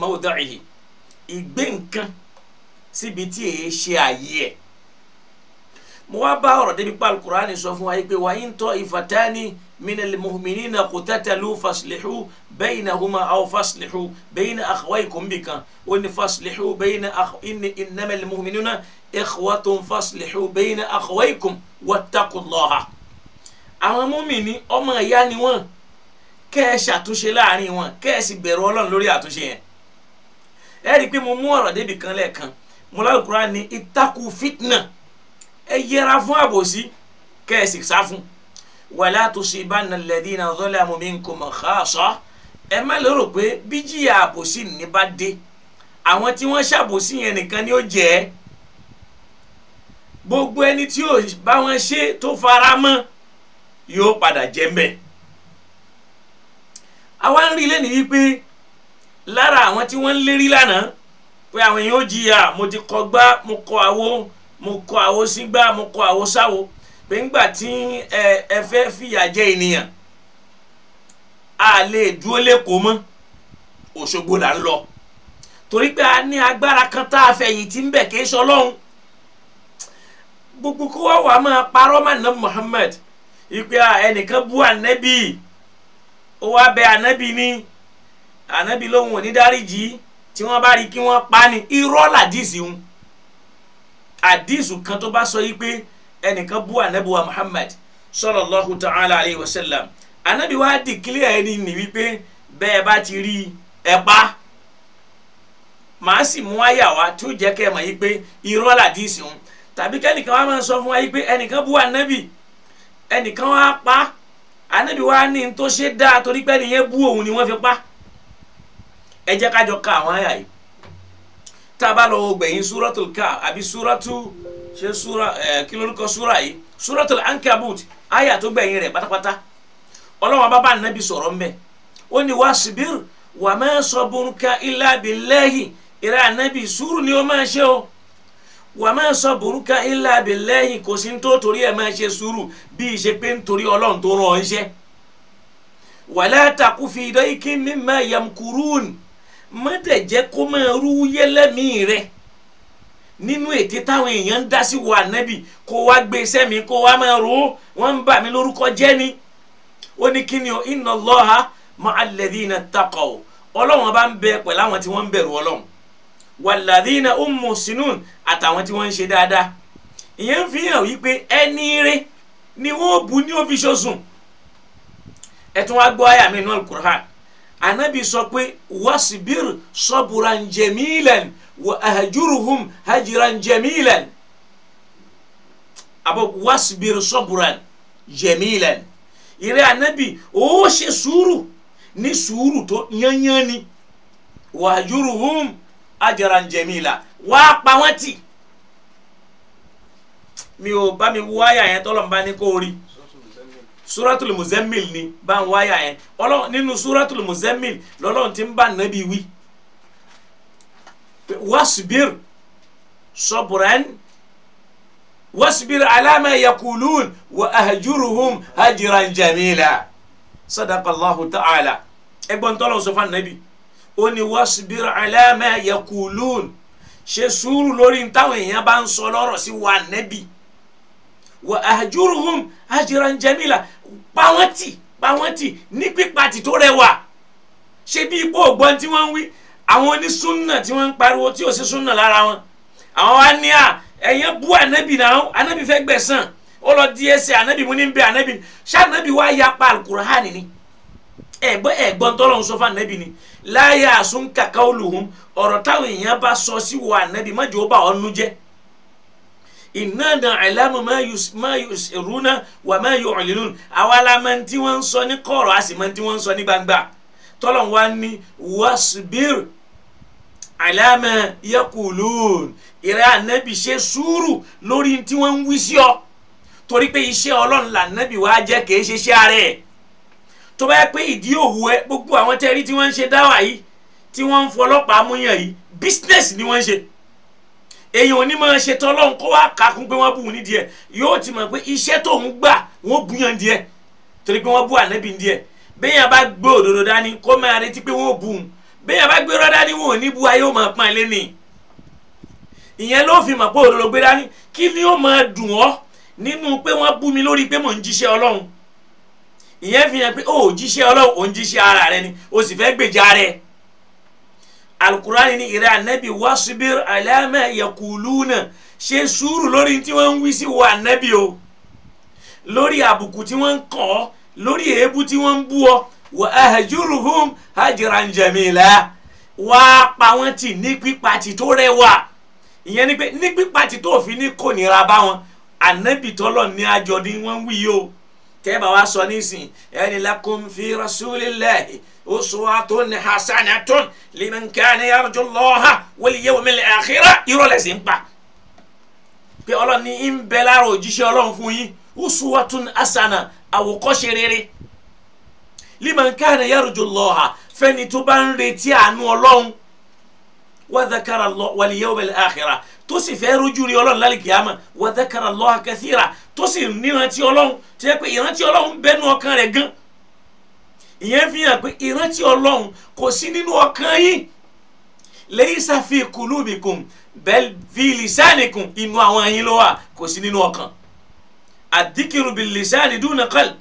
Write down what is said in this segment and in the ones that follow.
mọ́wòdọ́ìhì ìgbé nǹkan síbi tí èyí ṣe àyè ẹ̀ mo wá bá ọ̀rọ̀ débi pa alukur'ani sọ fún wa yìí pé wa in ta'ifatani minal mu'minina qutatalu faslihu baynahuma aw faslihu bayna akhawaykum bikan ó ní faslihu bayna innamal mu'minuna ikhwatun faslihu bayna akhawaykum wattaqullaha. àwọn mùmínì ọmọ ìyá ni wọ́n kẹ́ ẹ ṣàtúnṣe láàrin wọn kẹ́ ẹ sì bẹ̀rù Ọlọ́run lórí àtúnṣe yẹn ẹ rí i pé mo mú ọ̀rọ̀ débi kan lẹ́ẹ̀kan mo lálẹ́ kúrò ní ìtakù fitna ẹ yẹra fún àbòsí kẹ́ ẹ sì sá fún wala tusibanna alladhina zalamu minkum khassa ẹ má lérò pé bí jìyà àbòsí ní bá dé àwọn tí wọ́n ṣàbòsí yẹn nìkan ni ó jẹ́ ẹ́ gbogbo ẹni tí yóò bá wọn ṣe tó fara mọ́ yóò padà jẹ́ mbẹ́ àwa ń rí lẹ́nu wípé lára àwọn tí wọ́n ń lérí lánàá pé àwọn èèyàn ó jìyà mo ti kọ gbá mo kọ àwo mo kọ àwo sígbà mo kọ àwo sáwo pé ńgbà tí ẹ ẹ fẹ́ fìyà jẹ́ ènìyàn a lè dúró lẹ́kọ̀ọ́ mọ́ Òṣogbo là ń lọ torí pé a ní agbára kan tá a fẹ̀yìn tí ń bẹ̀ kí n sọ lọ́hùn gbogbo kó wá wà máa parọ́ máa nà Muhammad ìpè ẹnìkan bú ànábì ó wá bẹ ànábì ní. ànábì lóhun ò dáríjì tí wọ́n bá rí kí wọ́n pa ni irọ́ làdíìsì ń àdíìsù kan tó bá sọ yìí pé ẹnìkan bú ànábì wa Muhammad sallallahu ta'ala alayhi wa sallam ànábì wa dìkílẹ̀ ẹni nì wípé bẹ́ẹ̀ bá ti rí ẹ pa màá sì mú àyà wa tó jẹ́ kẹ́ ẹ mọ̀ yìí pé irọ́ làdíìsì ń tàbí kẹ́nìkan wa máa sọ fún wa yìí pé ẹnìkan bú ànábì ẹnìkan wa pa ànábì wa ní tó ṣe dáa torí pé ẹnìyẹn bú òun ni wọ́n fi pa ẹ jẹ́ ká jọ ka àwọn àyà yìí tá a bá lọ wo gbẹ̀yìn súrọ́tù ká àbí súrọ́tù ṣe súra ẹ̀ kí lórúkọ súra yìí súrọ́tù ankabut àyà tó gbẹ̀yìn rẹ̀ pátápátá ọlọ́wọ́n bá bá nàbí sọ̀rọ̀ mbẹ́ ó ní wasbir wa ma saburuka illa billahi ìrẹ́ ànábì sùúrù ni ó máa ṣe o wà máa sọ burúkú ilá abilẹ́yìn kò sí tó torí ẹ̀ máa ṣe sùúrù bí i ṣe pé nítorí ọlọ́run tó rán ọ iṣẹ́ wàlẹ́ àtàkù fi ìdọ́ ikí mímọ́ yamkurun má dẹ̀ jẹ́ kó máa rú yẹlẹ́mìí rẹ̀ nínú ète táwọn èèyàn ń dá sí wo ànábì kó wá gbé iṣẹ́ mi kó wá máa rò wọ́n ń bà mí lórúkọ jẹ́ ni ó ní kí ni o inna Allaha ma'a alladhina taqaw ọlọ́run bá ń bẹ pẹ̀lú àwọn tí wọ́n ń bẹ̀rù ọlọ́run walladhina hum muhsinun àtàwọn tí wọ́n ń ṣe dáadáa ìyẹn fi hàn wípé ẹni rẹ ni wọ́n bu ní òfìṣọ́sùn ẹ̀ wá gbọ́ àyà mi anabi sọ pé wasibir sọburan jẹmílẹn wa ahajuruhum hajiran jẹmílẹn abo wasibir sọburan jẹmílẹn ìrẹ anabi ó ṣe sùúrù ní sùúrù tó yányánni wa ahajuruhum hajiran jẹmílẹn wàá pa wọn tì mi ò bá mi wáyà yẹn tọ́lọ̀ ń bá ní kó suratul muzammil ni bá ń wáyà yẹn ọlọ́run nínú suratul muzammil lọ́lọ́run ti ń bá nàbí wí wasbir sabran wasbir ala ma yaqulun wa ahjuruhum hajran jamila sadaqallahu ta'ala ẹgbọ́n tọ́lọ̀ sọ fún nàbí ó ní wasbir ala ma yaqulun ṣe sùúrù lórí táwọn èèyàn bá ń sọ wa nàbí wa ahjuruhum hajran jamila pa wọ́n tì pa wọ́n tì ní pípa tì tó rẹwà ṣe bí ipò ògbọ́n tí wọ́n ń wí àwọn onísúnnà tí wọ́n ń pariwo tí ò sí súnnà lára wọn àwọn wa ní à ẹ̀yẹn bú ànábì náà ànábì fẹ́ gbẹ̀sán ó lọ di ẹsẹ̀ ànábì mú ní bẹ́ẹ̀ ànábì ṣé ànábì wá ya pa alukur'an ni ẹ̀gbọ́n ẹ̀gbọ́n tọ́lọ̀ ń sọ fún ànábì ni láyé àsúnkàkà olùhùn ọ̀rọ̀ táwọn èèyàn bá sọ sí wo ànábì má ó bá ọ́ nu jẹ́ iná dàn àìlámù má yusiruna wà má yu'linun àwa la máa ń tí wọ́n ń sọ ní kọ̀rọ̀ a sì máa ń tí wọ́n ń sọ ní gbangba tọ́lọ̀ wa ní wasbir àìlámù yakulun ìrẹ́ ànábì ṣe sùúrù lórí tí wọ́n ń wí sí ọ torí pé iṣẹ́ ọlọ́run làǹnábì wá jẹ́ kì í ṣe iṣẹ́ tó bá yẹ pé ìdí òwú ẹ gbogbo àwọn tẹ́rí tí wọ́n ń ṣe dáwà yìí tí wọ́n ń fọlọ́pàá mú èyàn ò ní máa ṣe tọ́lọ́run kó wá kakún pé wọ́n bù ú nídìí ẹ̀ yóò ti mọ̀ pé iṣẹ́ tóun gbà wọ́n bù yàn díẹ̀ torí pé wọ́n bù ànábì díẹ̀ béèyàn bá gbé òdodo dání kó máa retí pé wọ́n bù ú béèyàn bá gbé rọ́dá ní wọn ò bu ayé ò máa pọ́n ẹ ìyẹn ló fi mọ̀ pé òdodo gbé dání kí ni ó máa dùn ọ́ nínú pé wọ́n bú mi lórí pé mò ń jíṣẹ́ ọlọ́run ìyẹn fi hàn pé ó jíṣẹ́ ọlọ́run ò jíṣẹ́ ara rẹ ni o sì fẹ́ gbèjà rẹ̀ alukurani ni ìrẹ anabi wasubir alama yakuluna ṣe sùúrù lórí tí wọ́n ń wí sí wọ anabi o lórí àbùkù tí wọ́n ń kàn ọ́ lórí èébú tí wọ́n ń bú ọ wa ahjuruhum hajran jamila wá pa wọ́n tì ní pípa tì tó rẹwà ìyẹn ni pé ní pípa tì tó fi ní kò nira bá wọn ànábì ni wọ́n ń wí o tẹ́ bá wa sọ nísìn ẹni lakum fi rasulillahi uswatun hasanatun liman kana yarju Allaha wal yawmil akhira irọ́ lẹ́sìn pa pé ọlọ́run ní ń bẹ lára òjíṣẹ́ ọlọ́run fún yín uswatun hasana àwòkọ́ṣe rere liman kana yarju Allaha fẹ́ni tó bá ń retí àánú ọlọ́run wa dhakara Allah wal yawmil akhira tó sì fẹ́ rojú rí ọlọ́run lálẹ́ kìámà wa dhakara Allah kathira tó sì nírántí ọlọ́run tó yẹ pé ìrántí ọlọ́run bẹ́nu ọkàn rẹ̀ gan ìyẹn fi hàn pé ìrántí ọlọ́run kò sí nínú ọkàn yín laysa fi kulubikum bal fi lisanikum inú àwọn yín ló wà kò sí nínú ọkàn àdìkìrù bil lisani duna qalb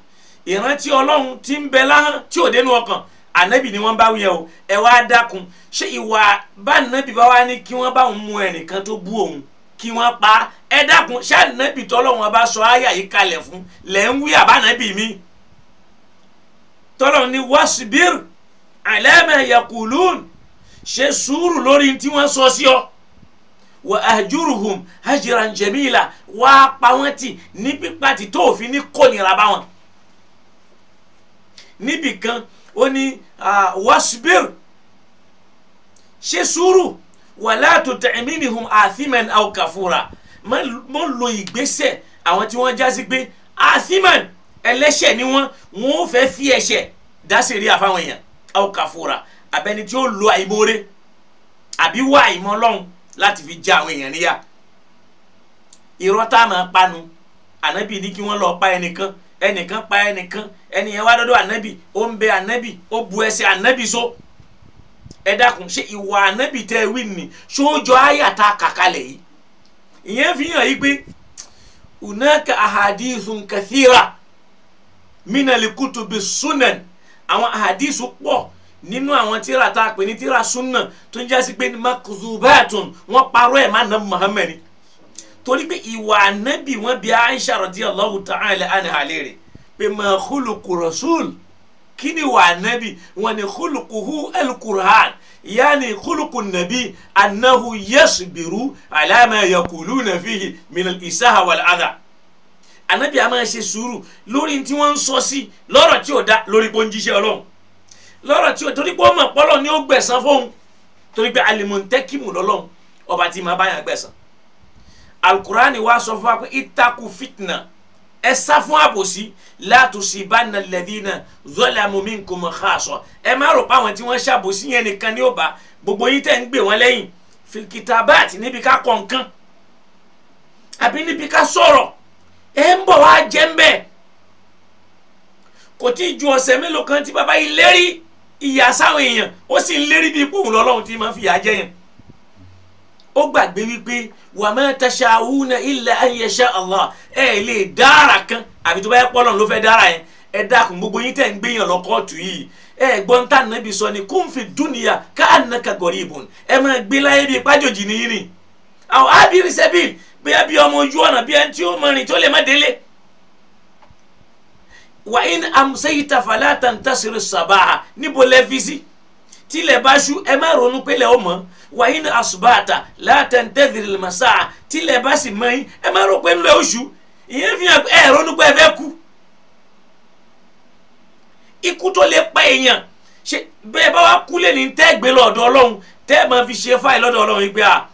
ìrántí ọlọ́run ti ń bẹ láhàn tí ò dénú ọkàn ànábì ni wọ́n bá wí ẹ o ẹ wá dákun ṣé ìwà bá ànábì bá wá ní kí wọ́n bá mú ẹnìkan tó bú òun kí wọ́n pa ẹ dákun ṣé ànábì tọ́lọ́run bá sọ áyà yìí kalẹ̀ fún lẹ́ ń wí àbá ànábì míì tọ́lọ̀ ní wasbir ala ma yaqulun ṣe sùúrù lórí tí wọ́n sọ sí ọ wa ahjuruhum hajran jamila wá pa wọ́n tì ní pípa tì tó òfin ní kónira bá wọn. níbì kan ó ní wasbir ṣe sùúrù wala tut'iminhum athiman aw kafura mọ́ lo ìgbésẹ̀ àwọn tí wọ́n já pé athiman ẹlẹ́ṣẹ̀ ni wọ́n wọ́n ò fẹ́ fi ẹ̀ṣẹ̀ dáṣeré àfáwọn èèyàn àwọn kàfúrà abẹni tí ó lo àìmoore àbí wá àìmọ̀ Ọlọ́run láti fi já àwọn èèyàn níyà irọ́ tá a máa panu ànábì ní kí wọ́n lọ pa ẹnìkan ẹnìkan pa ẹnìkan ẹnìyẹn wá dọ́dọ̀ ànábì ó ń bẹ ànábì ó bu ẹsẹ̀ ànábì so ẹ dákun ṣe ìwà ànábì tẹ́ ẹ wí nì ṣóòjọ́ àyàtà kàkálẹ̀ yìí ìyẹn fi hàn yí pé unaka ahadithun kathira mínàlíkùtù bíi sunan àwọn àdìsù pọ̀ nínú àwọn tíra tá a pè ní tíra sunan tó ń jásí pé ní makuzubatun wọ́n parọ́ ẹ̀ má nà Muhammad torí pé ìwà ànábì wọn bí Aisha radiyallahu ta'ala anha léèrè pé ma khuluqu rasul kí ni ìwà ànábì wọn ni khuluquhu al-Qur'an yaani khuluqu nabi annahu yasbiru ala ma yaquluna fihi isaha wal-adha anabi a máa ṣe sùúrù lórí tí wọ́n ń sọ sí lọ́rọ̀ tí ò da lórí bó ń jíṣẹ́ ọlọ́run lọ́rọ̀ tí ò torí pé ó mọ̀ pọ́lọ̀ ni ó gbẹ̀san fóun torí pé alimọ̀ntẹ́kìmù lọ́lọ́run ọba tí màá báyà gbẹ̀san alukurani wa sọ fún wa pé itaku fitna ẹ sá fún àbòsí látòsí bánà lẹ́dínà zọ́làmù minkum khassa ẹ má rò pé àwọn tí wọ́n ṣàbòsí yẹn nìkan ni ó bá gbogbo yín tẹ̀ ń gbè wọ́n lẹ́yìn fìkìtàbáàtì níbi ká kọ̀ọ̀kan àbí níbi ká sọ̀rọ̀ ẹ ń bọ̀ wá jẹ́ ń bẹ̀ kò tí ì ju ọ̀sẹ̀ mélòó kan tí bàbá yìí lérí ìyà sáwọn èèyàn ó sì ń lérí bí ipò òun lọ́lọ́run tí máa fi ìyà jẹ yẹn ó gbàgbé wípé wa ma tasha'una illa an yasha Allah ẹ lè dára kan àbí tó bá yẹ pọ́lọ́n ló fẹ́ dára yẹn ẹ dákun gbogbo yín tẹ̀ ń gbé yàn lọ kóòtù yìí ẹ gbọ́n tá nàbì sọ ni kún fi dúnìyà ká ànàkà gọ̀rìbùn ẹ máa gbé láyé bíi pájòjì nìyí àwọn ábírí sẹ́bìlì bóyá bí ọmọ ojú ọ̀nà bí ẹni tí ó mọrin tó lè má délé wà in amsayta fala tantasir sabaha níbo lẹ fi sí tilẹ̀ bá ṣú ẹ má ronú pé lẹ ó mọ̀ wà in asbata la masaa tilẹ̀ bá sì mọ̀ yín ẹ má rò pé ńlẹ̀ oṣù ìyẹn fi hàn ẹ ronú pé ẹ fẹ́ kú ikú tó lè pa èèyàn ṣe bẹ́ẹ̀ bá wá kú lé ní tẹ́ gbé lọ́dọ̀ ọlọ́run tẹ́ máa fi ṣe fáìlì lọ́dọ̀ ọlọ́run yìí pé à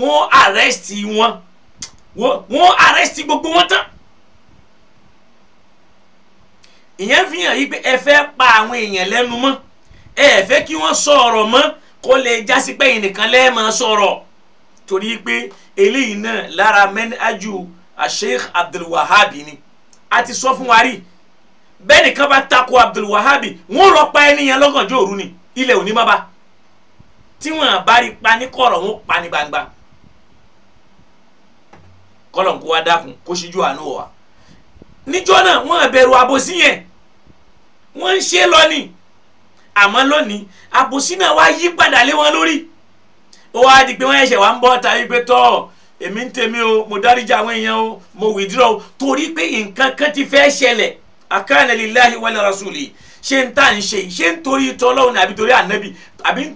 wọ́n àrẹ́sì wọn wọ́n arrest gbogbo wọn tán ìyẹn fi hàn yí pé ẹ fẹ́ pa àwọn èèyàn lẹ́nu mọ́ ẹ fẹ́ kí wọ́n sọ ọ̀rọ̀ mọ́ kó lè jásí pé ẹnìkan lè máa sọ̀rọ̀ torí pé eléyìí náà lára mẹ́ni ájú Sheikh Abdulwahab ni a ti sọ fún wa rí bẹ́ẹ̀ nìkan bá takò Abdulwahab wọ́n lọ pa ẹnìyàn lọ́gànjọ́ òru ni ilẹ̀ òní má ba tí wọ́n bá rí pa ní kọ̀rọ̀ wọ́n pa ní gbangba kọ́lọ̀ kó wá dákun kó ṣíjú àánú wọ̀ wá. níjọ́ náà wọ́n bẹ̀rù àbòsí yẹn wọ́n ń ṣe lọ ni àmọ́ lónìí àbòsí náà wá yí padà lé wọn lórí ó wá di pé wọ́n ẹ̀ṣẹ̀ wá ń bọ́ ta wípé tọ́ èmi ń tèmi o mo dáríjà àwọn èèyàn o mo withdraw o torí pé nǹkan kan ti fẹ́ ṣẹlẹ̀ akana lillahi wal rasuli ṣé ń tà ń ṣe ṣé ń torí tọ́lọ́hún àbí torí ànábì àbí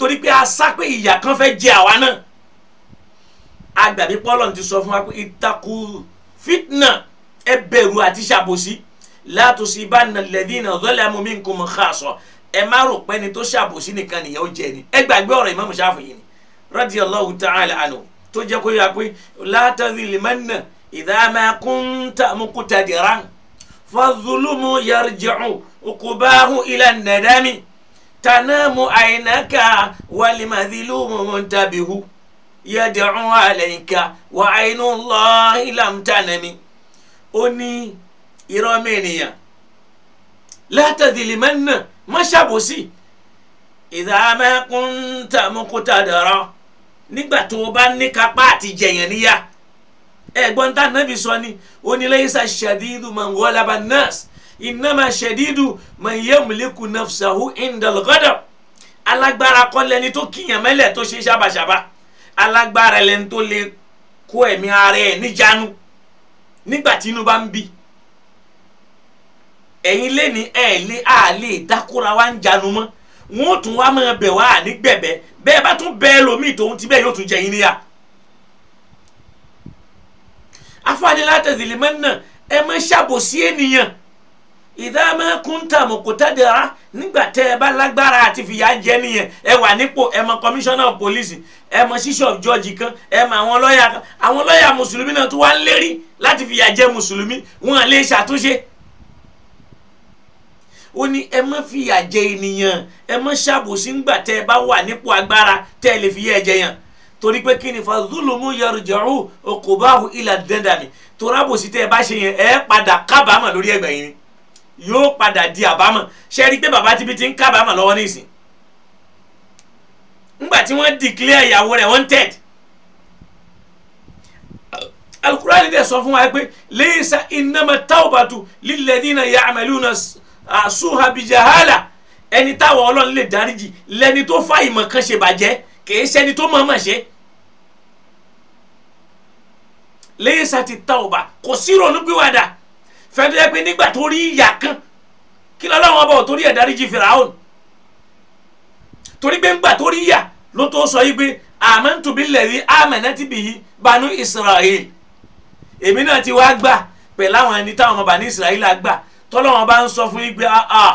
agbàbí pọ́lọ́n ti sọ fún wa pé ìtakù fitna ẹ bẹ̀rù àti ṣàbòsí la tusibanna alladhina zalamu minkum khassa ẹ má rò pé ni tó ṣàbòsí nìkan nìyẹn ó jẹ ni ẹ gbàgbé ọ̀rọ̀ Imam Shafi'i ni radiyallahu ta'ala anhu tó jẹ́ kó yà pé la tazlimanna idha ma kunta muqtadiran fadhulumu yarji'u uqubahu ila nadami tanamu aynaka wal madhlumu muntabihu yad'u alayka wa aynu Allahi lam tanami ó ní irọ́ mẹ́rìnyàn la tadhlimanna má ṣàbòsí idha ma kunta muqtadira nígbà tó o bá ní kápá àti jẹ̀yàn níyà ẹ̀gbọ́n tá nàbì sọ ni ó ní laysa shadidu man ghalaba an-nas innama shadidu man yamliku nafsahu alágbára kọ́ tó kíyàn mẹ́lẹ̀ tó ṣe ṣàbàṣàbà alágbára ẹlẹ́ni tó lè kó ẹ̀mí ara ẹ̀ níjánu nígbà tí inú bá ń bí ẹ̀yin lé ní ẹ̀ lé àlè ìdákúra wa ń jánu mọ́ wọn ò tún wá máa bẹ̀ wá ní gbẹ̀bẹ̀ bẹ́ẹ̀ bá tún bẹ́ẹ̀ lómi tòun ti bẹ́ẹ̀ yóò tún jẹ yín níyà. afọ adé látẹ̀sílẹ̀ mọ́ náà ẹ máa ṣàbòsí ènìyàn ìdáàmà kúńtà mọ̀kòtàdéra nígbà tẹ́ ẹ bá lágbára àti fìyà jẹ nìyẹn ẹ wà nípò ẹ mọ kọmíṣánná pólísì ẹ mọ ṣíṣọ jọjì kan ẹ mọ àwọn lọ́ọ̀yà kan àwọn lọ́ọ̀yà mùsùlùmí náà tó wá ń lérí láti fìyà jẹ mùsùlùmí wọn lè ṣàtúnṣe. ó ní ẹ má fìyà jẹ ènìyàn ẹ má ṣàbòsí ńgbà tẹ́ ẹ bá wà nípò agbára tẹ́ ẹ lè fìyà jẹ torí pé kí ni fa zulumu yarja'u uqubahu ila dandami torábòsí tẹ́ ẹ bá ṣe yẹn ẹ padà kábàámọ̀ lórí ẹgbẹ̀yìn ni yóò padà di àbámọ̀ ṣe rí i pé bàbá ti bi ti ń kábàámọ̀ lọ́wọ́ nísìn ńgbà tí wọ́n declare ìyàwó rẹ̀ wanted alukurani dẹ̀ sọ fún wa pé laysa innama tawbatu lilladhina ya'maluna suha bijahala ẹni táwọn ọlọ́run lè dáríjì lẹni tó fa ìmọ̀ kan ṣe bàjẹ́ kìí ṣẹni tó mọ̀ọ́mọ̀ ṣe laysa ti tawba kò sí ronú gbíwàdà fẹ́ẹ́ yẹ pé nígbà tó rí ìyà kan kí lọ́lọ́run ọba ò torí ẹ̀ dáríjì fìràhùn torí pé ńgbà tó rí ìyà ló tó sọ yìí pé amantu billadhi amanati bihi banu israel èmi náà ti wá gbà pẹ̀lú àwọn ẹni táwọn ọba ní israel gbà tọ́lọ́wọ́n bá ń sọ fún yìí pé aa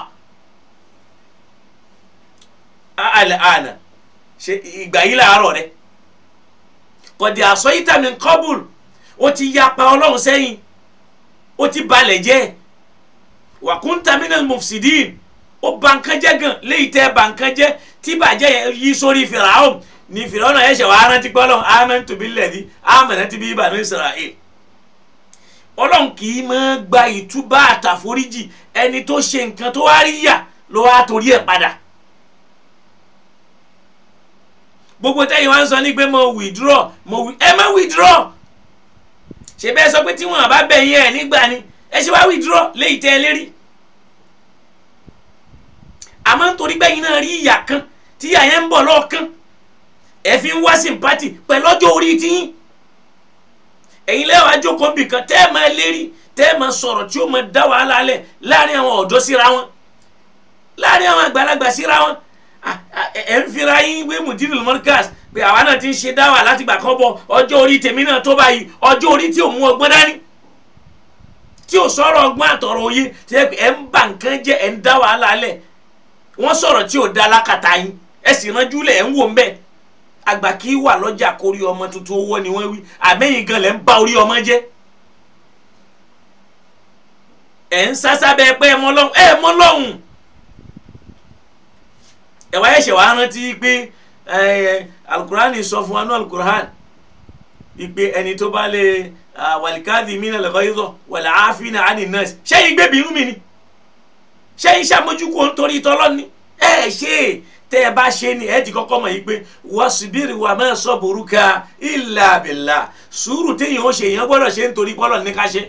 àlẹ́ àná ṣe ìgbà yìí làárọ̀ rẹ kọ̀dí àsọyítàmí kọ́bùl ó ti yapa ọlọ́run sẹ́yìn ó ti balẹ̀ jẹ́ wàkúntà minal mufsidin ó bankanjẹ́ gan léyìí tẹ́ bankanjẹ́ tí bàjẹ́ yí sórí fìràhùn ni fìràhùn náà ẹ̀ṣẹ̀ wàá rántí pé ọlọ́run amantu billadhi amanat bihi banu Isra'il ọlọ́run kì í máa gba ìtúbà àtàforíjì ẹni tó ṣe nǹkan tó wá rí yà ló wá torí ẹ̀ padà gbogbo tẹ́yìn wá ń sọ ní pé mo withdraw mo ẹ má withdraw ṣe bẹ́ẹ̀ sọ pé tí wọ́n bá bẹ̀ yẹn nígbà ni ẹ ṣe wá withdraw léyìí tẹ́ ẹ lérí àmọ́ nítorí gbẹ̀yìn náà rí ìyà kan tí ìyà yẹn ń bọ̀ lọ́ọ̀kan ẹ fi ń wá sympathy pẹ̀lú ọjọ́ orí tiyín ẹ̀yin lẹ́wọ̀n ajókòó bìkan tẹ́ ẹ máa lérí tẹ́ ẹ máa sọ̀rọ̀ tí ó máa dá wàhálà lẹ̀ láàrin àwọn ọ̀dọ́ síra wọn láàrin àwọn àgbàlagbà síra wọn ẹ ń fira yín wé mudirul markaz pé àwa náà ti ń ṣe dáwà láti gbà kán bọ ọjọ́ orí tèmi náà tó báyìí ọjọ́ orí tí ò mú ọgbọ́n dání tí ò sọ̀rọ̀ ọgbọ́n àtọ̀rọ̀ òye tí ẹ ń bà nǹkan jẹ́ ẹ ń dá wàhálà lẹ̀ wọ́n sọ̀rọ̀ tí ò da lákàtà yín ẹ sì ránjú lẹ̀ ẹ ń wò ń bẹ̀ àgbà kì í wà lọ́jà kórí ọmọ tuntun owó ni wọ́n wí àmẹ́yìn gan lẹ̀ ń ba orí ọmọ jẹ́ ẹ̀ ń sásábẹ́ pé ẹ mọ́ lọ́hùn ẹ mọ́ lọ́hùn ẹ̀wá ẹ̀ṣẹ̀ wàá rántí pé alukurani sọ fún wa ní alukurani ìpè ẹni tó bá lè wàlíkàdì mí náà lọ́kọ́ yíyọ wàlá àáfin náà á nọ́ọ̀sì ṣẹ́yìn gbé bínú mi ni ṣẹ́yìn ṣàmójúkò nítorí tọ́lọ́ ni ẹ ṣe tẹ́ ẹ bá ṣe ni ẹ ti kọ́kọ́ mọ̀ yìí pé wọ́sibírì wà máa sọ burúkà ìlà àbẹ̀là sùúrù téèyàn ó ṣe èèyàn gbọ́dọ̀ ṣe nítorí pọ́lọ̀ ní ká ṣe.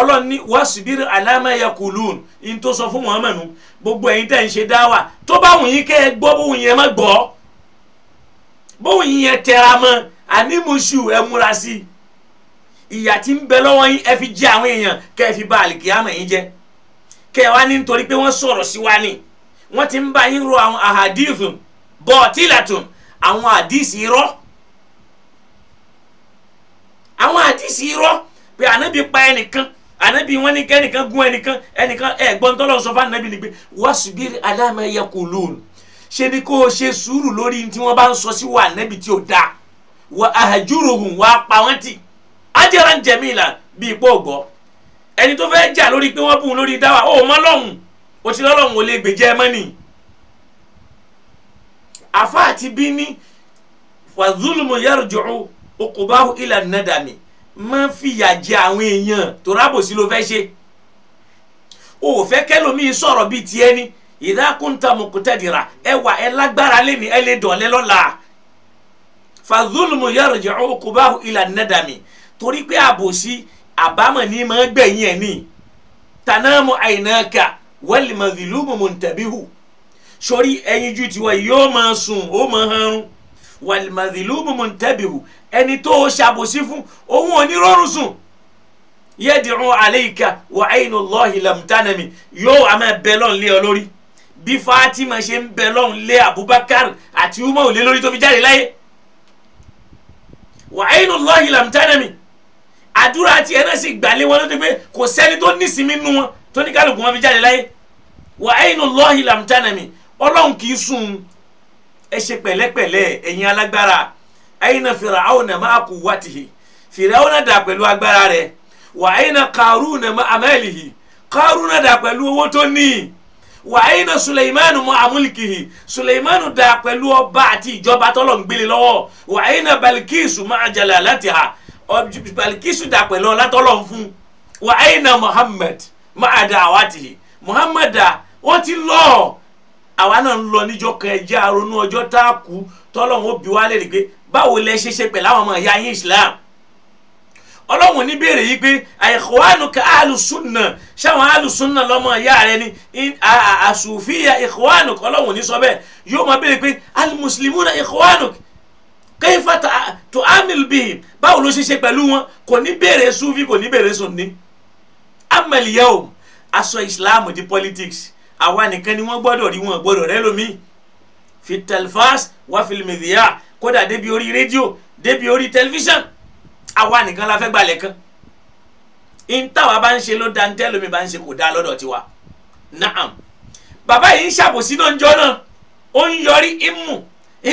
ọlọ́run wa wàsíbírì alámẹ́yẹkùlùn in tó sọ fún muhammadu gbogbo ẹ̀yin tẹ̀ ń ṣe dáwà tó bá wùn yín kẹ́ ẹ gbọ́ bóun yẹn má gbọ́ bóun yẹn tẹra mọ́ àní mùsù ẹ múra sí i ìyà tí ń bẹ lọ́wọ́ yín ẹ fi jẹ àwọn èèyàn kẹ́ ẹ fi bà àlìkìyàmọ̀ yín jẹ́ kẹ́ ẹ wá ní nítorí pé wọ́n sọ̀rọ̀ sí wa ni wọ́n ti ń bá yín ro àwọn àhàdífù bọ́ọ̀tìlàtùn àwọn àdìsí irọ́ àwọn àdìsí irọ́ pé pa ẹnìkan anabi wọn ni kẹnìkan gún ẹnìkan ẹnìkan ẹ gbọntọlọ sọfọ anabi ni pé wasubiri alama yakulun ṣe ni kó o ṣe sùúrù lórí tí wọn bá ń sọ sí wa anabi tí o da wa ahajuruhun wa pa wọn ti ajẹran jẹmíìlà bí ipò ògbọ ẹni tó fẹ́ jà lórí pé wọ́n bùn lórí dáwà ó mọ lọ́hùn o ti lọ́lọ́hùn ò lè gbèjẹ́ mọ́ ni àfa àti bí ní fàzúlùmù yàrá okùnbáwò ìlànà dàmí má fìyà jẹ àwọn èèyàn tó rábòsí ló fẹ́ ṣe o fẹ́ kẹ́lòmíì sọ̀rọ̀ bíi tiẹ̀ ni ìdákùntà mọ̀kútẹ́dìrà ẹwà ẹ lágbára lẹ́ni ẹ lè dọ̀lẹ́ lọ́la fàdúlùmù yàrá uqbahu ila nadami torí pé àbòsí àbámọ̀ ní máa gbẹ̀yìn ẹ̀ ní tànámù àyìnáka wal mazlumu muntabihu sórí ẹyinjú tiwa yóò máa sùn ó máa hanrun wàlìmàdìlúmù mùtẹ́bìhù ẹni tó o ṣàbòsí fún òun ò ní rọrùn sùn yẹ́dìrún àlẹ́yìká wà áyínú lọ́ọ̀hì làmùtánàmì yóò àmọ́ bẹ́lọ́n lé ọ lórí bí Fatima ṣe ń bẹ́lọ́n lé Abubakar àti Umar òlé lórí tó fi jáde láyé wà áyínú lọ́ọ̀hì làmùtánàmì àdúrà tiẹ̀ náà sì gbàlé wọn lóde pé kò sẹ́ni tó nísìmí nú wọn tó ní kálukú wọn fi jáde láyé wà áyínú lọ́ọ̀hì làmùtánàmì ọlọ́run kì í sùn ẹ ṣe pẹ̀lẹ́pẹ̀lẹ́ ẹ̀yin alágbára ayna Fir'auna ma'a quwwatihi Fir'auna dà pẹ̀lú agbára rẹ̀ wa ayna Qaruna ma'a malihi Qaruna dà pẹ̀lú owó tó níyì wa ayna suleimanu mu amulikihi suleimanu dà pẹ̀lú ọba àti ìjọba tọ́lọ̀ ń gbélé lọ́wọ́ wa ayna balikisu ma'a jalalatiha balikisu dà pẹ̀lú ọlá tọ́lọ̀ ń fún wa ayna muhammad ma'a da'watihi muhammad dà wọ́n ti lọ́ọ̀ àwa náà ń lọ níjọ́ kan ẹjẹ́ aronú ọjọ́ tá a kú tọ́lọ́hún ó bi wá lè rí pé báwo lẹ ṣe ṣe pẹ̀lú àwọn ọmọ ìyá yín Islam ọlọ́run ní béèrè yìí pé ikhwanuka alùsùnà ṣáwọn alùsùnà lọ́mọ ìyá rẹ ni àṣùfíà ikhwanuka ọlọ́run ní sọ bẹ́ẹ̀ yóò máa béèrè pé alimuslimuna ikhwanuka kayfa tó amil bihim báwo ló ṣe ṣe pẹ̀lú wọn kò ní béèrè sufi kò ní béèrè sunni amal yawm aṣọ Islam di politics àwa nìkan ni wọ́n gbọ́dọ̀ rí wọn gbọ́dọ̀ rẹ́ lómi fi telfas wá filimidìyà kódà débi orí rédíò débi orí tẹlifíṣàn àwa nìkan la fẹ́ gbalẹ̀ kan ìntàwa bá ń ṣe ló dáa lómi bá ń ṣe kò dáa lọ́dọ̀ tiwa naam bàbá yìí ń ṣàbòsí náà ń jọ náà ó ń yọrí ìmù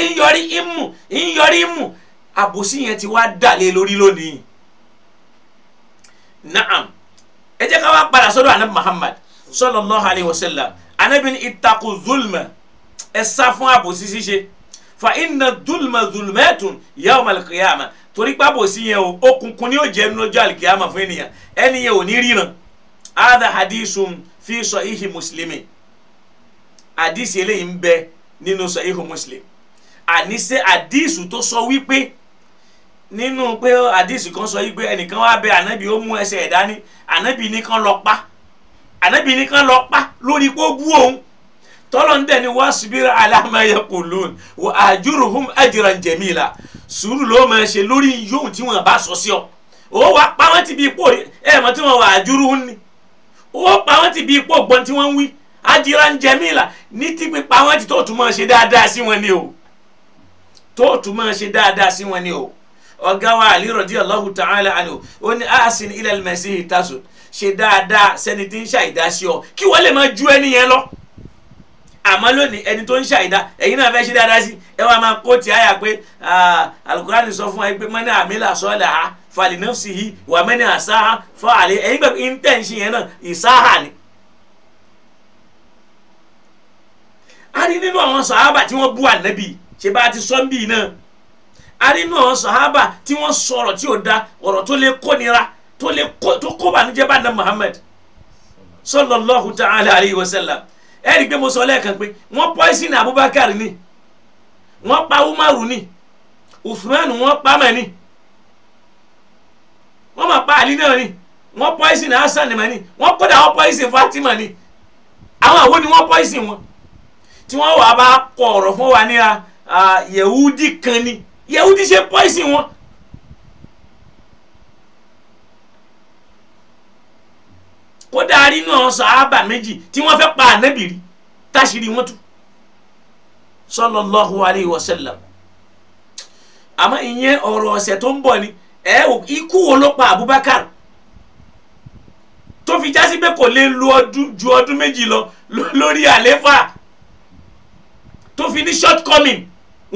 ń yọrí ìmù ń yọrí ìmù àbòsí yẹn ti wá dà lórí lónìí naam ẹ jẹ́ ká wá padà sọ́dọ̀ àná Muhammad sallallahu alayhi wa sallam anabi ni ittaqu zulma ẹ sá fún àbòsí ṣíṣe fa inna zulma zulmatun yawma al-qiyamah torí pé àbòsí yẹn o òkùnkùn ni ó jẹ́ nínú ọjọ́ al-qiyamah fún ènìyàn ẹni yẹn ò ní ríran ada hadithun fi sahihi muslimin hadith eléyìí ń bẹ nínú sahihi muslim àníṣe hadith tó sọ wípé nínú pé hadith kan sọ wípé ẹnìkan wá bẹ ànábì ó mú ẹsẹ̀ ẹ̀ dání ànábì nìkan lọ pa ànábì ní kan lọ pa lórí kó bú òun tọ́lọ̀ ń dẹ̀ni wá subira alama yaqulun wa ajuruhum ajran jamila sùúrù ló máa ṣe lórí yóò tí wọn bá sọ sí ọ ó wàá pa wọn ti bí ipò ẹ mọ tí wọn wà ajuruhum ni ó pa wọn ti bí ipò gbọ́n tí wọ́n ń wí ajran jamila ní tí pípa wọn ti tó tún máa ṣe dáadáa sí wọn ni o tó tún máa ṣe dáadáa sí wọn ni o ọ̀gá wa Ali radiyallahu ta'ala anhu ó ní ṣe dáadáa sẹ́ni tí ń ṣàìdá sí ọ kí wọ́n lè máa ju ẹni yẹn lọ àmọ́ lónìí ẹni tó ń ṣàìdá ẹ̀yin náà fẹ́ ṣe dáadáa sí ẹ wá máa kó ti àyà pé alukurani sọ fún ẹ pé mọ́ni àmìlà sọ́ọ̀lá ha fàlì náà sì yí wà mẹ́ni àsáhà fàlì ẹ̀yin gbà pé intanṣin yẹn náà ìsáhà ni. a rí nínú àwọn sàhábà tí wọ́n bú ànábì ṣe bá ti sọ́ ń bì náà a rí nínú àwọn sàhábà tí wọ́n sọ ọ̀rọ̀ tí ò da ọ̀rọ̀ tó lè kónira tó lè tó kó bànújẹ́ bá na Muhammad sallallahu ta'ala alayhi wa sallam ẹ rí i pé mo sọ lẹ́ẹ̀kan pé wọ́n pọ́ìsìn Abubakar ni wọ́n pa Umaru ni Usman wọ́n pa mọ́ ni wọ́n máa pa Ali náà ni wọ́n pọ́ìsìn Hasan mọ́ ni wọ́n kódà wọ́n pọ́ìsìn Fatima ni àwọn àwọn ni wọ́n pọ́ìsìn wọn tí wọ́n wà bá kọ ọ̀rọ̀ fún wa ní Yahudi kan ni Yehudi ṣe pọ́ìsìn wọn. kódà arínú àwọn sàábà méjì tí wọ́n fẹ́ pa ànábì táṣìírí wọn tú sallallahu alayhi wa sallam àmọ́ ìyẹn ọ̀rọ̀ ọ̀sẹ̀ tó ń bọ̀ ni ẹ ikú wo ló pa Abubakar tó fi jásí pé kò lè lu ọdún ju ọdún méjì lọ lórí àléfà tó fi ní shortcoming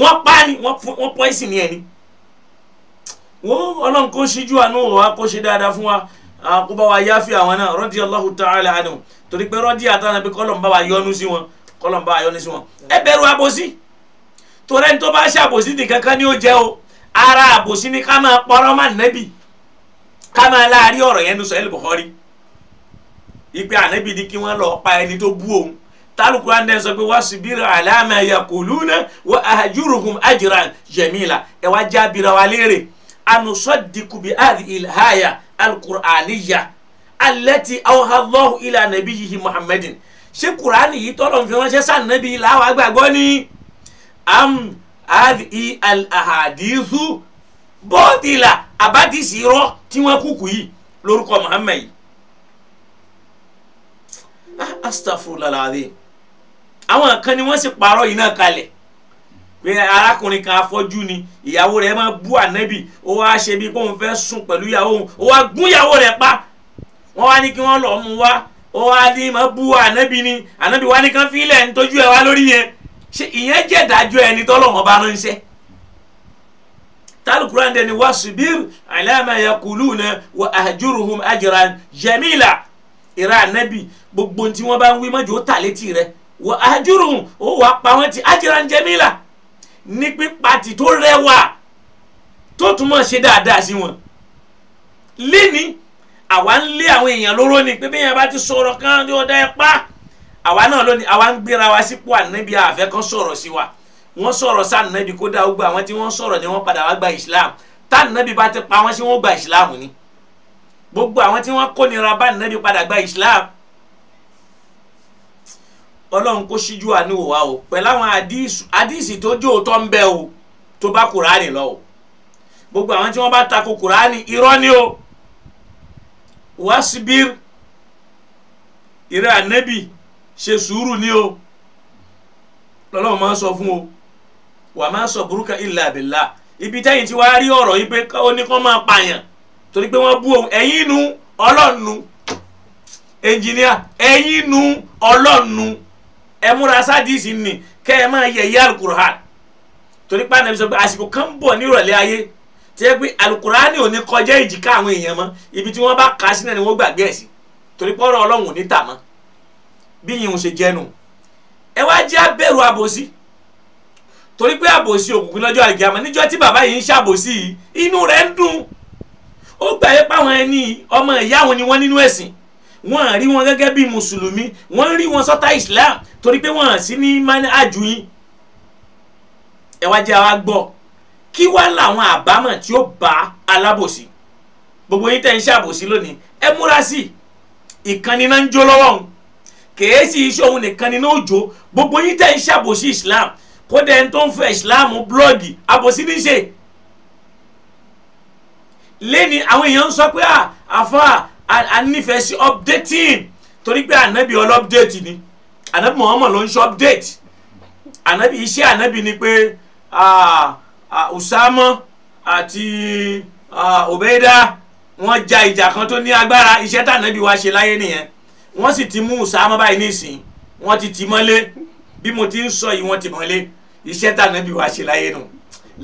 wọ́n pa ni wọ́n poison yẹn ni wọ́n ọlọ́run kó ṣíjú àánú wa kó ṣe dáadáa fún wa àkóbá wa yáfi àwọn náà radiyallahu ta'ala anhu torí pé rọ́dí àtàwọn ẹbí kọ́lọ̀mbá wa yọ́nú sí wọn kọ́lọ̀mbá wa yọ́nú sí wọn ẹ bẹ̀rù àbòsí torí ẹni tó bá ṣe àbòsí nìkan kan ni ó jẹ́ o ara àbòsí ni ká máa pọ́rọ́ má nẹ́bì ká máa láàárín ọ̀rọ̀ yẹn nu sọ́yẹ́lì Bukhari ni kí wọ́n lọ pa ẹni tó bú òun tálùkù á dẹ́n sọ pé wasbir ala ma yaquluna wa ahjuruhum ajran jamila ẹ wá jábìrà wa léèrè anusọ́dìkù bi àdì ìlhàyà alukur'aniya alẹ́tì awhadọ́hu ilà nàbí yihi muhammadin ṣé kùránì yìí tọ́lọ̀ fi ránṣẹ́ sànàbí làwọn àgbàgbọ́ ni am adi alahadizu bọ́ọ̀dìlà abadisi irọ́ tí wọ́n kúkú yìí lórúkọ muhammed ah, astafurulalaade àwọn kan ni sì parọ́ yìí náà kalẹ̀ pé arákùnrin kan afọ́jú ni ìyàwó rẹ̀ máa bú ànábì ó wá ṣe bí pé òun fẹ́ sùn pẹ̀lú ìyàwó òun ó wá gún ìyàwó rẹ̀ pa wọ́n wá ní kí wọ́n lọ́ọ́ mú wá ó wá ní máa bú ànábì ni ànábì wá ní kán fi ilẹ̀ nítojú wá lórí yẹn ṣe ìyẹn jẹ́ ìdájọ́ ẹni tọ́lọ́wọ́n bá ránṣẹ́ talukura ndẹni wasubir alama yakuluna wa ahjuruhum ajran jamila ìra ànábì gbogbo tí wọ́n bá ń wí mọ́jọ́ ó tà létí rẹ̀ wa ahjuruhum ó wàá pa wọ́n ti ajran jamila ní pípatì tó rẹwà tó tún mọ̀ ṣe dáadáa sí wọn lénìí àwa ń lé àwọn èèyàn lóró ni pé bí èèyàn bá ti sọ̀rọ̀ kan ní ọ̀dà ẹ̀ pa àwa náà lónìí àwa ń gbéra wa sípò ànábì àfẹ́ kan sọ̀rọ̀ sí wa wọ́n sọ̀rọ̀ sí ànábì kódà ó gba àwọn tí wọ́n sọ̀rọ̀ ni wọ́n padà wá gba Islam tá ànábì bá ti pa wọ́n sí wọ́n gba Islam ni gbogbo àwọn tí wọ́n kónira bá ànábì padà gba Islam ọlọ́run kó síjú àníwò wa o pẹ̀lú àwọn àdíìsì tó jó òótọ́ ń bẹ o tó bá kùránì lọ o gbogbo àwọn tí wọ́n bá tako kùránì irọ́ ni o wasibir ìrẹ́ ànẹ́bì ṣe sùúrù ni o lọ́lọ́run máa ń sọ fún o wà máa ń sọ burúkà illa billah ibi tẹ́yìn tí wàá rí ọ̀rọ̀ yìí pé ó ní kó máa pààyàn torí pé wọ́n bú òun ẹ̀yìn nu ọlọ́nu ẹnjìníà ẹ̀yìn nu ọlọ́nu ẹ múra sádìsì ni kẹ́ ẹ máa yẹ̀yẹ́ alukur'an torí pa nàbí sọ pé àsìkò kan bọ̀ ní ìrọ̀lẹ́ ayé tí ẹ pé alukur'an ò ní kọjá ìjìká àwọn èèyàn mọ́ ibi tí wọ́n bá kà á sí náà ni wọ́n gbàgbé ẹ̀ sí torí pọ́nrọ́ ọlọ́run ò ní tà mọ́ bí yìnyín ṣe jẹ́nu ẹ wá jẹ́ abẹ́rù àbòsí torí pé àbòsí òkùnkùn lọ́jọ́ àlìkìyàmọ́ níjọ́ tí bàbá yìí ń ṣàbòsí inú rẹ̀ ń dùn ó gbà yẹ pé ẹni ọmọ ìyá òun ni wọ́n nínú ẹ̀sìn wọ́n à rí wọn gẹ́gẹ́ bí mùsùlùmí wọ́n rí wọn sọ́tá islam torí pé wọ́n à sí ní mani àjùyìn ẹ wá jẹ́ àwa gbọ́ kí wá làwọn àbámọ̀ tí ó bá alábòsí gbogbo yín tẹ̀ ń ṣàbòsí lónìí ẹ múra sí ìkànnì náà ń jó lọ́wọ́ òun kèé sì òun nìkan ni náà jó gbogbo yín tẹ̀ ń ṣàbòsí islam kódà ẹni tó ń fẹ́ islam búlọ́ọ̀gì àbòsí ní í ṣe lẹ́ni àwọn èèyàn ń sọ pé àfa a nífẹ̀ẹ́ sí updating torí pé ànábì ọlọ́pdate ni ànábì Muhammad ló ń ṣe update ànábì iṣẹ́ ànábì ni pé Usama àti Obeida wọ́n ja ìjà kan tó ní agbára iṣẹ́ tànábì wa ṣe láyé nìyẹn wọ́n sì ti mú Usama báyìí nísìnyí wọ́n ti tì mọ́lé bí mo ti ń sọ yìí wọ́n ti mọ́lé iṣẹ́ tànábì wa ṣe láyé nù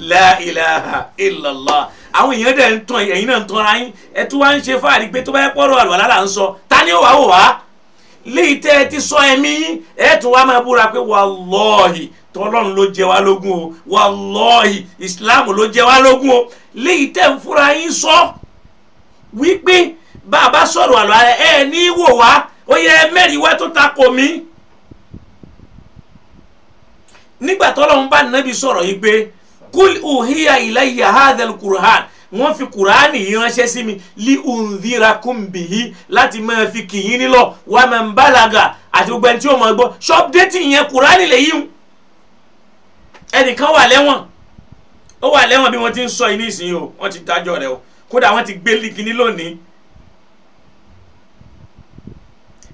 la ilaha illallah. àwọn èèyàn dẹ̀ ń tan náà ń tan ara yín ẹ tún wá ń ṣe fáàrí pé tó bá yẹ pọ́rọ̀ là sọ ta ni wàá wò wá léyìí tẹ́ ẹ ti sọ ẹ̀mí yín ẹ tún búra pé wàlọ́ọ̀hì tọ́lọ́run ló islam ló jẹ wá o léyìí tẹ́ ń fúra sọ wípé a sọ̀rọ̀ àlùwàlá ẹ ní wò wá ó yẹ ta kò mí nígbà tọ́lọ́run bá nàbí sọ̀rọ̀ yìí kúl uhiya ilayya hadhal qur'an wọ́n fi kùránì yìí ránṣẹ́ sí mi li undhira kumbihi láti máa fi kìyìn nílọ wà máa ń bálaga àti gbogbo ẹni tí ó máa gbọ́ ṣọ́pdẹ́tì yẹn kùránì lèyí ẹnìkan wà lẹ́wọ̀n ó wà lẹ́wọ̀n bí wọ́n ti ń sọ yìí nísìnyí o wọ́n ti dájọ́ rẹ̀ o kódà wọ́n ti gbé líkiní lónìí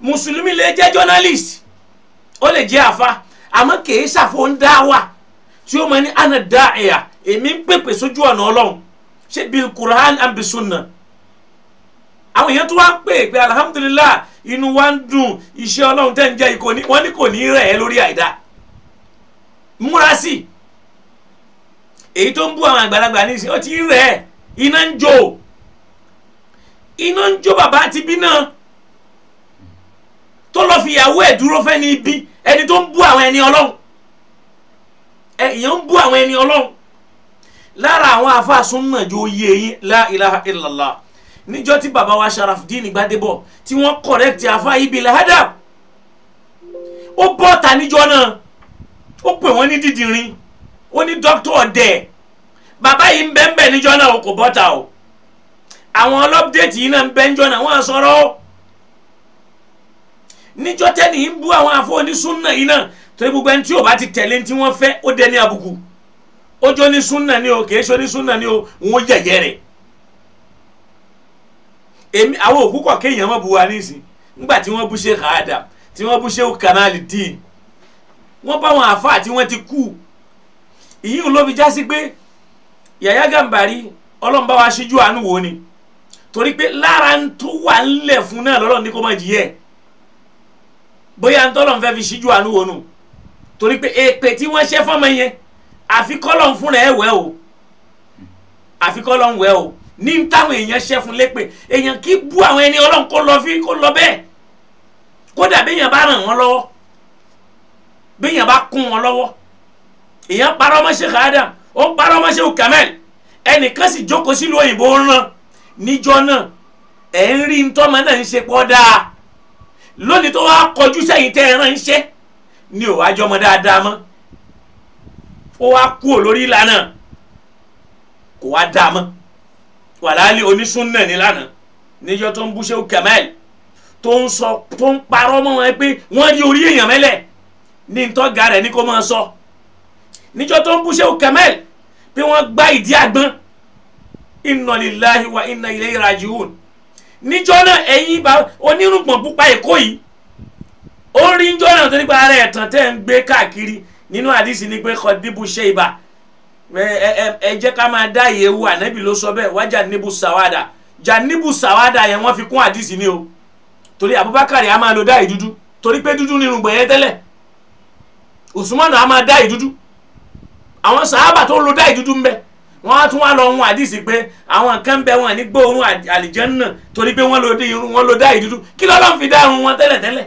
mùsùlùmí lè jẹ́ journalist ó lè jẹ́ àfa àmọ́ kì í ṣàfọ̀ ń dá wà tí ó máa ní ana dáìyà èmi ń pèpè sójú ọ̀nà ọlọ́run ṣé bil Qur'an and bi sunna àwọn èèyàn tó wá ń pè pé alhamdulillah inú wa ń dùn iṣẹ́ ọlọ́run tẹ́ ń jẹ́ wọ́n ní kò ní rẹ̀ ẹ́ lórí àìdá múra sí i èyí tó ń bú àwọn àgbàlagbà ní ìsìn ó ti rẹ̀ ẹ́ iná ń jó iná ń jó bàbá àti ibi náà tó lọ́ọ́ fi ìyàwó ẹ̀ dúró fẹ́ ní ibi ẹni tó ń bú àwọn ẹni ọlọ́run èèyàn ń bú àwọn ẹni ọlọ́run lára àwọn afáàsùn náà jó yé yín la ilaha illallah níjọ́ tí bàbá wa Sharafdin Gbadebo tí wọ́n correct afá ibi lahadab ó bọ́ ta níjọ́ náà ó pè wọ́n ní dídìrín ó ní dókítà ọ̀dẹ̀ bàbá yìí ń bẹ́ńbẹ́ níjọ́ náà kò bọ́ ta o àwọn ọlọ́pdẹ́tì yìí náà ń bẹ́ńjọ́ náà wọ́n á sọ̀rọ̀ o. níjọ́ tẹ́ni ń bú àwọn afọ onísúnà yìí náà torí gbogbo ẹni tí o bá ti tẹ̀lé tí wọ́n fẹ́ ó dé ní àbùkù ó jọ onísúnà ni o kìí onísúnà o wọn yẹ̀yẹ́ rẹ̀ èmi àwọn òkú kọ̀ kéèyàn mọ̀ bu wa nígbà tí wọ́n bú ṣe tí wọ́n bú ṣe dín ti kú pé Yàyà Gàmbàrí wa ṣíjú àánú wò ni torí pé lára ń tó wà ní kó bóyá ntọ́lọ̀ ń fẹ́ fi ṣíjú àánú wọnú torí pé èpè tí wọ́n ṣe fọ́mọ yẹn àfi kọ́lọ̀ ń fúnra ẹ̀ wẹ́ o àfi kọ́lọ̀ ń wẹ́ o ní táwọn èèyàn ṣe fún lépè èèyàn kì í bú àwọn ẹni ọlọ́run kó lọ fi kó lọ bẹ́ẹ̀ kódà béèyàn bá ràn wọ́n lọ́wọ́ béèyàn bá kún wọn lọ́wọ́ èèyàn parọ́ mọ́ Sheikh Adam ó parọ́ mọ́ Sheikh Kamel ẹnìkan sì jókòó sílùú òyìnbó ń ràn níjọ náà ẹ̀ ń rí ntọ́mọ náà ń ṣe pọ́ dáa lónìí tó wàá kọjú sẹ́yìn tẹ́ ẹ ránṣẹ́ ni ò wá jọmọ dáadáa mọ́ ó wá kú ò lórí ìlànà kò wá dáa mọ́ wàláàlì onísúnnà ní lánàá níjọ́ tó ń bú Shehu Kamal tó ń sọ tó ń parọ́ mọ́ wọn pé wọ́n rí orí èèyàn mẹ́lẹ̀ ní ntọ́ga rẹ̀ ní kó máa sọ níjọ́ tó ń bú Shehu Kamal pé wọ́n gbá ìdí àgbọn inna lillahi wa inna ilayhi rajiun níjọ́ náà ẹ̀yin bá onírùngbọ̀n pupa èkó yìí ó rí níjọ́ náà tó nípa ara ẹ̀tàn tẹ́ ń gbé káàkiri nínú àdìsí ni pé kọ́díbù ṣe ibà ẹ jẹ́ ká máa dá ìyẹ̀wò ànábì ló sọ bẹ́ẹ̀ wájà níbu sàwádà janibu sàwádà yẹn wọ́n fi kún àdìsí ni o torí Abubakar a máa lo dá ìdúdú torí pé dúdú nínú gbọ̀nyẹn tẹ́lẹ̀ Usman a máa dá ìdúdú àwọn sàhábà tó ń lo dá ìdúdú ń bẹ́ẹ̀ wọ́n á tún wá lọ hun àdìsí pé àwọn kan bẹ wọn ní gbóòórùn àlìjẹ́nà torí pé wọ́n lo dé irun wọn lo dá ìdúdú kí lọ́lọ́ fi dá irun wọn tẹ́lẹ̀tẹ́lẹ̀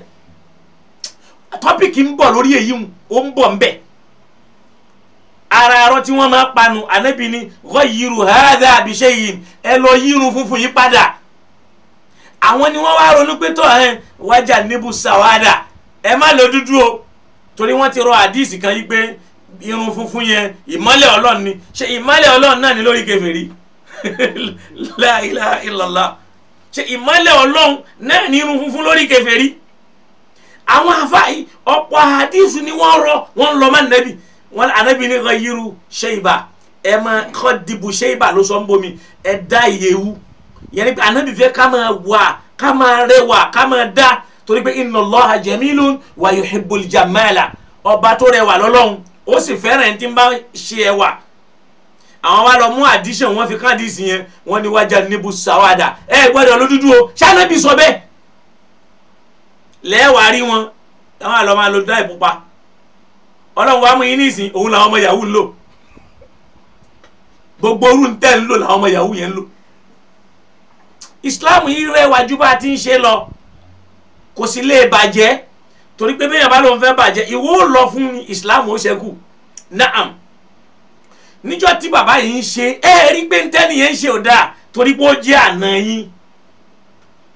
tọ́pìkì ń bọ̀ lórí èyí ó ń bọ̀ ń bẹ̀ ara arọ tí wọ́n máa panu ànábì ni ghayyiru hadha bi shay'in ẹ lọ yírun funfun yìí padà àwọn ni wọ́n wá ronú pé tọ́ ẹ wájà níbu sàwádà ẹ má lo dúdú o torí wọ́n ti rọ àdìsí kan yìí pé irun funfun yẹn ìmọ́lẹ̀ ọlọ́run ni ṣe ìmọ́lẹ̀ ọlọ́run náà ni lórí kèfèrí la ilaha illallah ṣe ìmọ́lẹ̀ ọlọ́run náà ni irun funfun lórí kèfèrí àwọn afáàyè ọ̀pọ̀ àdìsù ni wọ́n rọ wọ́n lọ́ máa nẹ́bì wọ́n ànábì ní kọ́ yírú ṣéyìbà ẹ máa kọ́ dìbò ṣéyìbà ló sọ ń bomi ẹ dá ìyẹ̀wù yẹn ni ànábì fẹ́ ká máa wà ká máa rẹwà ká máa dá torí pé innallaha jamilun wa yuhibbul ọba tó rẹwà lọ́lọ́run ó sì fẹ́ràn ẹni tí ń bá ṣe ẹwà àwọn wa lọ mú addition wọn fi kán àdìsí yẹn wọn ni wájà níbu sàwádà ẹ gbọ́dọ̀ ló dúdú o ṣánábì sọ bẹ́ẹ̀ lẹ́ẹ̀wá rí wọn táwọn àlọ́ máa lo dúdá ìpupa ọlọ́run wa mú yín nísìn òun làwọn ọmọ yahoo ń lò gbogbo orú ń tẹ́ ń lò làwọn ọmọ yahoo yẹn ń lò Islam yìí rẹwà ju bá a ti ń ṣe lọ kò sì lè bàjẹ́ torí pé bẹ́ẹ̀ yẹn bá lóun fẹ́ bàjẹ́ ìwọ ò lọ fún islam ó ṣẹ́kù naam níjọ́ tí bàbá yìí ń ṣe ẹ rí pé ntẹ́ni yẹn ń ṣe ò dáa torí pé ó jẹ́ àná yín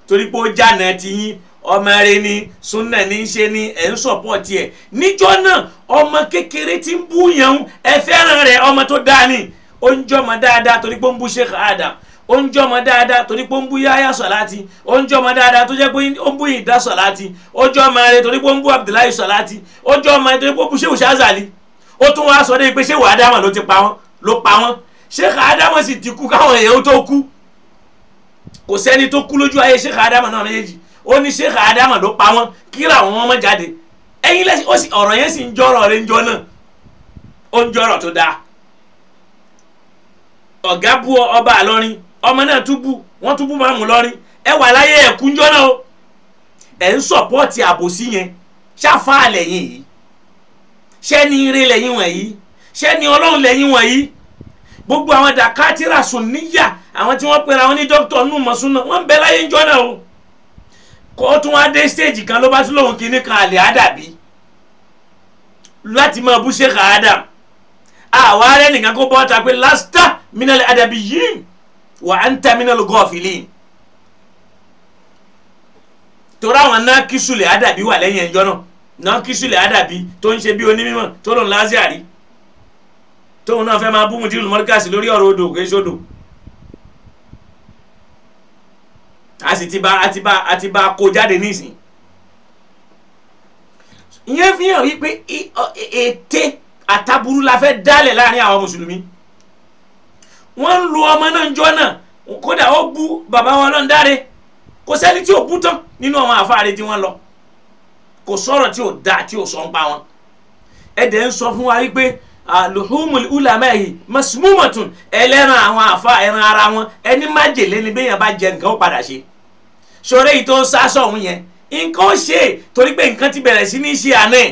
torí pé ó jẹ́ àná ti yín ọmọ rẹ ni sunna ní í ṣe ni ẹ̀ ń sọ̀pọ̀tì ẹ̀ níjọ́ náà ọmọ kékeré tí ń bú yẹn ẹ fẹ́ràn rẹ̀ ọmọ tó dáa ni ó ń jọmọ dáadáa torí pé ó ń bú Sheikh Adam ó ń jọmọ dáadáa torí pé ó ń bú yáyà sọláàtì ó ń jọmọ dáadáa tó jẹ́ pé ó ń bú ìdá sọláàtì ó jọmọ rẹ torí pé ó ń bú abdullahi sọláàtì ó jọmọ rẹ torí pé ó bú sehu shazali ó tún wá sọ de pé sehu adamu ló ti pa wọn ló pa wọn sheikh adamu sì ti kú káwọn èèyàn tó kú kò sẹ́ni tó kú lójú ayé sheikh adamu náà méjèèjì ó ní sheikh adamu ló pa wọn kíra àwọn ọmọ jáde ẹyin lẹ́sìn ó sì ọ̀rọ̀ yẹn sì ń jọrọ̀ rẹ ń jọ náà ó ń jọrọ̀ tó dáa ọ̀gá bú ọba àlọ́rin ọmọ náà tún bú wọ́n tún bú màmú lọ́rin ẹ wà láyé ẹ̀kú ńjọ́ náà o ẹ̀ ń sọ̀pọ́ọ̀tì àbòsí yẹn ṣáfà lẹ́yìn yìí ṣẹ́ ni ire lẹ́yìn wọ̀nyí ṣẹ́ ni ọlọ́run lẹ́yìn wọ̀nyí gbogbo àwọn dàkátìrà sùn níyà àwọn tí wọ́n pera wọn ní dókítà nù mọ̀súnà wọ́n ń bẹ láyé ńjọ́ náà o kó tún wá dé stéèjì kan ló bá tún lòun kìíní kan àlè àdàbí láti máa bú ṣe kà àwa rẹ kó bọ́ ta pé lásìtà mí náà àdàbí yìí wa anta minal ghafilin torí àwọn náà kísùlẹ̀ àdàbí wà lẹ́yìn ẹjọ́ náà náà kísùlẹ̀ àdàbí tó ń ṣe bí onímọ̀ tó lòun láàzì àrí tóun náà fẹ́ máa bú mùdírù mọ́ríkàsì lórí ọ̀rọ̀ odò kò èso odò a sì ti ba a ba a ba kó jáde nísìn ìyẹn fi hàn wípé ète àtàbùrú la fẹ́ dálẹ̀ láàrin àwọn mùsùlùmí wọ́n ń lu ọmọ náà jọ náà kódà ó bú bàbá wọn lọ́n dáre kò sẹ́ni tí ò bú tán nínú àwọn àfáàrí tí wọ́n lọ kò sọ̀rọ̀ tí ò dáa tí ò sọ ń pa wọn ẹ̀dẹ̀ ń sọ fún wa wípé luhumul ulama yìí masmumatun àwọn àfa ẹran ara wọn ẹni májèlé ni bẹ́yàn bá jẹ nǹkan ó padà ṣe ṣọ̀rẹ́ yìí tó ń sá sọ̀hún yẹn nǹkan ó ṣe torí pé nǹkan ti bẹ̀rẹ̀ sí ní ṣe àná ẹ̀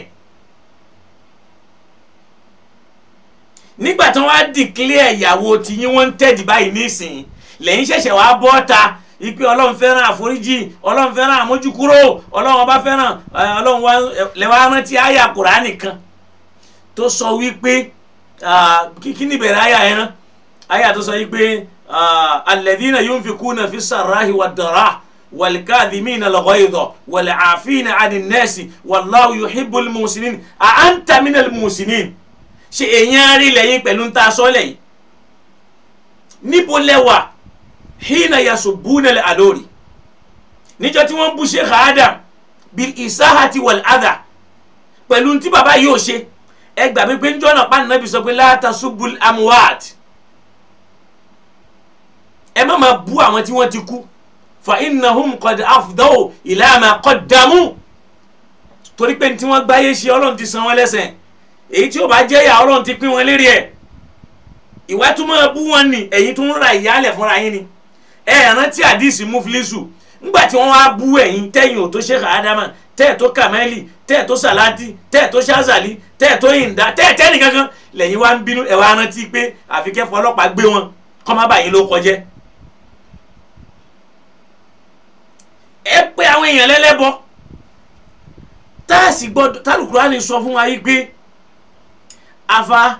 nígbà tí wọ́n á dìklẹ́ ìyàwó tí yín wọ́n ń tẹ̀dí báyìí nísìn lẹ́yìn ṣẹ̀ṣẹ̀ wàá bọ́ ta ipe ọlọ́run fẹ́ràn àforíjì ọlọ́run fẹ́ràn àmójúkúrò ọlọ́run ọba fẹ́ràn ọlọ́run lẹ́wọ́ rántí àyà kùránì kan tó sọ wípé kíkí níbẹ̀rẹ̀ àyà ẹran àyà tó sọ wípé alladhina yunfikuna fi sarrahi wad dara wal kadhimina al ghayza wal afina 'ani nnasi wallahu yuhibbul muhsinin a anta minal muhsinin ṣe èèyàn rí lẹ́yìn pẹ̀lú ń ta aṣọ lẹ́yìn níbo lẹ́wà hina yasubuna al-alori níjọ́ tí wọ́n bú Sheikh Adam bil isahati wal adha pẹ̀lú tí bàbá yóò ṣe ẹ gbà pé ń jọ́nà pa nàbì sọ pé la tasubul amwat ẹ má máa bú àwọn tí wọ́n ti kú fa innahum qad afdaw ila ma qaddamu torí pé tí wọ́n gbáyé ṣe ọlọ́run ti san wọ́n lẹ́sẹ̀ẹ́ èyí tí o bá jẹ́ ìyá ọlọ́run ti pín wọn lérí ẹ̀ ìwà tó máa bú wọn ni ẹ̀yin tó ń ra ìyálẹ̀ fúnra yín ni ẹ rántí àdìsí mufilisu ńgbà tí wọ́n wá bú ẹ̀yin tẹ̀yìn ò tó ṣèkà ádámà tẹ́ẹ̀ tó kàmẹ́lì tẹ́ẹ̀ tó sàláàtì tẹ́ẹ̀ tó ṣàzàlì tẹ́ẹ̀ tó yìndá tẹ́ẹ̀ tẹ́ẹ̀ nìkankan lẹ́yìn wá ń bínú ẹ̀ wá rántí pé àfikẹ́fọ́ ọlọ́pàá gbé wọn kọ́ má bàyín ló kọjẹ́ ẹ pé àwọn èèyàn lẹ́lẹ́bọ tá a sì gbọ́dọ̀ tálùkù rání sọ fún wa yìí pé afa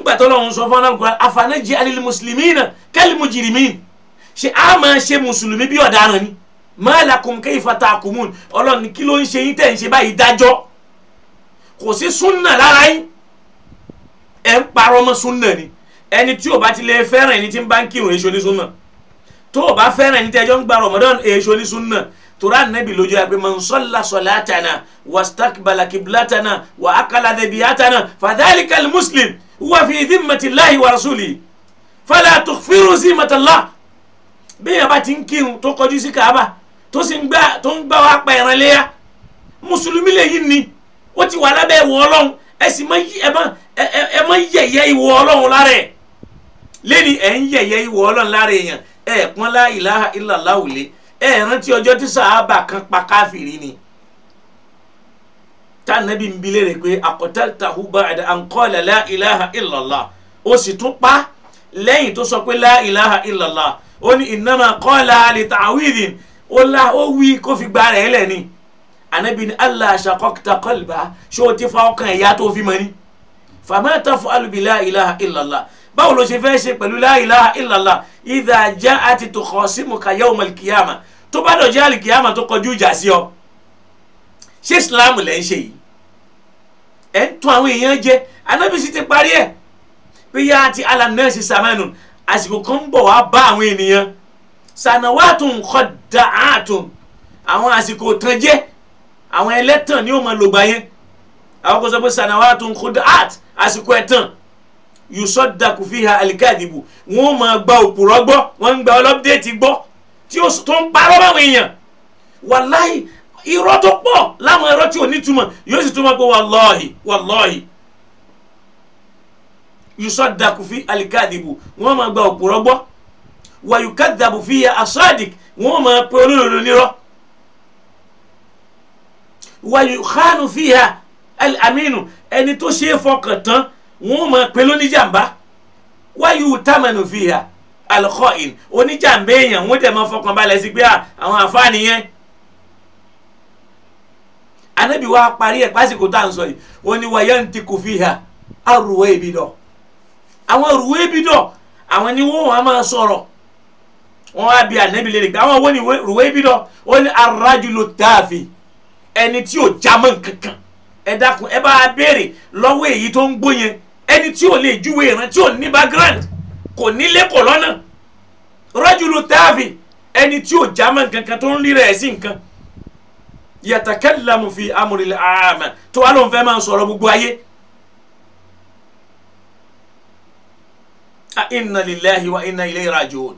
ngbàtọ́ lọ́hún sọ fún ọlọ́run afa náà jẹ́ alil muslimina kal mujrimin ṣe a máa ṣe mùsùlùmí bí ọ̀daràn ni ma lakum kayfa taqumun ọlọ́run kí ló ń ṣe yín tẹ̀ ń ṣe báyìí dájọ́ kò sí súnà lára yín ẹ̀ ń parọ́ mọ́ súnà ni ẹni tí o bá ti lè fẹ́ràn ẹni tí ń bá ń kírun èso ní súnà tó o bá fẹ́ràn ẹni tí ẹjọ́ ń gba Ramadan èso ní súnà tura nabi lójú ya pé man salla salatana wastakbala kiblatana wa akala dhabiyatana fadhalika almuslim huwa fi dhimmati llahi wa rasuli fala tukhfiru zimata llah bẹ́ẹ̀ bá ti ń kírun tó kọjú sí kaaba tó sì ń gbá tó ń gbá wa pa ẹ̀ràn léyà mùsùlùmí lè yí ni ó ti wà lábẹ́ ìwọ ọlọ́run ẹ sì máa ń yẹ̀yẹ́ ìwọ ọlọ́run lára ẹ̀ lẹ́ni ẹ̀ ń yẹ̀yẹ́ ìwọ ọlọ́run lára èèyàn ẹ̀ pọ́n la ilaha illallah lé ẹ rántí ọjọ́ tí sàábà kan pa káfìrí ni tànàbí ń bilé rẹ̀ pé aqtaltahu ba'da an qala la ilaha illallah ó sì tún pa lẹ́yìn tó sọ pé la ilaha illallah ó ní innama qala li ta'widin ó la ó wí kó fi gba rẹ̀ lẹ̀ ni ànábì ni allah shaqaqta qalba ṣé o ti fa ọkàn ẹ̀yà tó fi mọ́ ni famā taf'alu bi la báwo ló ṣe fẹ́ ṣe pẹ̀lú la ilaha illallah idha ja'ati tukhasimuka yawm al-qiyamah tó bá dọ̀jẹ́ al-qiyamah tó kọjú ìjà sí ọ ṣé islam lẹ́ ń ṣe yìí ẹ̀ ń tún àwọn èèyàn jẹ anábìsí ti parí ẹ̀ pé yá àti alanẹ́ẹ̀sì samanu àsìkò kan ń bọ̀ wá bá àwọn ènìyàn sanawatun khadda'atun àwọn àsìkò tán jẹ́ àwọn ẹlẹ́tàn ni ó máa lògbà yẹn àwọn kò sọ pé sanawatun khadda'at àsìkò ẹ̀tàn yusaddaku fiha alikadibu wọ́n máa gba òpùrọ́ gbọ́ wọ́n ń gba ọlọ́pdẹ́ẹ̀tì gbọ́ tí ó tó ń parọ́ báwọn èèyàn wàláhì irọ́ tó pọ̀ láwọn irọ́ tí ò ní túmọ̀ yóò sì túmọ̀ pé wàláhì wàláhì yusaddaku fi alikadibu wọ́n máa gba òpùrọ́ gbọ́ wàyùkàdàbù fiha asadik wọ́n máa pe olólùlù nírọ́ wàyùkánu fiha alaminu ẹni tó ṣe é fọkàn tán wọn ò máa pe lóníjàmbá wáyé utamanu fiha alkhoin oníjàmbá èèyàn wọn dẹ̀ máa fọkàn balẹ̀ sí pé ah, àwọn àfáàní yẹn anabi wa parí ẹ̀ pásìkò tá à ń sọ yìí ó ní wáyé ntí kò fiha arúwé ibi dọ̀ àwọn rúwé ibi dọ̀ àwọn ni wọn wàá máa sọ̀rọ̀ wọn wá bí anabi lè gbé àwọn wo ni rúwé ibi dọ̀ ó ní arájúlò tààfin ẹni tí ò jámọ́ nǹkankan ẹ dákun ẹ bá a béèrè lọ́wọ́ èyí tó ń gbó ẹni tí o lè juwe ìran tí ò ní background kò nílé kò lọ́nà rajulu taafi ẹni tí o já mọ́ kan tó ń rí rẹ̀ sí nǹkan yatakallamu fi amril aama tó wà ló ń fẹ́ máa ń sọ̀rọ̀ gbogbo ayé. a inna lillahi wa inna ilayhi rajiun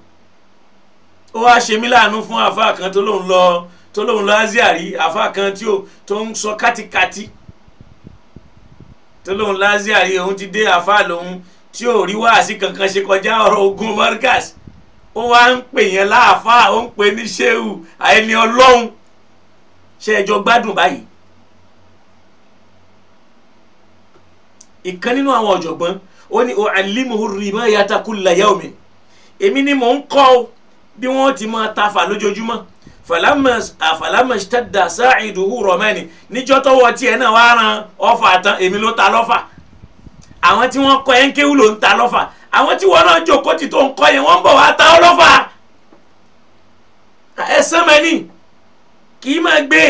ó wá ṣe mí láàánú fún àfa kan tó lóun lọ tó lóun lọ Asia rí àfa kan tí ó tó ń sọ kátikáti. So tó lóun lásìá yìí òun ti dé àfa lòun tí ò rí wáàsí kankan ṣe kọjá ọ̀rọ̀ ogun mọ́ríkàs ó wá ń pè yẹn láàfà ó ń pè ní ṣéwù àìní ọlọ́run ṣe ẹjọ́ gbádùn báyìí. ìkan nínú àwọn ọ̀jọ̀gbọ́n ó ní o alimuhu rima yata kulla yawmin èmi ni mò ń kọ́ ọ bí wọ́n ti máa tafà lójoojúmọ́ fàlámẹ́sítẹ́dà sáàìdùhù rọ̀mẹ́ni níjọ́ tọwọ́ tiẹ̀ náà wá ran ọfà tán èmi ló ta lọ́fà àwọn tí wọ́n kọ́ ẹ̀ ń kéwù ló ń ta lọ́fà àwọn tí wọ́n náà jòkó ti tó ń kọ́ yẹn wọ́n ń bọ̀ wá ta ọlọ́fà ẹ̀sán mẹ́ni kì í máa gbé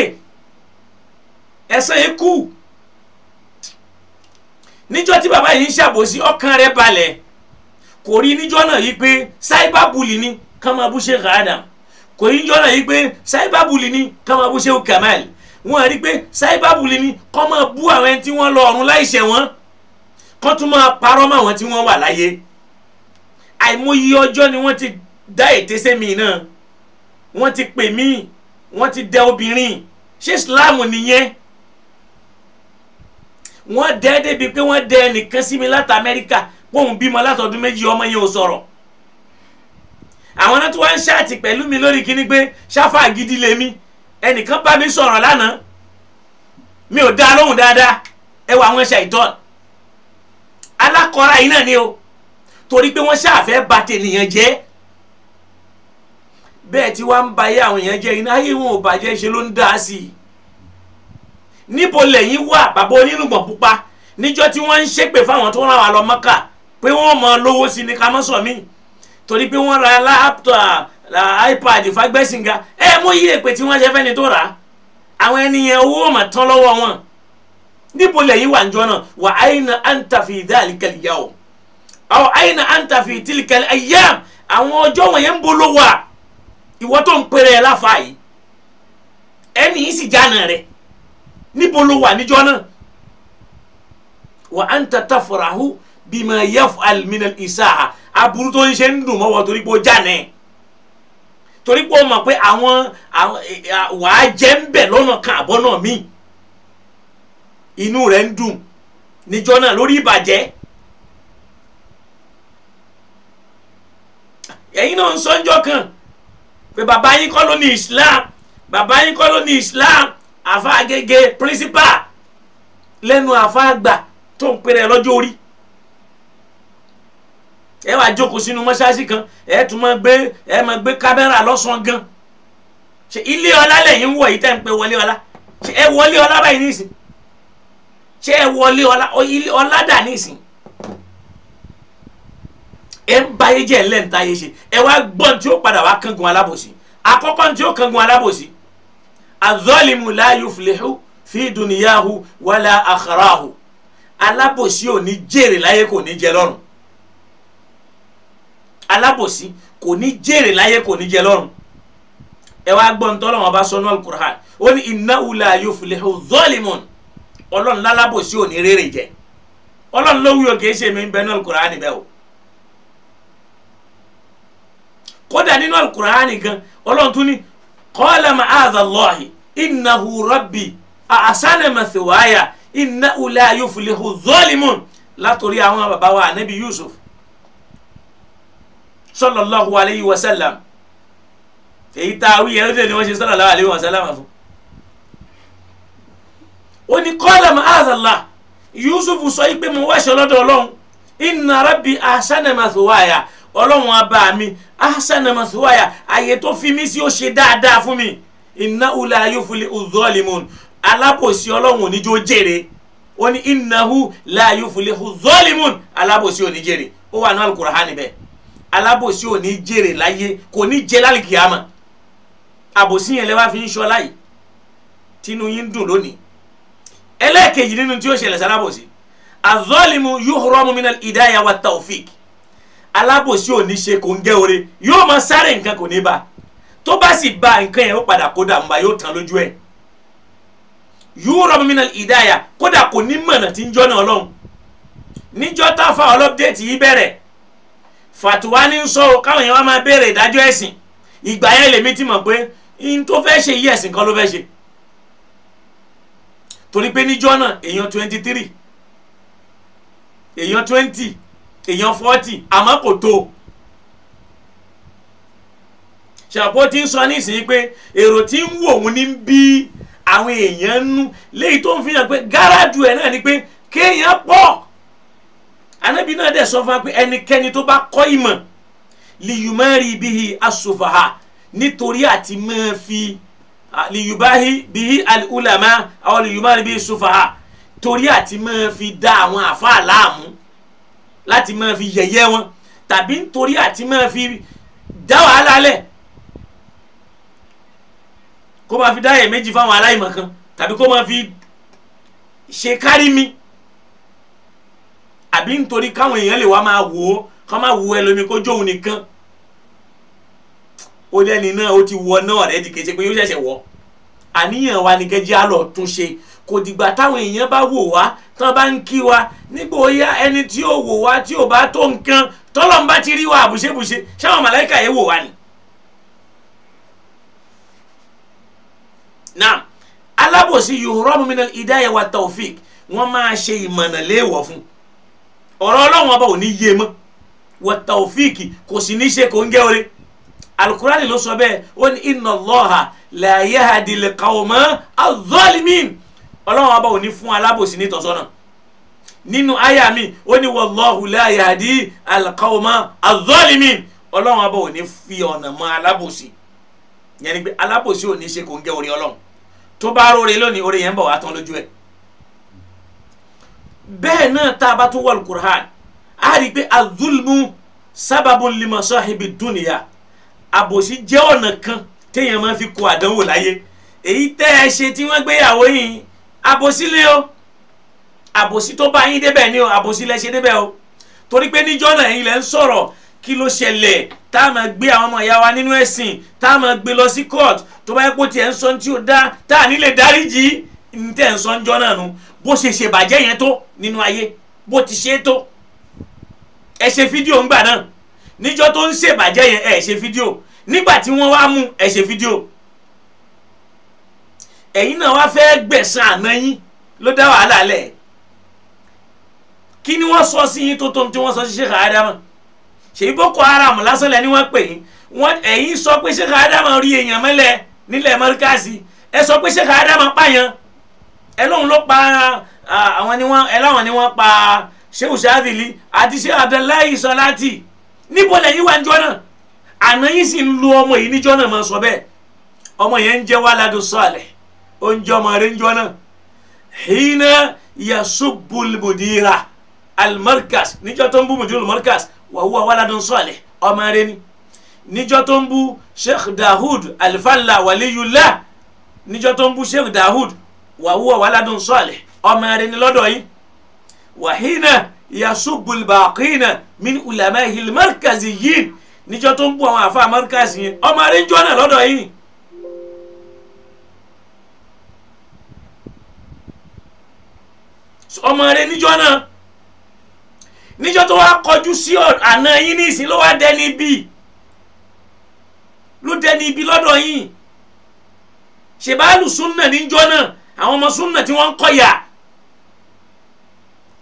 ẹ̀sán yẹn níjọ́ tí bàbá yìí ń ṣàbòsí ọkàn rẹ̀ balẹ̀ kò rí níjọ́ náà yìí pé cyber bully ni kàn máa ṣe kàádà kò yí jọ́nà yìí pé sáíbàbùlì ni ká máa bú ṣe Kamal wọn rí pé sáíbàbùlì ni kọ́ máa bú àwọn ẹni tí wọ́n lọ ọ̀run láìṣẹ̀ wọn kọ́ tún máa parọ́ mọ́ àwọn tí wọ́n wà láyé àìmọye ọjọ́ ni wọ́n ti dá ète sẹ́mi náà wọ́n ti pè mí wọ́n ti dẹ obìnrin ṣé Islam nìyẹn wọ́n dẹ́ débi pé wọ́n dẹ ẹnìkan sí mi láti Amẹ́ríkà pòun bímọ látọdún méjì ọmọ yẹn ò sọ̀rọ̀ àwọn náà tún wá ń ṣáàtì pẹ̀lú mi lórí kíní pé ṣáfà gidi lèmi ẹnìkan bá mi sọ̀rọ̀ lánàá mi ò dá lóhùn dáadáa ẹ wà àwọn ṣàìtọ́n alákọ̀ọ́ra yìí náà ni o torí pé wọ́n ṣàfẹ́ ba tènìyàn jẹ́ bẹ́ẹ̀ tí wàá ń ba ayé àwọn èèyàn jẹ́ iná ayé wọn ò bàjẹ́ ṣe ló ń dá sí i níbo lẹ́yìn wà bàbá onírùngbọ̀n pupa níjọ́ tí wọ́n ń ṣépè fáwọn tó ń wa lọ mọ́kà pé wọ́n mọ lówó sí ni ká mọ́ sọ míì torí pé wọ́n ra laptop ipad fagbẹ́sìnga ẹ mú yí èpè tí wọ́n ṣe fẹ́ni tó rà á àwọn ènìyàn owó mà tán lọ́wọ́ wọn níbo lẹ́yìn wà njọ́ náà wà àyìnà àǹtàfi dhalikal yawm àwọn àyìnà àǹtàfi tilkal ayyam àwọn ọjọ́ wọ̀nyẹn ń bolo wà ìwọ́ tó ń pèrè ẹ̀ láfa yìí ẹni yìí sì jáàna rẹ̀ níbo ló wà níjọ́ náà wà anta tafrahu bima yaf'al min al-isa'a aburú tó ń ṣe ń dùn mọ́wọ́ torí pé ó jáde torí pé ó mọ̀ pé àwọn wàá jẹ́ ń bẹ̀ lọ́nà kan àbọ̀ náà míì inú rẹ̀ ń dùn níjọ́ náà lórí ìbàjẹ́ ẹ̀yin náà ń sọ́njọ́ kan pé bàbá yín kọ́ ló ní Islam bàbá yín kọ́ ló ní Islam àfa agége principal lẹ́nu àfa àgbà tó ń pèrè lọ́jọ́ orí ẹ wàá jókòó sínú mọ́ṣáláṣí kan ẹ tún máa gbé ẹ máa gbé kámẹ́rà lọ́sàn-án gan ṣe ilé ọlá lẹ́yìn ń wọ̀ yìí tẹ́ ń pe wọlé ọlá ṣe ẹ wọlé ọlá báyìí nísìn ṣe ẹ wọlé ọlá ọlá dà nísìn ẹ ń ba ayé jẹ́ ẹ̀ lẹ́ǹta ayé ṣe ẹ wá gbọ́n tí ó padà wá kángun alábòsí àkọ́kọ́ tí ó kángun alábòsí azọ́límù la yuflihu fi dùnìyàhu wàlà àkàràhù alábòsí ò ní jèrè láyé kò ní jẹ lọ́rùn alábòsí kò ní jèrè láyé kò ní jẹ lọ́run ẹ wá gbọ́ ń tọ́lọ́ wọn bá sọ náà kùrán ó ní innahu la yuflihu zalimun ọlọ́run lálábòsí ò ní rere jẹ ọlọ́run ló wí o kì í ṣe mi ń bẹ náà kùrán níbẹ̀ o kódà nínú alukur'an gan ọlọ́run tún ní qala ma'adha Allahi innahu rabbi ahsana mathwaya innahu la yuflihu zalimun látòrí àwọn bàbá wa anabi Yusuf sallallahu alayhi wa sallam èyí tá a wí yẹn lóde ni wọ́n ṣe sallallahu alayhi wa sallam fún. ó ní qala ma'azallah Yusuf sọ yìí pé mo wáṣọ lọ́dọ̀ ọlọ́run inna rabbi ahsana mathwaya ọlọ́run abá mi ahsana mathwaya àyè tó fi mí sí ó ṣe dáadáa fún mi innahu la yuflihu zalimun alábòsí ọlọ́run oníjó jèrè ó ní innahu la yuflihu zalimun alábòsí oníjèrè ó wà ní alukur'ani bẹ́ẹ̀ alábòsí ò ní jèrè láyé kò ní jẹ lálìkìyàmà àbòsí yẹn lẹ́wà fi ń ṣọlá yìí tínú yín dùn lónìí ẹlẹ́ẹ̀kejì nínú tí ó ṣẹlẹ̀ sí alábòsí azọ́ọ̀lìmù yuhramu minal ìdáyà wa taofik alábòsí ò ní ṣe kò ń gẹ́ ore yóò máa sáré nǹkan kò ní bá tó bá sì bá nǹkan yẹn ó padà kó dàmbà yóò tán lójú ẹ̀ yuhramu minal ìdáyà kódà kò ní mọ̀nà tí ń jọ́nà ọlọ́run níjọ́ táfà ọlọ́pdẹ́tì yìí bẹ̀rẹ̀ fàtúwá ní sọ o káwọn yẹn wá máa béèrè ìdájọ́ ẹ̀sìn ìgbà yẹn lèmi ti mọ̀ pé n tó fẹ́ ṣe yí ẹ̀sìn kan ló fẹ́ ṣe torí pé níjọ́ náà èèyàn twenty three èèyàn twenty èèyàn forty àmọ́ kò tó ṣàpọ̀ tí ń sọ nísìnyí pé èrò tí ń wò òun ní bí àwọn èèyàn ń nú léyìí tó ń fi hàn pé gáràjù ẹ̀ náà ni pé kéèyàn pọ̀ anabi náà dẹ̀ sọ fún wa pé ẹnikẹ́ni tó bá kọ́ ìmọ̀ liyumari bihi asufaha nítorí àti máa fi liyubahi bihi alulama àwọn liyumari bihi sufaha torí àti máa fi dá àwọn àfáà láàmú láti máa fi yẹ̀yẹ́ wọn tàbí nítorí àti máa fi dá wàhálà lẹ̀ kó máa fi dá yẹ̀ méjì fáwọn aláìmọ̀ kan tàbí kó máa fi ṣe kárí mi àbí nítorí káwọn èèyàn lè wá máa wò ó kán máa wo ẹlòmíì kó jóun nìkan ó dẹ́ni náà ó ti wọ náà rẹ̀ di kété pé yóò ṣẹ̀ṣẹ̀ wọ̀ àníyàn wa ni kẹjẹ́ á lọ tún ṣe kò dìgbà táwọn èèyàn bá wò wá tán bá ń kí wa nígbà ó ẹni tí ó wò wá tí ò bá tó nǹkan tọ́lọ́n ti rí wa àbùṣebùṣe ṣáwọn màláìkà yẹn wò wá ni. naam alábòsí yuhramu minal hidayah wa tawfiq wọ́n máa ṣe ìmọ̀nà léèwọ̀ fún un ọ̀rọ̀ ọlọ́run ọba ò ní yé mọ́ wa tawfiki kò sì ní ṣe kò ń gẹ́ ore alukurani ló sọ bẹ́ẹ̀ ó ní inna Allaha la yahdil qawma az-zalimin ọlọ́run ọba ò ní fún alábòsí ní tọ́sọ́nà nínú àyà mi ó ní wallahu la yahdi alqawma az-zalimin ọlọ́run ọba ò ní fi ọ̀nà mọ́ alábòsí yẹn ni pé alábòsí ò ní ṣe kò ń gẹ́ orí ọlọ́run tó bá róore lónìí orí yẹn ń bọ̀ wá tán lójú ẹ̀ bẹ́ẹ̀ náà tá a bá tún wọ̀lù kùrán a rí i pé azulmu sábàbù limasọ́ ibi dúnìyà àbòsí jẹ́ ọ̀nà kan téèyàn máa fi kó àdánwò láyé èyí tẹ́ ẹ ṣe tí wọ́n gbéyàwó yìí àbòsí lé o àbòsí tó bá yín débẹ̀ ni o àbòsí lẹ ṣe débẹ̀ o torí pé níjọ́ náà ẹ̀yin lẹ ń sọ̀rọ̀ kí ló ṣẹlẹ̀ tá a máa gbé àwọn ọmọ ìyá wa nínú ẹ̀sìn tá a máa gbé lọ sí court tó bá yẹ kó tiẹ̀ ń sọ tí o dá tá a nílè dáríjì ní tẹ̀ ń sọ níjọ́ náà nu bó ṣe ṣèbàjẹ́ yẹn tó nínú ayé bó ti ṣe é tó ẹ ṣe fídíò ńgbà náà níjọ́ tó ń ṣèbàjẹ́ yẹn ẹ ṣe fídíò nígbà tí wọ́n wá mú ẹ ṣe fídíò ẹ̀yin náà wá fẹ́ gbẹ̀san àná yín ló dá wàhálà lẹ̀ kí ni wọ́n sọ sí yín tó tó tí wọ́n sọ sí Sheikh Adam ṣèyí Boko Haram lásán lẹ́ni wọ́n pè yín wọ́n ẹ̀yin sọ pé Sheikh Adam rí èèyàn mẹ́lẹ̀ nílẹ̀ mọ́ríkàsì ẹ sọ pé Sheikh Adam pààyàn ẹ lóun ló pa àwọn ni wọ́n ẹ ni wọ́n pa Shehu Shadhili àti Shehu Abdullahi Salati níbo lẹ́yìn wá níjọ́ náà àná yìí sì ń lu ọmọ yìí níjọ́ náà máa sọ bẹ́ẹ̀ ọmọ yẹn ń jẹ́ wàládù sọ́ọ̀lẹ̀ ó ń jẹ́ ọmọ rẹ̀ níjọ́ náà hina yasubul mudira almarkas níjọ́ tó ń bú mudira almarkas wa huwa wàládù sọ́ọ̀lẹ̀ ọmọ rẹ̀ ni níjọ́ tó ń bú sheikh dahud alifala waliyula níjọ́ tó ń bú sheikh dahud wa huwa waladun salih ọmọ rere ni lọ́dọ̀ yín wàhínà yasubul baqina min ulama'il markaziyyin níjọ́ tó ń bú àwọn àfa markazi yìí ọmọ rere ń jọ́nà lọ́dọ̀ yín. ọmọ rere níjọ́ náà níjọ́ tó wá kọjú sí àná yín ní ìsìn ló wá dẹni bí ló dẹni bí lọ́dọ̀ yín ṣèbáàlù sunna níjọ́ náà àwọn ọmọ súnà tí wọ́n ń kọ́ yà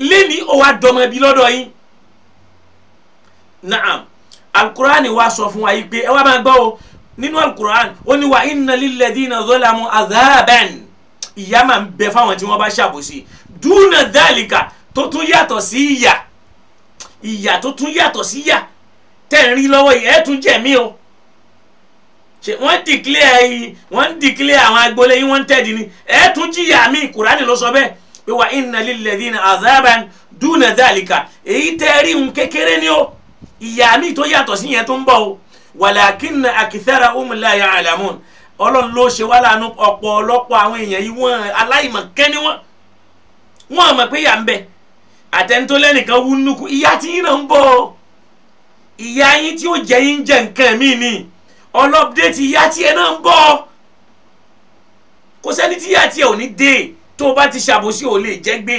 lẹ́ni ó wá dọ́mọ bí lọ́dọ̀ yín naam alukur'an wa sọ fún wa yìí pé ẹ wá máa gbọ́ o nínú alukur'an ó ní wa inna lilladhina zalamu azaban ìyà máa ń bẹ fáwọn tí wọ́n bá ṣàbòsí dúnà dálìkà tó tún yàtọ̀ sí ìyà ìyà tó tún yàtọ̀ sí ìyà tẹ̀ lọ́wọ́ yìí ẹ̀ tún jẹ̀mí o ṣe wọ́n dìklẹ́ yìí wọ́n dìklẹ́ àwọn agboolé yìí wọ́n tẹ̀dí ni ẹ̀ tún jìyà mí kùránì ló sọ bẹ́ẹ̀ pé wà inna lilladhina azaban duna dhalika èyí tẹ́ rí hun kékeré ni ó ìyà mí tó yàtọ̀ sí yẹn tó ń bọ̀ o walakinna akthara um la ya'lamun ọlọ́run ló ṣe wá láàánú ọ̀pọ̀lọpọ̀ àwọn èèyàn yìí wọ́n aláìmọ̀ kẹ́ni wọ́n wọ́n mọ̀ pé yà ń bẹ àtẹ̀ntó lẹ́nìkan wú nukú ìyá tí yín náà ń bọ̀ ìyá yín tí ó jẹ́ yín jẹ́ nǹkan míì ọlọ́pdẹ́tì ìyá tiẹ̀ náà ń bọ̀ kò sẹ́ni tí ìyá tiẹ̀ ò ní dé tó o bá ti ṣàbòsí ò lè jẹ́ gbé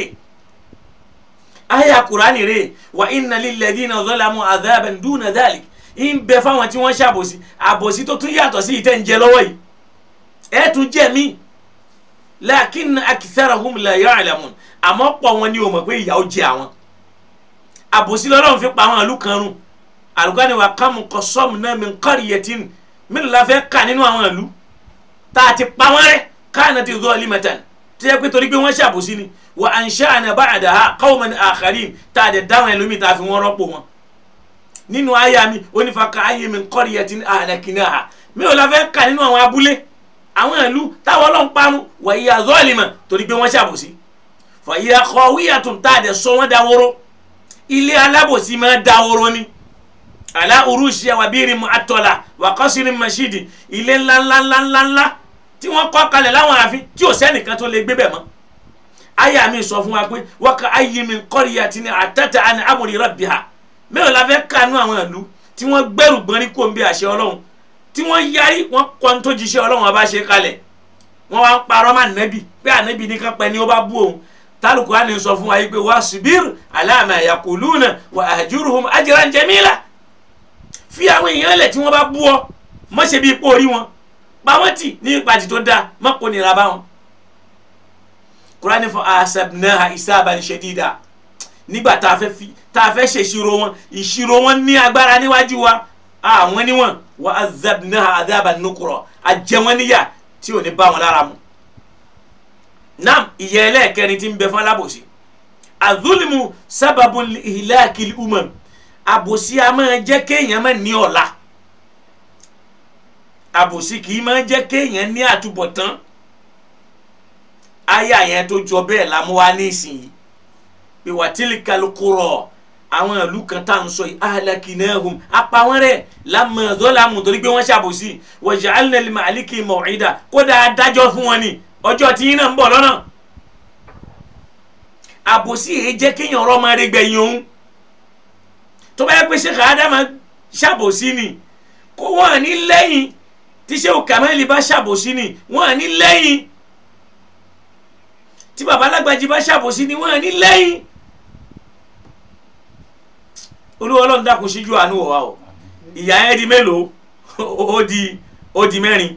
àyà kùránì rè wà inna lilladhina zalamu adhaban duna dhalik ń bẹ fáwọn tí wọ́n ṣàbòsí àbòsí tó tún yàtọ̀ sí ìtẹ́ ń jẹ lọ́wọ́ yìí ẹ̀ tún jẹ́ mí lakin akitharahum la ya'lamun àmọ́ pọ̀ wọn ni o mọ̀ pé ìyà jẹ àwọn àbòsí lọ́lọ́run fi pa àwọn àlùkànrún àlùkànrún wa kam qasamna min qaryatin mélòó la fẹ́ kà nínú àwọn ìlú tá a ti pa wọ́n rẹ́ káàna ti zọ́ limatan tí yẹ pé torí pé wọ́n ṣàbòsí ni wa ansha'na ba'daha qawman akharin tá a dẹ̀ dáhùn ẹlòmíì tá a fi wọ́n rọ́pò wọn nínú àyà mi onífàkà ayé mi qaryatin ahlaknaha mélòó la fẹ́ kà nínú àwọn abúlé àwọn ìlú táwọn ọlọ́run parun wa hiya zalima torí pé wọ́n ṣàbòsí fa hiya khawiyatun tá a dẹ̀ sọ wọ́n dáwóró ilé alábòsí máa dáwóró ni ala urusi awabiri mu atọla wakọsiri masidi ilé ńláńláńláńlá tí wọ́n kọ́ kalẹ̀ láwọn ààfin tí ò sẹ́nìkan tó lè gbé bẹ̀ mọ́ aya mi sọ fún wa pé waka ayi mi kọriya ti ni atata ani amuri rabi ha mẹ́wọ̀n la fẹ́ kanu àwọn ìlú tí wọ́n gbẹ́rù gbọ́nrí kó n bí àṣẹ ọlọ́run tí wọ́n yarí wọ́n kọ́ ń tó jíṣẹ́ ọlọ́run ọba ṣe kalẹ̀ wọ́n wá ń parọ́ má nẹ́bi pé ànẹ́bi ní kápẹ́ ni ó bá bú òun tálùkù á sọ fún wa yìí pé wá sùbírù aláàmì àyàkùlù náà wà àjúrùhùn ajran jamila fi àwọn èèyàn lẹ̀ tí wọ́n bá bú ọ má ṣe bí ipò orí wọn pa wọ́n tì ní ìpàdé tó dáa má kó nira bá wọn. Kùránì fún asabnaha isaban shadida nígbà tá a fẹ́ fi tá wọn ìṣirò wọn ní agbára níwájú wa àwọn níwọ̀n wa azabnaha azaban nukura àjẹwọ́n níyà tí ò ní bá wọn lára mu. nam ìyẹn ẹlẹ́ẹ̀kẹrin ti ń bẹ fún alábòsí azulimu sábàbù ìhìlẹ́ àkìlì umam Abosi a máa jẹ́ kéèyàn máa ní ọ̀la àbòsí kì í máa jẹ́ kéèyàn ní àtúbọ̀tán aya yẹn tó jọ bẹ́ẹ̀ la mú wa ní ìsìn pé wà tílíkàlù kúrọ̀ àwọn ìlú kan tá à ń sọ yìí ahlakinahum apá wọn rẹ lamọdọlamù torí pé wọn ṣàbòsí wa ja'alna li ma'aliki kódà adájọ́ fún wọn ni ọjọ́ tí yín náà ń bọ̀ lọ́nà àbòsí yìí jẹ́ kéèyàn ọ̀rọ̀ máa rí gbẹ̀yìn òun tó bá yẹ pé Sheikh Adama ṣàbòsí ni kó wọn ní lẹ́yìn tí Sheikh Kamali bá ṣàbòsí ni wọn ní lẹ́yìn tí baba alágbàjì bá ṣàbòsí ni wọn ní lẹ́yìn olúwa ọlọ́run dákun ṣíjú àánú wa o ìyá ẹ di mélòó ó di ó di mẹ́rin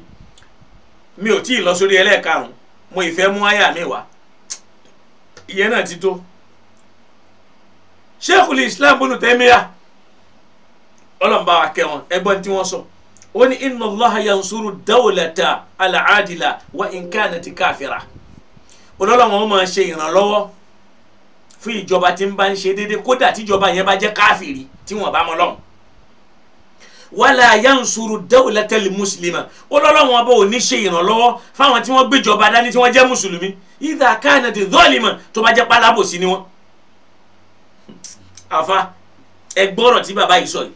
mi ò tí ì lọ sórí ẹlẹ́ẹ̀karùn mo ìfẹ́ mú àyà mi wá ìyẹn náà ti tó Sheikhul Islam Ibn Taymiyyah ọlọ́mọba wa kẹ́ wọn ẹgbọ́n tí wọ́n sọ ó ní inna Allaha yansuru dawlata al-adila wa in kanat kafira olólùwọ̀n ó máa ṣe ìrànlọ́wọ́ fún ìjọba tí ń bá ń ṣe déédéé kódà tíjọba yẹn bá jẹ́ káfìrí tí wọ́n bá mọ lọ́hùn wala yansuru dawlatal muslima olólùwọ̀n bó ní ṣe ìrànlọ́wọ́ fáwọn tí wọ́n gbéjọba dání tí wọ́n jẹ́ mùsùlùmí idha kanat zalima tó bá jẹ́ pálábòsí ni wọ́n. àfa ẹgbọ́rọ̀ tí bàbá yìí sọ yìí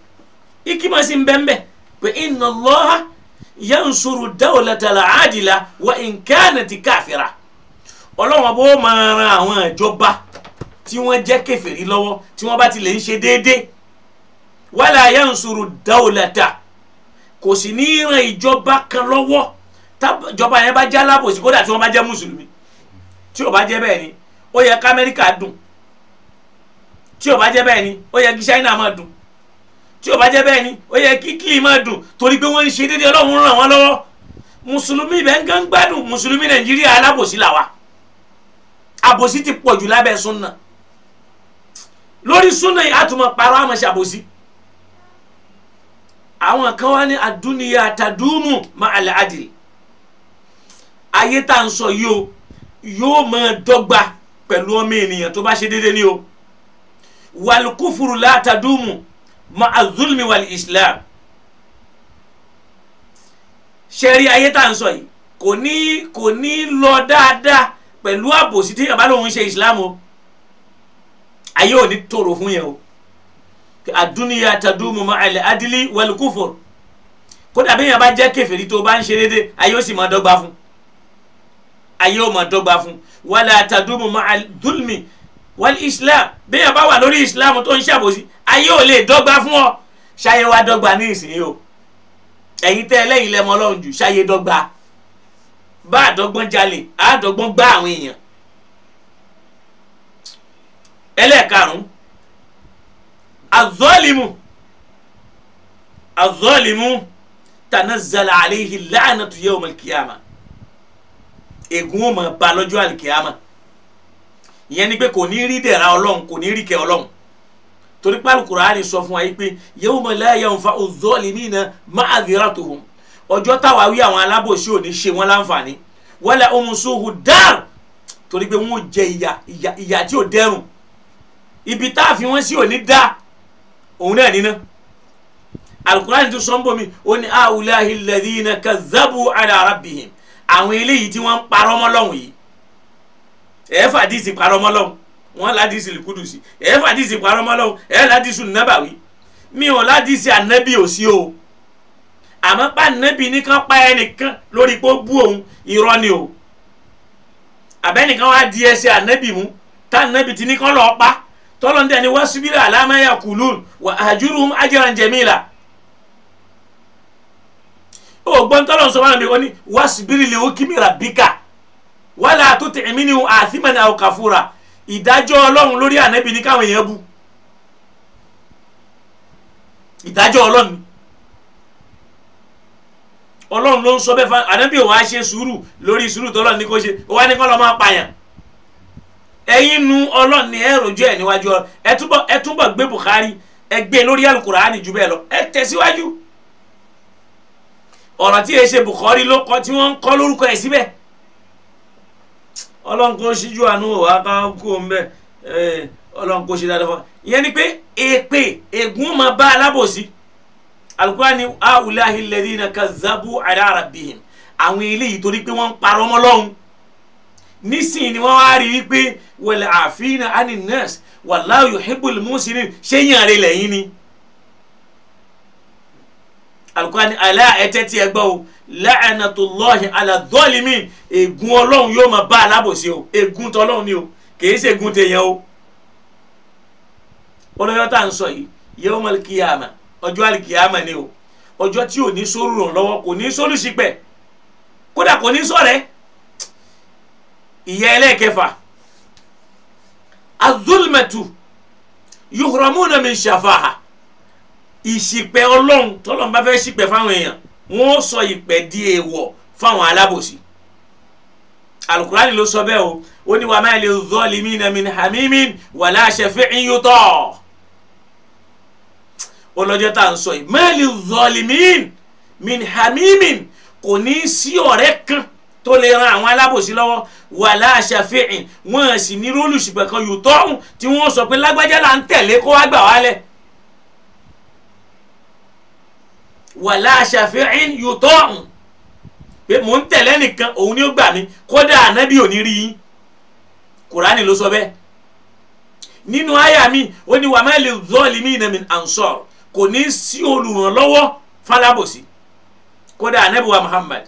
hikima sì ń bẹ ńbẹ̀ pé inna Allaha yansuru dawlatal adila wa in kanat kafira ọlọ́wọ́n bó máa ran àwọn ìjọba tí wọ́n jẹ́ kèfèrí lọ́wọ́ tí wọ́n bá ti lè ń ṣe déédéé wala yansuru dawlata kò sì ní ran ìjọba kan lọ́wọ́ tájọba yẹn bá jẹ́ alábòsí kódà tí wọ́n bá jẹ́ mùsùlùmí tí ò bá jẹ́ bẹ́ẹ̀ ni ó yẹ kí Amẹ́ríkà dùn tí ò bá jẹ́ bẹ́ẹ̀ ni ó yẹ kí China máa dùn tí o bá jẹ́ bẹ́ẹ̀ ni ó yẹ kí kílì máa dùn torí pé wọ́n ń ṣe déédéé ọlọ́run ràn wọ́n lọ́wọ́ mùsùlùmí ibẹ̀ ń gán gbádùn mùsùlùmí nàìjíríà alábòsí làwa àbòsí ti pọ̀jù lábẹ́ súnà lórí súnà yìí àtúmọ̀ parọ́ àmọ́ ṣe àbòsí àwọn kan wá ní àdúnìyà àtàdúmù máa lè àdìrí ayé tá à ń sọ yìí o yóò máa dọ́gba pẹ̀lú ọmọ ènìyàn tó bá ṣe déédéé ni o wàlúkúfùrù látàdúmù ma'a zulmi wal islam ṣẹ́rí ayé كوني à ń sọ yìí kò ní kò ní lọ dáadáa pẹ̀lú àbòsí tí yàrá lòun ń ṣe islam o ayé ò ní tòrò fún yẹn o àdúnìyà tàdúmù ma'al adli wal kufur kódà bí yàrá bá jẹ́ tó bá ń ṣe déédéé ayé ó sì máa dọ́gba fún ayé ó máa dọ́gba fún wala tàdúmù ma'al dulmi wal islam béèyàn bá wà lórí islam tó ń ṣàbòsí ayé ò lè dọ́gba fún ọ ṣayé wa dọ́gba ní ìsìn o ẹ̀yin tẹ́ ẹlẹ́yin lẹ́mọ ọlọ́run jù ṣayé dọ́gba bá àdọ́gbọ́n jalè àádọ́gbọ́n gbá àwọn èèyàn ẹlẹ́ẹ̀karùn-ún azọ́ọ̀lìmù azọ́ọ̀lìmù tanazzala alayhi la'natu yawm al-qiyamah ègún ó máa bá lọ́jọ́ àlìkìyàmà ìyẹn ni pé kò ní rí dẹ̀ra ọlọ́run kò ní rí kẹ́ ọlọ́run torí pálí kùránì sọ fún wa yìí pé yawma la yanfa'u zalimina ma'dhiratuhum ọjọ́ táwa wí àwọn alábòsí ò ní ṣe wọ́n láǹfààní wala hum suhu dar torí pé wọ́n ò jẹ ìyà ìyà ìyà tí ò dẹrùn ibi tá a fi wọ́n sí ò dá òun náà níná alukurani tún sọ́nbọ̀ mi ó ní a'ulahi alladhina kazzabu ala rabbihim àwọn eléyìí tí wọ́n ń parọ́ mọ́ lọ́hùn yìí ẹ fàdísì parọmọlọ́hún wọn ládìsì lìkúdùsì ẹ fàdísì parọmọlọ́hún ẹ ládìsì nàbàwí mi ò ládìsì ànábì ò sí o àmọ́ pa ànábì nìkan pa ẹnìkan lórí pé ó bú òun irọ́ ni o àbẹ́nìkan wá di ẹsẹ̀ ànábì mú tá ànábì ti nìkan lọ́ọ́ pa tọ́lọ́ ní ẹni wá síbílẹ̀ àlámáyà kùlùn wà àjúrùm ajran jamila. ó gbọ́n tọ́lọ́ sọ fún mi ó ní wá síbílẹ̀ ó kí mi rà bíkà wala tuti minhu athiman aw kafura ìdájọ́ ọlọ́run lórí ànábì ní káwọn èèyàn bu ìdájọ́ ọlọ́run ọlọ́run ló ń sọ bẹ́ẹ̀ fún ànábì òun á ṣe sùúrù lórí sùúrù tọ́lọ́ ní kó ṣe òun á ní kó lọ́ máa pààyàn ẹ̀yin nu ọlọ́run ni ẹ rojú ẹ̀ níwájú ọ ẹ túbọ̀ gbé Bukhari ẹ gbé e lórí Al-Qur'ani jù bẹ́ẹ̀ lọ ẹ tẹ̀síwájú ọ̀rọ̀ tí ẹ ṣe Bukhari ló kọ tí wọ́n ń kọ́ lórúkọ ẹ̀ síbẹ̀ ọlọ́run kò ṣíjú àánú òwá ká kú òun bẹ́ẹ̀ ọlọ́run kò ṣe dáadáa fún ìyẹn ni pé èpè ègún máa bá alábòsí alukurani awulahi lẹ́dínà kazabu ala rabbihim àwọn eléyìí torí pé wọ́n ń parọ́ mọ́ lọ́hùn nísìnyí ni wọ́n wá rí i pé wal afina ani nas wallahu yuhibbul musinin ṣéyìn àrẹ lẹ́yìn ni alukurani alá ẹ̀tẹ́ tí ẹ gbọ́ o la'anatullahi ala zalimin ègún ọlọ́run yóò máa bá alábòsí o ègún tọlọ́run ni o kìí ṣe ègún tèèyàn o. olóyún tá à ń sọ yìí yawmal qiyama ọjọ́ àlìkìyàmà ni o ọjọ́ tí ò ní sóòrù ràn lọ́wọ́ kò ní sóòrù sípẹ̀ kódà kò ní sọ̀rẹ́ ìyá ẹlẹ́ẹ̀kẹfà azulmẹtu yuhramuna min shafaha ìṣìpẹ̀ ọlọ́run tọ́lọ́run bá fẹ́ ṣìpẹ̀ wọn ó sọ ìpẹ́ di èèwọ̀ fáwọn alábòsí alukurani ló sọ bẹ́ẹ̀ o ó ní wa ma lil zalimina min hamimin wala shafi'in yuta olọ́jọ́ tá à ń sọ yìí ma lil zalimin min kò ní í sí ọ̀rẹ́ kan tó lè ran àwọn alábòsí lọ́wọ́ wala shafi'in wọ́n sì ní rólùsùpẹ̀ kan yòótọ́ tí wọ́n sọ pé lágbájá là ń tẹ̀lé kó wá gbà wálẹ̀ wàlá shafi'in yuta'un pé mò ń tẹ̀lé nìkan òun ni ó gbà mí kódà ànábì ò ní rí yín kùránì ló sọ bẹ́ẹ̀ nínú àyà mi ó ní wàmẹ́ lè zalimina min ansar kò ní sí olùrànlọ́wọ́ falábòsí kódà ànábì wa Muhammad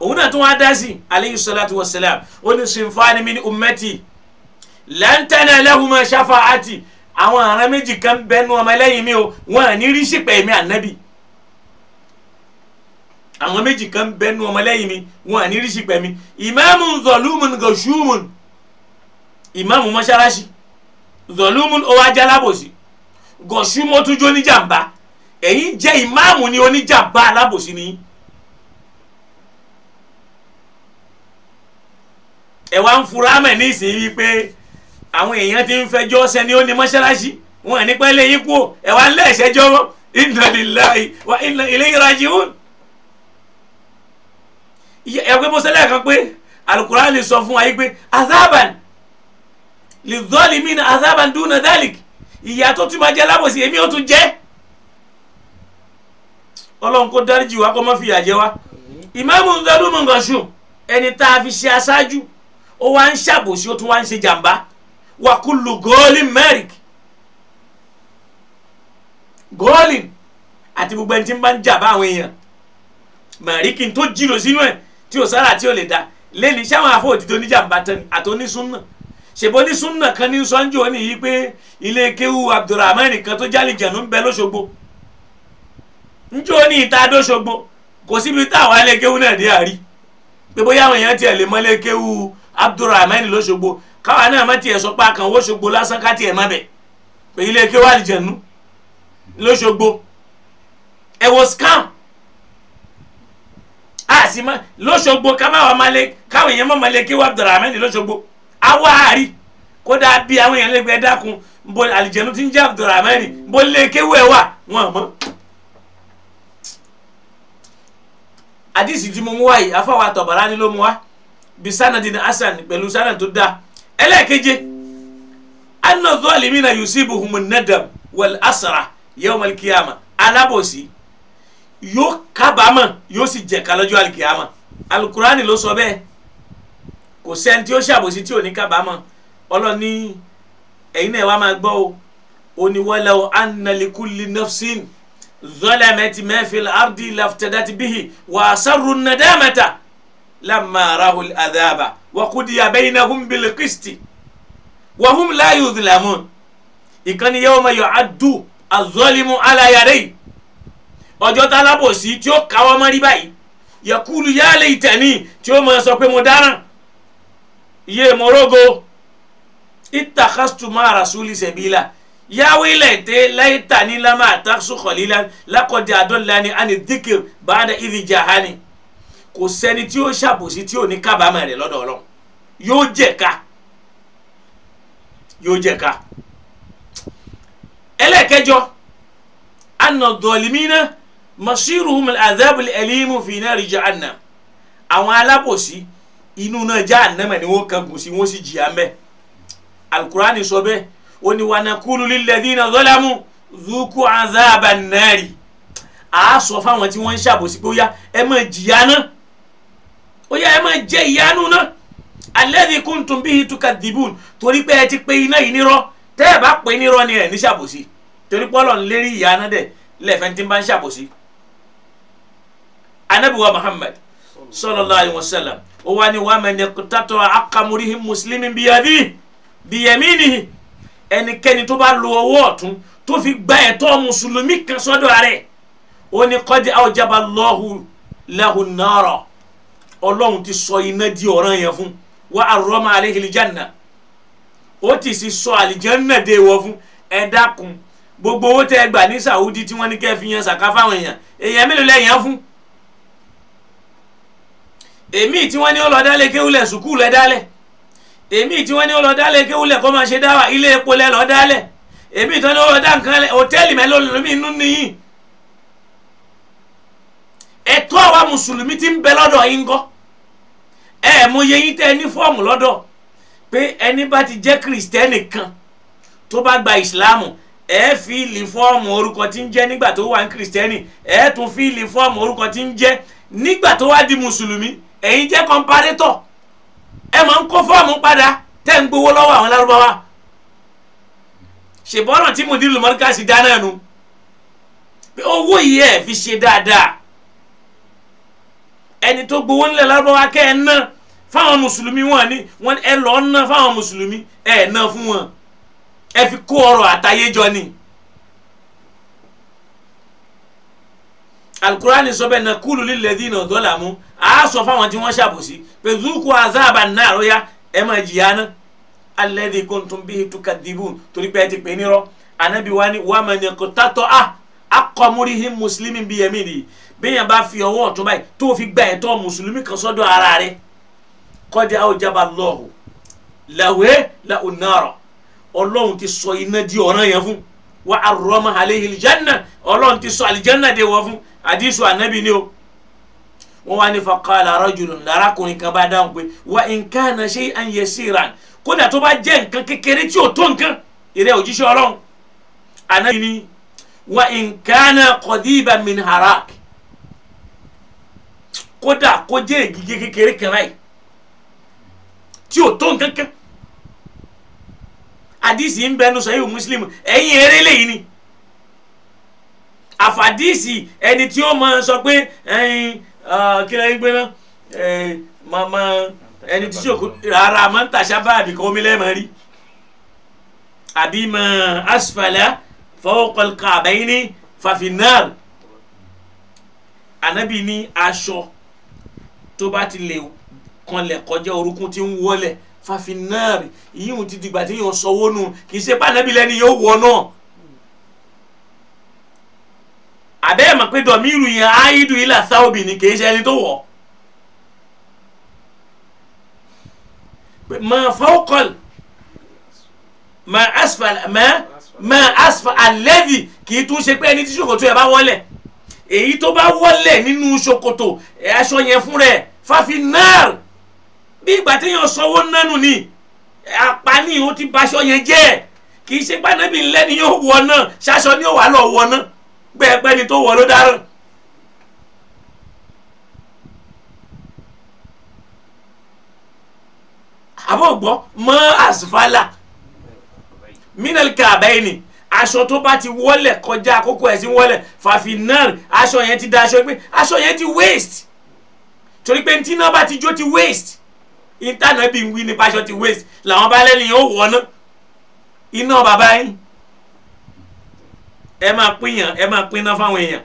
òun náà tún wá dá sí aleyhi wa salam ó ní sinfani min ummati lan tanala huma shafa'ati àwọn àrà méjì kan bẹnu ọmọ ẹlẹ́yìn mi o wọn à ní rí sípẹ̀ mi ànábì àwọn méjì kan bẹ nu ọmọlẹ́yìn mi wọn àní ríṣi pẹ̀ mi ìmáàmù zọlúmùn gọ̀ṣúmùn ìmáàmù mọ́ṣáláṣí zọlúmùn ó wá jẹ́ alábòsí gọ̀ṣúmù ó tún jó níjàmbá ẹ̀yin jẹ́ ìmáàmù ni oníjàmbá alábòsí ni ẹ wá ń fura mẹ́ nísìnyí wípé àwọn èèyàn ti ń fẹjọ́ sẹ́ni ó ní mọ́ṣáláṣí wọn àní pẹ́lẹ́ yín kú ẹ wá ń lé ẹ̀ṣẹ́jọ́ innalillahi wa inna ilayhi ẹgbẹ́ bó sẹ́lẹ̀ kan pé alukura lè sọ fún wa yìí pé azaban lè zọ́ọ̀lì mí na azaban dùn na dalik ìyá tó tún máa jẹ alábòsí èmi ò tún jẹ́ ọlọ́run kó dáríjì wa kó má fi ìyà jẹ wa ìmáàmù Dhul-Mansur Qasum ẹni tá a fi ṣe aṣáájú ó wá ń ṣàbòsí ó tún wá ń ṣe jàǹbá wa kullu góòlì mẹ́rìk góòlì àti gbogbo ẹni tí ń bá ń jà bá àwọn èèyàn mẹ́rìkì tó jìrò sínú ẹ̀ tí o sára tí o lè da lẹ́ni sáwọn afọ òdìdó oníjàmbá tán àtọ́nísúnà ṣèbó nísúnà kan ní sọ́njọ́ ní yí pé ilé kéwu Abdulrahman kan tó jálè jẹ̀nu ń bẹ lọ́sọ̀gbọ́ njó ní ìta dọ́sọ̀gbọ́ kò síbi táwọn ilé kéwu náà dé àrí pé bóyá àwọn èèyàn tiẹ̀ lè mọ ilé kéwu Abdulrahman lọ́sọ̀gbọ́ káwa náà má tiẹ̀ sọ pé àkànwó ṣògbó lásán ká tiẹ̀ má bẹ̀ pé ilé kéwu àlìjẹ̀nu lọ́sọ̀gbọ́ ẹ̀ wọ scam a sì mọ lọ́sọ̀gbọ̀ kámáwá malẹ káwọn èèyàn mọ malẹ kí wà abdulrahman lọ́sọ̀gbọ̀ awa àárí kódà bí àwọn èèyàn lẹ́gbẹ̀ẹ́ dákun bó àlìjẹnu ti ń jẹ abdulrahman bó lè kéwù ẹ wà wọn mọ. àdìsí tí mo mú wá yìí afáwa Tabarani ló mú wá bí sanadin hasan pẹ̀lú sanad tó dáa ẹlẹ́ẹ̀keje anna zalimina yusibuhumun nadam wal asra yawmal qiyamah alabosi yóò kábàámọ̀ yóò sì jẹ̀ka lọ́jọ́ alikiyama alukurani ló sọ bẹ́ẹ̀ kò sẹ́ni tí ó ṣàbòsí tí ò ní kábàámọ̀ ọlọ́ni ẹ̀yin náà wá máa gbọ́ o oníwọlé o annalikuli nafsin zọlẹ́mẹtì mẹ́fìl ardi laftadati bihi wà sáré nàdámẹ́ta lamarahul adaba wakudiya bainahum bilqisti wahum la yuzlamun ìkànnì yawma yu'addu azọ́limu alayadẹ́yì ọjọ́ tálábòsí tí ó káwọ́ mọ́rí báyìí yakulu yaale ìtẹ̀ni tí ó máa sọ pé mo dáràn iye morogo itakastuma rasuli sẹbila yahweh lẹ́tẹ̀ láìta ní lamá àtàkùsù kọ̀lílá lákọ̀dé àdọ́lani àni dìkìr bàdà ìdí jahani kò sẹ́ni tí ó ṣàbòsí tí ó ní kábàámọ̀ rẹ̀ lọ́dọ̀ yóò jẹ̀ka yóò jẹ̀ka ẹlẹ́ẹ̀kẹjọ anadọ̀límínà masiruhum al-adhab al-alim fi nari jahannam àwọn alábòsí inú náà jahannama ni wọ́n kángun sí wọ́n sì jìyà mbẹ alukurani sọ bẹ́ẹ̀ ó ní wa naqulu lilladhina zalamu dhuku adhaba an-nari a sọ fáwọn tí wọ́n ń ṣàbòsí pé ó yá ẹ máa jìyà náà ó yá ẹ máa jẹ ìyanu náà alladhi kuntum bihi tukadhibun torí pé ti pe iná yìí nírọ́ tẹ́ ẹ pe nírọ́ ni ẹ ní ṣàbòsí torí pé Ọlọ́run lérí ìyá náà dẹ̀ lẹ́fẹ̀ẹ́ tí ń bá anabi wa muhammad sallallahu alaihi wasallam o wa ni wa man yaqtatu aqamurihi muslimin bi yadi bi yaminihi ẹnikẹ́ni tó bá lo ọwọ́ ọ̀tún tó fi gba ẹ̀tọ́ mùsùlùmí kan sọ́dọ̀ rẹ̀ ó ní qad awjaba llahu lahu nara ọlọ́run ti sọ iná di ọ̀ràn yẹn fún wa arrama alayhi aljanna ó ti sì sọ àlìjánná dé wọ fún ẹ dákun gbogbo owó tẹ́ ẹ gbà Saudi tí wọ́n ní kẹ́ fi yan sàkáfáwọn èèyàn èèyàn mélòó lẹ́yìn fún èmi tí wọ́n ní ó lọ dálé kéwúlẹ̀ sùkúù lẹ dálẹ̀ èmi tí wọ́n ní ó lọ dálé kéwúlẹ̀ kó máa ṣe dáwà ilé epo lẹ lọ dálẹ̀ èmi tí wọ́n ní ó lọ dá nǹkan lẹ hòtẹ́ẹ̀lì mẹ́lẹ́ olùmí inú nìyí ẹ̀tọ́ àwa mùsùlùmí ti ń bẹ lọ́dọ̀ yín gọ́ ẹ̀ mo yẹ yín tẹ́ ẹ ní fọ́ọ̀mù lọ́dọ̀ pé ẹni bá ti jẹ́ kìrìsìtẹ́nì kan tó bá gba ìsìláàmù ẹ fi ìlì fọ́ọ̀mù orúkọ tí ń jẹ́ nígbà tó wà ní kìrìsìtẹ́nì ẹ tún fi ìlì fọ́ọ̀mù orúkọ tí ń jẹ́ nígbà tó wá di mùsùlùmí ẹ̀yin jẹ́ kọ́mpárétọ̀ ẹ máa ń kó fọ́ọ̀mù padà tẹ́ ń gbowó lọ́wọ́ àwọn lárúbáwá ṣèbọ́ràn tí mùdírù mọ́ríkàsì dáná nu pé owó yìí ẹ̀ fi ṣe dáadáa ẹni tó gbowó nílẹ̀ lárúbáwá kẹ́ ẹ ná fáwọn mùsùlùmí wọn ni wọn ẹ lọ ná fáwọn mùsùlùmí ẹ ná fún wọn ẹ fi kó ọrọ̀ àtayéjọ ni. alukurani sọ bẹ́ẹ̀ na kúlù lílẹ̀ dín náà dọ́là mú a sọ fáwọn tí wọ́n ṣàbòsí pé zuku azaba náà lóya ẹ máa jìyà ná alladhi kuntum bihi tukadibun torí pé ẹ ti pè é nírọ́ anabi wa ni wàá mẹ́ni kò tátọ́ a akọmúrihìn mùsùlùmí bíi ẹ̀mí nìyí bẹ́ẹ̀ bá fi ọwọ́ ọ̀tún báyìí tó fi gba ẹ̀tọ́ mùsùlùmí kan sọ́dọ̀ ara rẹ̀ kọjá ọjàba lọ́hù làwẹ́ làùnàrọ̀ ọlọ́run ti sọ iná di ọ̀ràn yẹn fún wa arọ́mọ alẹ́ ìlìjánná ọlọ́run ti sọ àlìjánná de wọ́n fún àdìsù ànábì ni o wọ́n wá ní faqala rajulun lárakùnrin kan bá dáhùn pé wa in kana shay'an yasiran kódà tó bá jẹ́ nǹkan kékeré tí ò tó nǹkan ìrẹ́ òjíṣẹ́ ọlọ́run ànábi ni wa in kana qadiban min harak kódà kó jẹ́ ègige kékeré kan báyìí tí ò tó nǹkan kan àdìsí ń bẹnu sọ yìí muslim ẹ̀yin eré lèyí ni àfàdìsí ẹni tí ó máa sọ pé ẹ̀yin Ah, kí lẹ́yìn gbé náà màmá ẹni tí sòkò rárá máa ń tàṣà bá àbí kan omi lẹ́ẹ̀mọ́ rí àbí mọ asfala fawqal ka'bayni fafinnar anabi ní aṣọ tó bá ti lè kanlẹ̀ kọjá orúkún tí ń wọlẹ̀ fafinnar yíyún ti dìgbà tí yóò sọ wónú kì í ṣe pàdánù lẹ́ni yóò wọ náà. àbẹ́ẹ̀ mọ̀ pé dọ̀míìrù yẹn áìdù ilà sáòbì ni kì í ṣe ẹni tó wọ̀ ma fawqal ma asfal ma ma asfal alẹ́dì kì í tún ṣe pé ẹni tí ṣòkòtò ẹ̀ bá wọlé èyí tó bá wọlé nínú ṣòkòtò aṣọ yẹn fún rẹ̀ fàfi náà bí ìgbà téèyàn sanwó nánu ni apani ó ti baṣọ yẹn jẹ́ kì í ṣe pé ànábì ńlẹ́ni yóò wọ náà ṣaṣọ ni ó wà lọ́ọ́ náà pẹ́ẹ́pẹ́ ni tó wọ̀ ló dáràn. àbọ̀ gbọ́ mọ́ àsìfálà minal kàbẹ́ẹ̀nì aṣọ tó bá ti wọlé kọjá àkókò ẹ̀ sí wọlé fàfinàn aṣọ yẹn ti da aṣọ pé aṣọ yẹn ti waste torí pé ntí náà bá ti jó ti waste ìtànà bí wí nípa aṣọ ti waste làwọn bá lẹ́nu yẹn ó wọ̀ ná iná bàbá yín ẹ máa pín yàn ẹ máa pín náà fáwọn èèyàn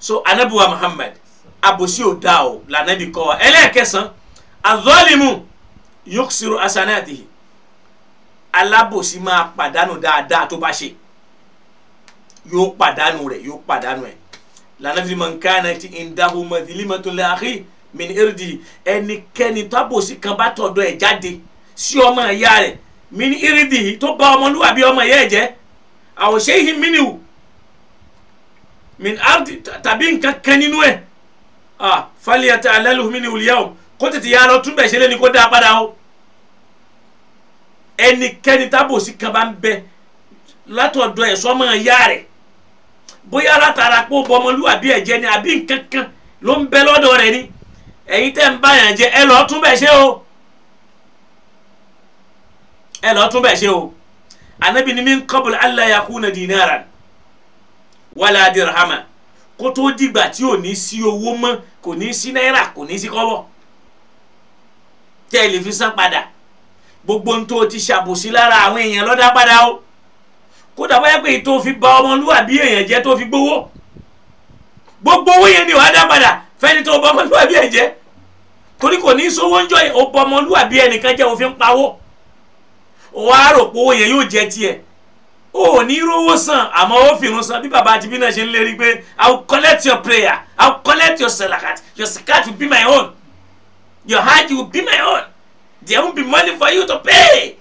so anabi muhammad abosi ò dáa o lànàbì kọ́ wa ẹlẹ́ẹ̀kẹsàn azọ́ọ̀lìmù yóksirò asanatihi alábòsí máa pàdánù dáadáa tó bá ṣe yóò pàdánù rẹ̀ yóò pàdánù ẹ̀ lànàbì man kanat indahu madhlimatun li akhi min irdi ẹnikẹ́ni tábòsí kan bá tọ̀dọ̀ ẹ̀ jáde sí ọmọ ìyá rẹ̀ min irdi tó bá ọmọlúwàbí ọmọ ìyá ẹ̀ jẹ́ aw shay'in minhu min ardi tàbí nǹkan kan nínú ẹ̀ ah falyata'allalahu minhu al-yawm kó tètè yá lọ tún bẹ̀ ṣẹlẹ̀ ni kó dá padà o ẹnikẹ́ni tábòsí kan bá ń bẹ látọ̀dọ̀ ẹ̀ sọ́mọ ìyá rẹ̀ bóyá látara pé bọmọlúwàbí ẹ̀jẹ̀ ni àbí nǹkan kan ló ń bẹ ni ẹ̀yin tẹ́ ń bá yàn jẹ ẹ lọ́ọ́ tún o ẹ lọ́ọ́ tún o anabi ni min qabl alla yakuna dinaran wala dirhama kó tó dìgbà tí ò ní si owó mọ́ kò ní sí náírà kò ní sí kọ́bọ̀ tẹ́ ẹ lè fi san padà gbogbo ń tó ti ṣàbòsí lára àwọn èèyàn lọ́dá padà o kódà báyà pé tó fi ba ọmọlúwàbí èèyàn jẹ́ tó fi gbowó gbogbo owó yẹn ni wàá dá padà fẹ́ni tó bọ́ ọmọlúwàbí ẹ̀ jẹ́ torí kò ní sówó ń jọ ọmọlúwàbí ẹnìkan jẹ́ òfin pawó wàá rò pé owó yẹn yóò jẹ tiẹ̀ o ní rówó san àmọ́ ó fìrun san bí baba àti bí náà ṣe ń lérí pé i will collect your prayer i will collect your salakat your sakat will be my own your hajj will be my own there won't be money for you to pay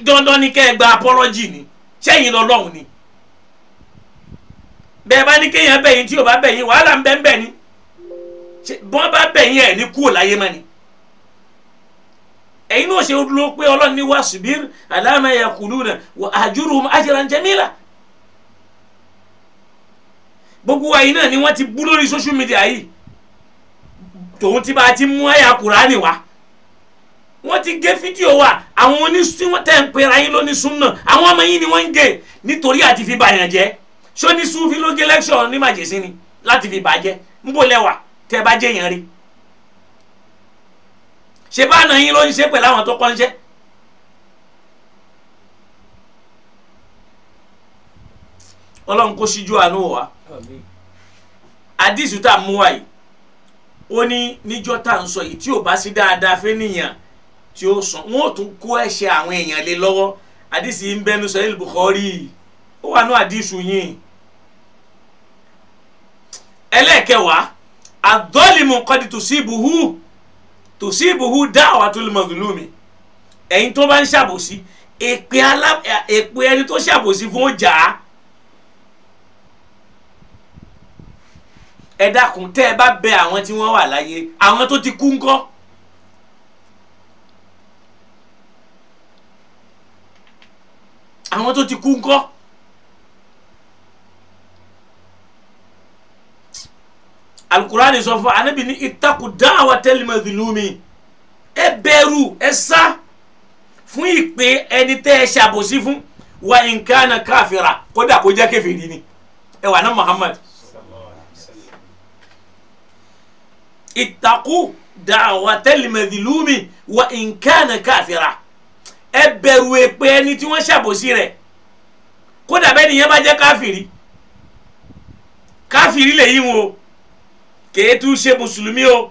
dandan ni kẹ́ ẹ gba apọ́lọ́jì ni sẹ́yìn lọ́lọ́run ni bẹ́ẹ̀ bá ní kéèyàn bẹ̀yìn tí yóò bá bẹ̀yìn wàhálà ń bẹ́ẹ̀ bẹ́ẹ̀ ni bọ́n bá bẹ̀yìn ẹ̀ ní kúò láyé mọ́ ni ẹ̀yin náà ṣe dúró pé ọlọ́run ní wasbir ala ma yaquluna wa ahjurhum ajran jamila gbogbo wa yìí náà ni wọ́n ti bú lórí social media yìí tòun ti bá a ti mú àyà kùránì wá wọ́n ti gé fídíò wa àwọn onísùn wọn tẹ̀ ń pera yín lóní súnà àwọn ọmọ yín ni wọ́n ń gé nítorí àti fi bàyàn jẹ́ ṣó ní fi ló lẹ́kṣọ̀ ní màjèsí ni láti fi bàjẹ́ ń bò lẹ́wà tẹ́ bá jẹ́ yẹn rí ṣe bá nà yín ló ń ṣe pẹ̀lú àwọn tó kọ́ ń ṣe. ọlọ́run kó síjú àánú wa àdìsù tá a mú wa yìí ó ní níjọ́ tá à ń sọ yìí tí ò bá sí dáadáa fẹ́nìyàn tí ó sàn wọn ò tún kó ẹ̀ṣẹ̀ àwọn èèyàn lé lọ́wọ́ àdìsù yìí ń bẹnu sọ ilé Bukhari ó wà ní àdìsù yìí ẹlẹ́ẹ̀kẹwàá àdọ́lìmù kọ́dìtù sí ibùhù tusibuhu da'watul mazlumi ẹ̀yin tó bá ń ṣàbòsí èpè alá èpè ẹni tó ṣàbòsí fún ọjà á. ẹ dákun tẹ́ ẹ bá bẹ àwọn tí wọ́n wà láyé àwọn tó ti kú ńkọ́. àwọn tó ti kú ńkọ́. alukurani sọ fún anabi ní itaku dáhàwá tẹlima dùlùmí ẹ bẹ̀rù ẹ sá fún ìpè ẹni tẹ́ ẹ wa nkánà kafira kódà kó jẹ́ kèfèrí ni ẹ wà ná muhammad itaku dáhàwá tẹlima dùlùmí wa nkánà káfíra ẹ bẹ̀rù èpè ẹni tí wọ́n ṣàbòsí rẹ̀ kódà bẹ́ẹ̀ nìyẹn bá jẹ́ káfírí káfírí lè yí wọn o kéétú ṣe mùsùlùmí o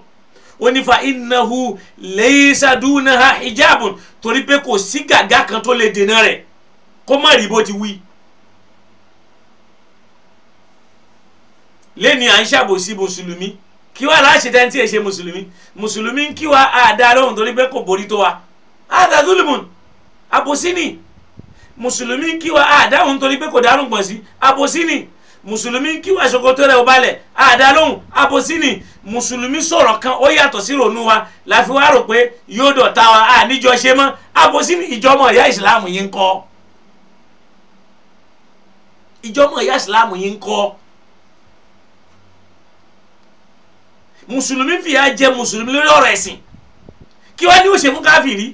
ó ní fa innahu laysa dunaha hijabun torí pé kò sí gàgá kan tó lè dènà rẹ̀ kó má rí bó ti wí. lẹ́ni à ń ṣàbòsí mùsùlùmí kí wàá láṣẹ tẹ́ntì ẹ̀ ṣe mùsùlùmí mùsùlùmí ń kí wa àdá lóhùn torí pé kò borí tó wa àdá dúlùmùn àbòsí ni mùsùlùmí kí wa àdá òhun torí pé kò dárùn sí àbòsí ni mùsùlùmí kíwà ṣòkòtò rẹ̀ ò balẹ̀ àdálóhùn àbòsínì mùsùlùmí sọ̀rọ̀ kan ó yàtọ̀ sí ronú wa láfi wá rò pé yóò dọ̀tá wa à níjọ ṣe mọ́ àbòsínì ìjọmọ̀ ìyá ìsìláàmù yìí ń kọ́ ìjọmọ̀ ìyá ìsìláàmù yìí ń kọ́ mùsùlùmí fìyà jẹ mùsùlùmí lórí ọ̀rọ̀ ẹ̀sìn kí wọ́n ní ó ṣe fún káfíìrì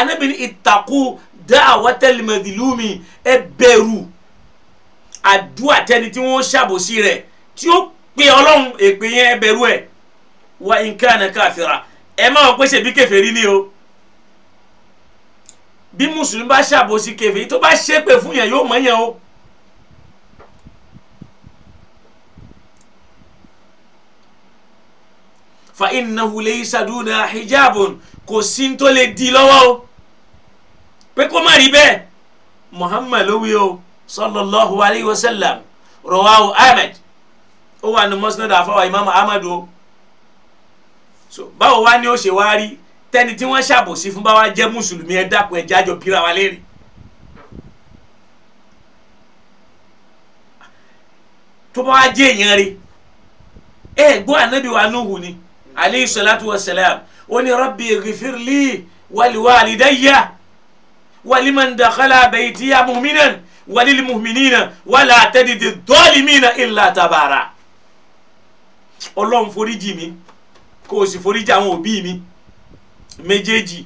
anábìrin ìtàkù da'watal madlumi ẹ bẹ̀rù àdúrà tẹni tí wọ́n ṣàbòsí rẹ̀ tí ó pe ọlọ́run èpè yẹn ẹ bẹ̀rù ẹ̀ wa in kana kafira ẹ má wọ pé ṣèbí kèfèrí ni o bí mùsùlùmí bá ṣàbòsí kèfèrí tó bá ṣépè fún yẹn yóò mọ̀ yẹn o. fa innahu laysa duna hijabun kò sí tó lè di lọ́wọ́ o pé kó má rí bẹ́ẹ̀ Muhammad ló wí o. صلى الله عليه وسلم رواه أحمد هو wà ní musnad àfọwà imam so báwo wá ní ó ṣe wá rí tẹni tí wọ́n ṣàbòsí fún báwa jẹ́ mùsùlùmí ẹ dákun ẹ jájọ bíra wa léèrè. tó bá wá jẹ́ èèyàn rí ẹ gbọ́ ànábì wa Nuhu ni aleyhi salatu wa salam ó ní rabbi ghifirli wali walidayya wali man walil mu'minina wala tadidi dọ́ọ̀lìmínà illa tabara ọlọ́run foríjì mi kó o sì foríjì àwọn òbí mi méjèèjì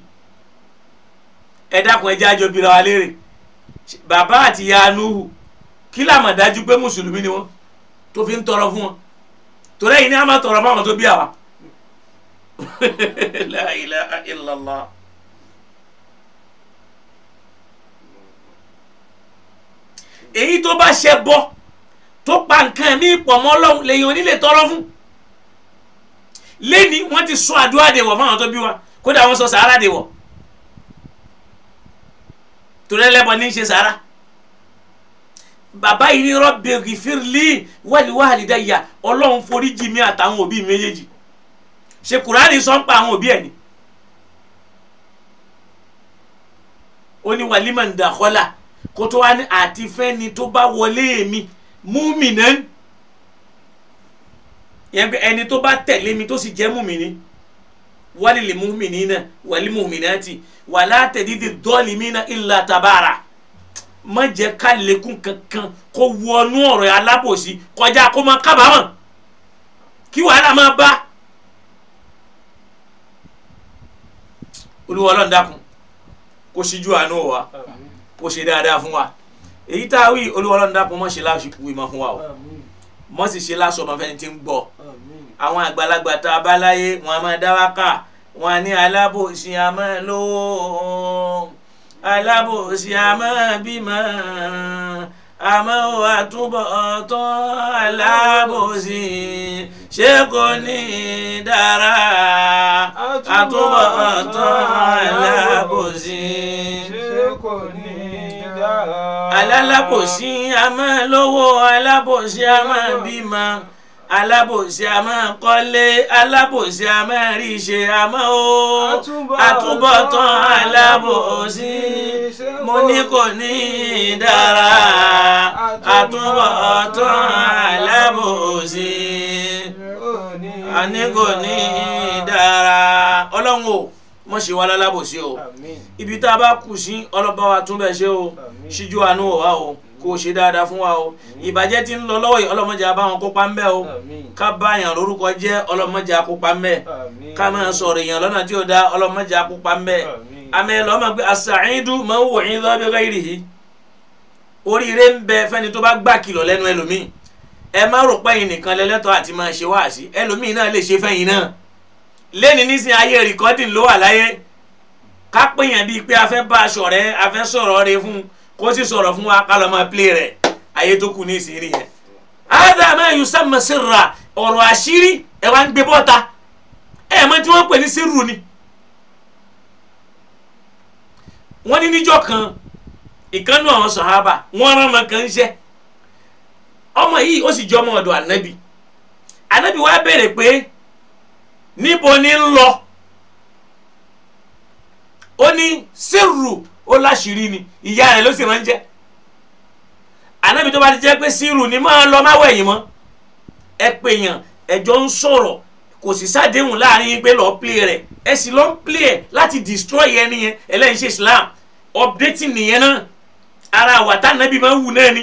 ẹ dákun ẹ jẹ́ àjọ bíra wa léèrè bàbá àti ìyá anuhu kí làmọ̀ dájú pé mùsùlùmí ni wọ́n tó fi ń tọrọ fún wọn torí ẹ̀yin ni a máa tọrọ fún tó bí àwa la ilaha illallah. èyí tó bá ṣe bọ tó pa nǹkan mi pọ̀ mọ́ ọlọ́run lèyìn onílé tọrọ fún lẹ́ni wọ́n ti sọ àdúrà dèwọ̀ fáwọn tó bí wa kódà wọ́n sọ sàárà dèwọ̀ torí ẹlẹ́bọ ní í ṣe sàárà bàbá yìí ní rọ́bì gìfìrìlì wàlíwàlídàyà ọlọ́run foríjì mi àtàwọn òbí méjèèjì ṣe kùránì sọ ń pa àwọn òbí ẹ̀ ni ó ní wàlímọ̀ ń dàkọ́là kótó wa ní àti fẹ́ni tó bá wọlé mi múmìnà yẹn pé ẹni tó bá tẹ̀lé mi tó sì jẹ́ múmìnì wálìlì múmìnì náà wálìlì múmìnì náà ti wàlá tẹ̀dídì dọ́ọ̀lì mi náà ìlà tabara má jẹ́ ká lékún kankan kó wọnú ọ̀rọ̀ alábòsí kọjá kó má kábàámọ̀ kí wàhálà má bá olúwa ọlọ́run dákun kó ṣíjú àánú wa. Amen kó ṣe dáadáa fún wa èyí tá a wí olúwọlọ́run dákun mọ́ ṣe láṣìkú ìmọ̀ fún wa o mọ́ sì ṣe láṣọ ọmọ fẹ́ni tí ń gbọ́ àwọn àgbàlagbà tá a bá láyé wọn a máa dá wa kà wọn a ní alábòsí a máa lówó alábòsí a máa bímọ àmọ́ wà túbọ̀ tán alábòsí ṣé kò ní dára àtúbọ̀ tán alábòsí alálàbòsí a máa lówó alábòsí a máa bímọ alábòsí a máa kọ́lé alábòsí a máa rí ṣe àmọ́ o àtúbọ̀tán alábòsí mo ní kò ní dára àtúbọ̀tán alábòsí a ní kò ní dára ọlọ́run o mọ̀ ṣe wá lálábòsí o ibi tá a bá kù sí ọlọ́ba wa tún bẹ̀ ṣe o ṣíjú àánú wa o kó o ṣe dáadáa fún wa o ìbàjẹ́ tí ń lọ lọ́wọ́ yìí ọlọ́mọdé abáwọn kópa ń bẹ́ o ká bá yàn lórúkọ jẹ́ ọlọ́mọdé akópa ń bẹ́ ká máa sọ̀rọ̀ èèyàn lọ́nà tí ó da ọlọ́mọdé akópa ń bẹ́ àmì ẹ̀ lọ́mọ pé àṣàyíndú máa wò yín lọ́bẹ̀ rẹ́rì yìí oríire ń bẹ fẹ́ni tó bá gbà kìlọ̀ lẹ́nu ẹlòmíì ẹ má rò pẹ́yìn nìkan lẹ́lẹ́tọ̀ àti máa ṣe wáàsí ẹlòmíì náà lè ṣe fẹ́yìn náà lẹ́ni nísìn ayé rìkọ́dìn ló wà láyé ká pèèyàn bíi pé a fẹ́ bá aṣọ rẹ a fẹ́ sọ̀rọ̀ rẹ fún kó sì sọ̀rọ̀ fún wa ká lọ́ máa play rẹ̀ ayé tó kù ní ìsirí yẹn. ada ma yusamma sirra ọ̀rọ̀ àṣírí ẹ̀ wá ń gbé bọ́ta ẹ̀ mọ̀ tí wọ́n pè ní sírù ni. wọ́n ní níjọ́ kan ìkànnì àwọn sàhábà wọ́n rán ọmọ kan ń ṣẹ́ ọmọ yìí ó sì jọ ọmọ ọ̀dọ̀ ànábì ànábì wá bẹ̀rẹ̀ pé níbo ni ń lọ ó ní sírù ó láṣìírí ni ìyá rẹ̀ ló sì ránjẹ́ ànábì tó bá ti jẹ́ pé sírù ni máa lọ máa wẹ̀yìn mọ́ ẹ pè yàn ẹjọ́ ń sọ̀rọ̀ kò sì sàdéhùn láàrin yín pé lọ́ọ́ plé rẹ̀ ẹ sì lọ́ọ́ plé ẹ̀ láti destroy ẹni yẹn ẹlẹ́yin ṣe Islam updating nìyẹn náà ara àwàtà ànábì máa ń wù náà ni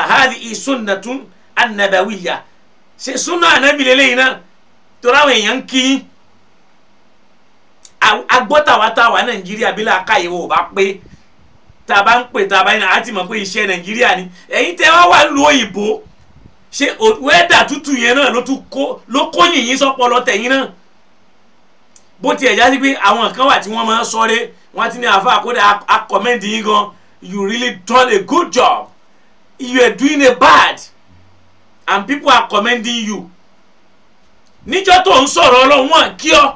ahadi isunnatun annabawiyya ṣe sunna ànábì lélẹ́yìn náà torí àwọn èèyàn ń kín agbọ́tàwátàwá nàìjíríà bí làákàyè wò bá pé tá a bá ń pè tá a bá yẹn àti mọ̀ pé iṣẹ́ nàìjíríà ni ẹ̀yin tẹ́ wá wà lu òyìnbó ṣé wẹ́dà tútù yẹn náà ló tún kó ló kó yìnyín sọ́pọ̀lọ́ tẹ̀yìn náà bó tiẹ̀ já sí pé àwọn kan wà tí wọ́n máa ń sọ́re wọ́n ti ní àfa àkódà a commend yín gan you really done a good job you are doing a bad and people are commending you níjọ́ tó ń sọ̀rọ̀ ọlọ́run wọn kí ọ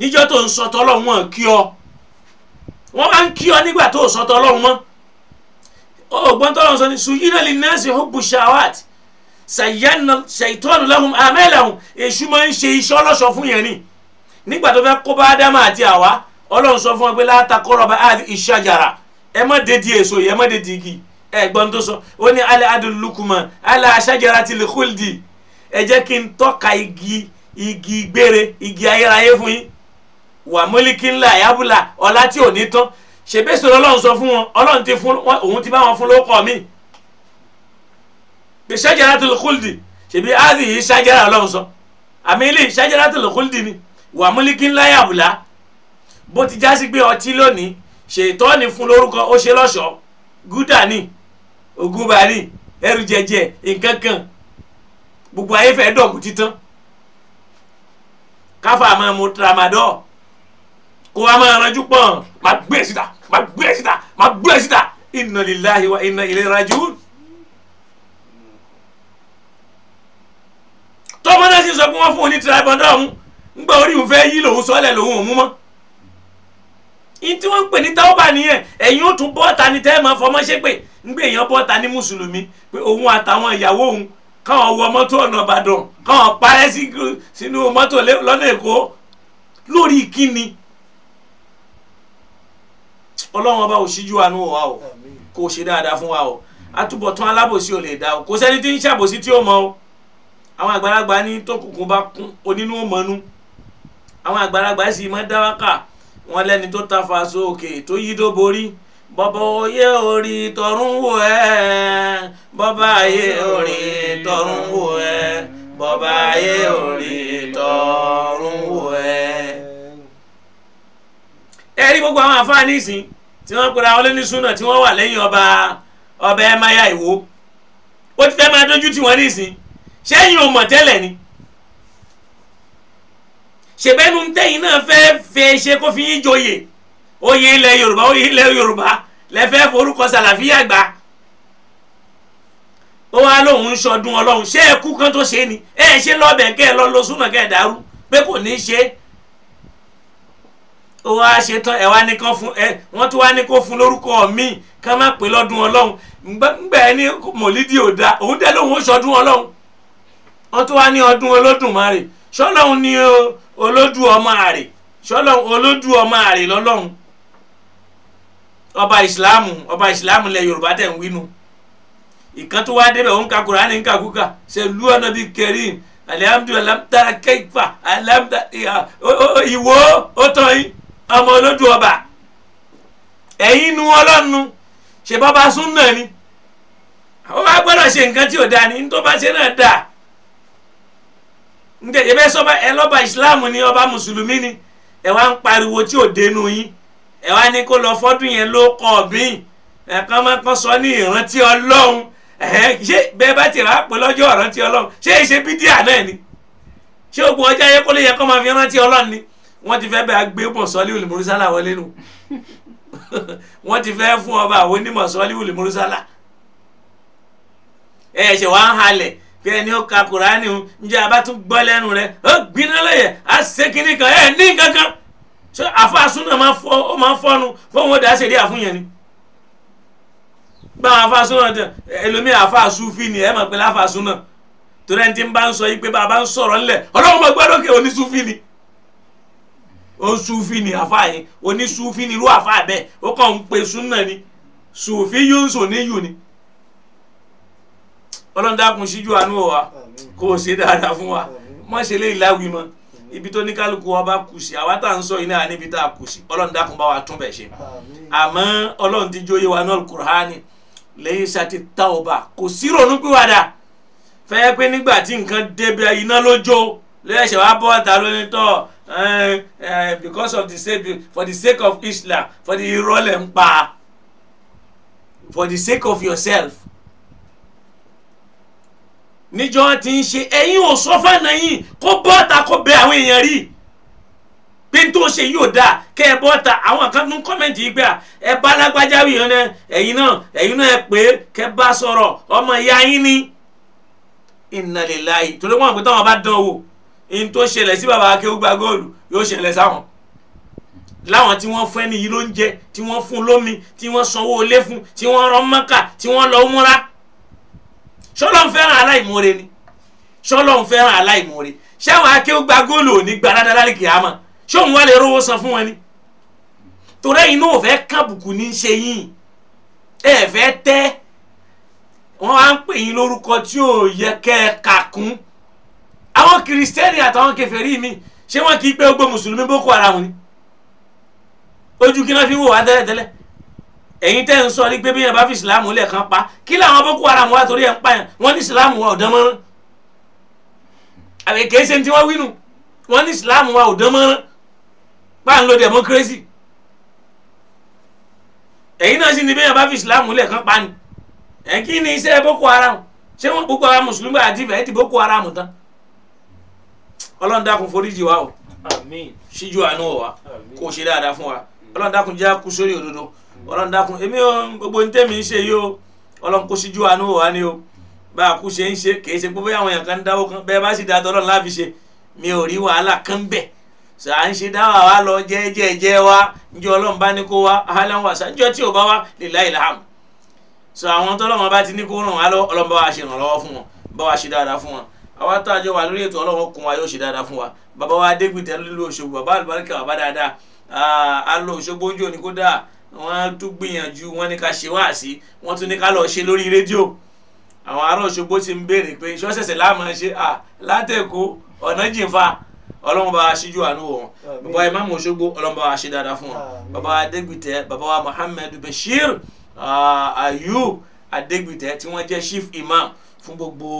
níjọ́ tó ń sọtọ ọlọ́run wọn kí ọ wọ́n máa ń kí ọ nígbà tó sọtọ ọlọ́run wọn ọgbọ́n tọ́lọ́run sọ ni sùyínà lè náà sì hùbù ṣàwàt ṣàyẹ̀nà ṣàìtọ́nù lẹ́hùn àmẹ́lẹ̀hùn èṣù máa ń ṣe iṣẹ́ ọlọ́ṣọ́ fún yẹn ni nígbà tó fẹ́ kó bá ádámà àti àwa ọlọ́run sọ fún ọ pé látàkọ́rọ̀ bá ìṣàjàrà ẹ má dédìí èso yìí ẹ má dédìí igi ẹ̀gbọ́n tó sọ ó ní alẹ́ adùnlùkùmọ̀ alẹ́ aṣájára ti lè kúlìdì ẹ jẹ́ kí n tọ́ka igi igi gbére igi ayérayé fún yín wà mọ́líkì ńlá yábùlà ọlá tí ò ní tán ṣèbí sọ̀rọ̀ ọlọ́run sọ fún wọn ọlọ́run ti fún wọn òun ti bá wọn fún lóko mi bí ṣájára ti lè kúlìdì ṣèbí áàdì yìí ṣájára ọlọ́run sọ àmì ilé ṣájára ti lè kúlìdì ni wà mọ́líkì ńlá yábùlà bó ti já sí pé ọtí lónìí ṣètọ́ ni fún lórúkọ ó ṣe lọ́ṣọ̀ọ́ gúdà ni ogun bari ẹrù jẹjẹ nǹkan kan gbogbo ayé fẹ́ dọ̀kú títán káfà máa mu tramadol kó wa máa ranjú pọ̀n máa gbé e síta máa gbé e síta máa gbé e síta inna lillahi wa inna ilayhi rajiun. tọ́mọ náà sì sọ pé wọ́n fún un ní tramadol ń gbọ́ orí òun fẹ́ yí lòun sọ́lẹ̀ lòun ò mú mọ́ ní tí wọ́n ń pè ní tàwọ́bà nìyẹn ẹ̀yin ó tún bọ́ ni tẹ́ ẹ máa fọmọ́ ṣe pé ń gbé èèyàn bọ́ ta ní mùsùlùmí pé òun àtàwọn ìyàwó òun káwọn wọ mọ́tò ọ̀nà ìbàdàn káwọn parẹ́ sínú mọ́tò lọ́nà èkó lórí kíni ọlọ́run ọba ò ṣíjú àánú wa o kò ṣe dáadáa fún wa o àtúbọ̀tán alábòsí ò lè dá o kò sẹ́ni tí ń ṣàbòsí tí ó mọ o àwọn àgbàlagbà ní tó kùkùn bá kún onínú òmọ́nú àwọn àgbàlagbà sì máa dá wákà wọ́n lẹ́ni tó tafa sókè tó yí dó borí bọ́bọ́ oyé orí tọ̀run wò ẹ́ bọ́bá ayé orí tọ̀run wò ẹ́ bọ́bá ayé orí tọ̀run wò ẹ́. ẹ rí gbogbo àwọn àfáàní ìsìn tí wọ́n pera wọlé ní súnà tí wọ́n wà lẹ́yìn ọba ọba ẹ̀ máyà ìwó ó ti fẹ́ máa dójú tì ní ìsìn ṣẹ́yìn ò mọ̀ tẹ́lẹ̀ ni ṣèbẹ́nu tẹ́yìn náà fẹ́ fẹ́ ṣe kó fi yín joyè oyè ilẹ̀ yorùbá oyè ilẹ̀ yorùbá lẹ́fẹ́ forúkọ sàlàfíà gbà ó wá lóun ń ṣọdún ọlọ́run ṣé ẹ kú kan tó ṣe ni ẹ ṣe lọ́bẹ̀ kẹ́ ẹ lọ lo súnà kẹ́ ẹ dàrú pé kò ní í ṣe ó wá ṣe tán ẹ wá ní kán fún ẹ wọ́n tún wá ní kó fún lórúkọ míì kán má pè lọ́dún ọlọ́run ńgbà ẹ ní mọ̀lídìí ò da òun dẹ́ lóun ó ṣọdún ọlọ́run wọ́n tún wá ní ọdún Olódùmarè ṣọlọ́hún ni olódù ọmọ àrè ṣọlọ́hún olódù ọmọ àrè lọ́lọ́hún ọba ìsìláàmù ọba ìsìláàmù lẹ yorùbá tẹ̀ ń wínú ìkan tó wá débẹ̀ òun ka kùránì ń kàkúkà ṣe lu ọ̀nà bíi kẹrin alihamudulilayi tara kẹfà alihamudulilayi ìwọ ó tọ́ yín ọmọ olódù ọba ẹ̀yin nu ọlọ́nu ṣe bàbá sún náà ni ó wá gbọ́dọ̀ ṣe nǹkan tí ò dáa ni ní tó bá ṣe náà dáa ntẹ̀jẹ̀ bẹ́ẹ̀ sọ́ba ẹ lọ́ba ìsìláàmù ni ọba mùsùlùmí ni ẹ wá ń pariwo tí ò dénú yín ẹ wá ní kó lọ fọ́dún yẹn ló kọ́ míì ẹ kàn máa kàn sọ ní ìrántí ọlọ́run ẹ ṣé bẹ́ẹ̀ bá ti rà á pé lọ́jọ́ ìrántí ọlọ́run ṣé ìṣe bídíà náà ni ṣé ogun ọjà yẹ kó lè yẹ kó máa fi rántí ọlọ́run ni wọ́n ti fẹ́ bẹ́ẹ̀ agbé mọ̀sọ́lí olùmọ̀rúsálà wọlé nu wọ́n ti fẹ́ fún ọba àwọn onímọ̀sọ́lí olùmọ̀rúsálà ẹ̀ ṣe wá ń halẹ̀ kẹ́ni ó ka kùránì ń njẹ́ a bá tún gbọ́ lẹ́nu rẹ̀ ó gbiná lẹ́yẹ̀ á ṣe kínní kan ẹ̀ ní kankan ṣé àfàsùn náà máa fọ́ ó máa fọ́nu fóun ó dà á ṣèlérí àfúnyẹn ni báwọn àfàsùn náà tẹ ẹlòmíì àfàsùn fi ni ẹ mọ̀ pé láfàsùn náà torí ẹni tí ń bá ń sọ yìí pé bàbá ń sọ̀rọ̀ ńlẹ̀ ọlọ́run máa gbọ́ lókè oníṣúfì ni oníṣúfì ni àfa yẹn oníṣúfì ni irú àfa bẹ́ẹ̀ ó kàn ń pe sùn ni sùfì yóò sùn níyù ni ọlọ́run dákun síjú àánú wa kó o ṣe dáadáa fún wa má ṣe lè láwìí mọ́ ibi tó ní kálukú wa bá kù sí àwa tá à ń sọ iná níbi tá a kù sí ọlọ́run dákun bá wa tún bẹ̀ ṣe àmọ́ ọlọ́run ti jóye wa náà kùránì lẹ́yìn sati tauba kò sí ronú pìwàdà fẹ́ẹ́ pé nígbà tí nǹkan débi iná lójó lẹ́yìn wa bọ́ ta lónìí tọ́ eh, eh, because of the sake for the sake of Islam for the irọ́ ń pa for the sake of yourself níjọ́ ti ń ṣe ẹ̀yin ò sọ fún ànáyìn kó bọ́ọ̀ta kó bẹ àwọn èèyàn rí pé n tó ṣe yóò dáa kẹ́ ẹ bọ́ọ̀ta àwọn kan tún kọ́mẹ̀ntì yìí gbà ẹ bá lágbájá wìyàn náà ẹ̀yin náà ẹ̀yin náà ẹ pé kẹ́ bá sọ̀rọ̀ ọmọ ìyá yín ni ìnàlélàyé torí wọn àgbẹ̀tàn wọn bá dán wò n tó ṣẹlẹ̀ sí bàbá akéwú gba góòlù yóò ṣẹlẹ̀ sáwọn láwọn tí wọ́n fún ẹni yìí ló ń jẹ tí wọ́n fún lómi tí wọ́n sanwó ilé fún tí wọ́n rán mọ́kà tí wọ́n lọ múra ṣọlọ́ ń fẹ́ràn aláìmoore ni ṣọlọ́ ń fẹ́ràn aláìmoore ṣáwọn akéwù gba góòlù òní gba aládàlárì kìámà ṣé òun wà lè rówó san fún wọn ni torí ẹ̀yin náà ò fẹ́ kábùkù ní ṣe yín ẹ tẹ́ wọ́n á ń pè yín lórúkọ tí ò yẹ kẹ́ ẹ kà àwọn kìrìsìtẹ́nì àtàwọn kèfèrí mi ṣé wọ́n kì í pé gbogbo mùsùlùmí boko haram ni ojú kí wọ́n fi wò wá tẹ́lẹ̀tẹ́lẹ̀ ẹ̀yin tẹ́ ń sọ ní pé bí yẹn bá fi ìsìlámù lẹ̀ kan pa kí làwọn boko haram wà torí ẹ̀ ń pa yẹn wọ́n ní ìsìlámù wa ò dán mọ́rán àbẹ̀ kìí ṣe ti wọ́n wínú wọ́n ní ìsìlámù wa ò dán mọ́rán bá ń lo democracy ẹ̀yin náà sì ní bí yẹn bá fi ìsìlámù lẹ̀ kan pa ni ẹ̀ kí ni iṣẹ́ boko haram ṣé wọ́n gbogbo àwọn mùsùlùmí àti ìfẹ́ ti boko haram tán ọlọ́run dákun foríjì wa o àmín ṣíjú àánú wa kó o ṣe dáadáa fún wa ọlọ́run jẹ́ kú òdodo ọlọ́run dákun èmi ò gbogbo ní tẹ́mi ń ṣe yìí o ọlọ́run kó síjú àánú wà ní o bá a kú ṣe ń ṣe kì ṣe gbogbo àwọn èèyàn kan dáwọ́ kan bẹ́ẹ̀ bá sì dá tọ́lọ́run láfi ṣe mi ò rí wàhálà kan bẹ̀ sọ ń ṣe dáwà wa lọ jẹ́ẹ́jẹ́ẹ́jẹ́ wa njẹ́ ọlọ́run bá ní kó wa ahálà wà sá njọ́ tí ò bá wa lillahi alham sọ àwọn tọ́lọ́run bá ti ní kó ràn wá lọ ọlọ́run bá wa ṣe ìrànlọ́wọ́ fún wọn bá wa ṣe dáadáa fún wọn àwa tá a jọ wà lórí ètò ọlọ́run kún wa yóò ṣe dáadáa fún wa bàbá wa adégbìtẹ́ lílo Òṣogbo bàbá àlùbáríkà bàbá dáadáa àlọ́ Òṣogbo ojú òní kó dáa wọ́n tún gbìyànjú wọ́n ní ká ṣe wáàsí wọ́n tún ní ká lọ ṣe lórí rédíò àwọn ará Òṣogbo ti ń béèrè pé iṣẹ́ ọ̀sẹ̀sẹ̀ láàmú ṣe à látẹ̀kọ́ ọ̀nà jìnfa ọlọ́run bá aṣíjú àánú wọn bàbá ìmáàmù Òṣogbo ọlọ́run bá aṣí dáadáa fún wọn bàbá adégbìtẹ́ bàbá wa Muhammed Bashir Ayub adégbìtẹ́ tí wọ́n jẹ́ chief imam fún gbogbo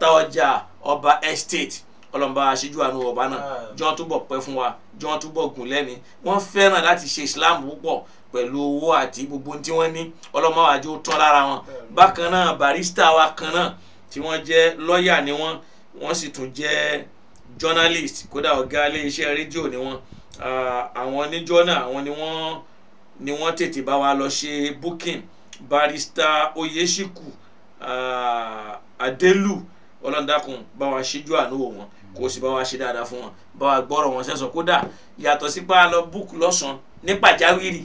Táọjà ọba estate ọlọ́mọba aṣíjú àánú ọba náà jọ́ túbọ̀ pẹ́ fún wa jọ́ túbọ̀ gùn lẹ́ni wọ́n fẹ́ràn láti ṣe islam púpọ̀ pẹ̀lú owó àti gbogbo tí wọ́n ní ọlọ́mọ àjò tán lára wọn bákan náà barista wa kan náà tí wọ́n jẹ́ lọ́ọ̀yà ni wọ́n wọ́n sì tún jẹ́ journalist kódà ọ̀gá ilé iṣẹ́ rédíò ni wọ́n àwọn ní jọ́nà àwọn ni wọ́n ni wọ́n tètè bá wa lọ ṣe booking barista oyeshiku adelu ọlọ́ndàkùn bá wa ṣíjú àánú wọn kó sì bá wa ṣe dáadáa fún wọn bá wa gbọ́rọ̀ wọn sẹ́sọ̀ kódà yàtọ̀ sí bá lọ búùkù lọ́sàn ní pàjáwìrì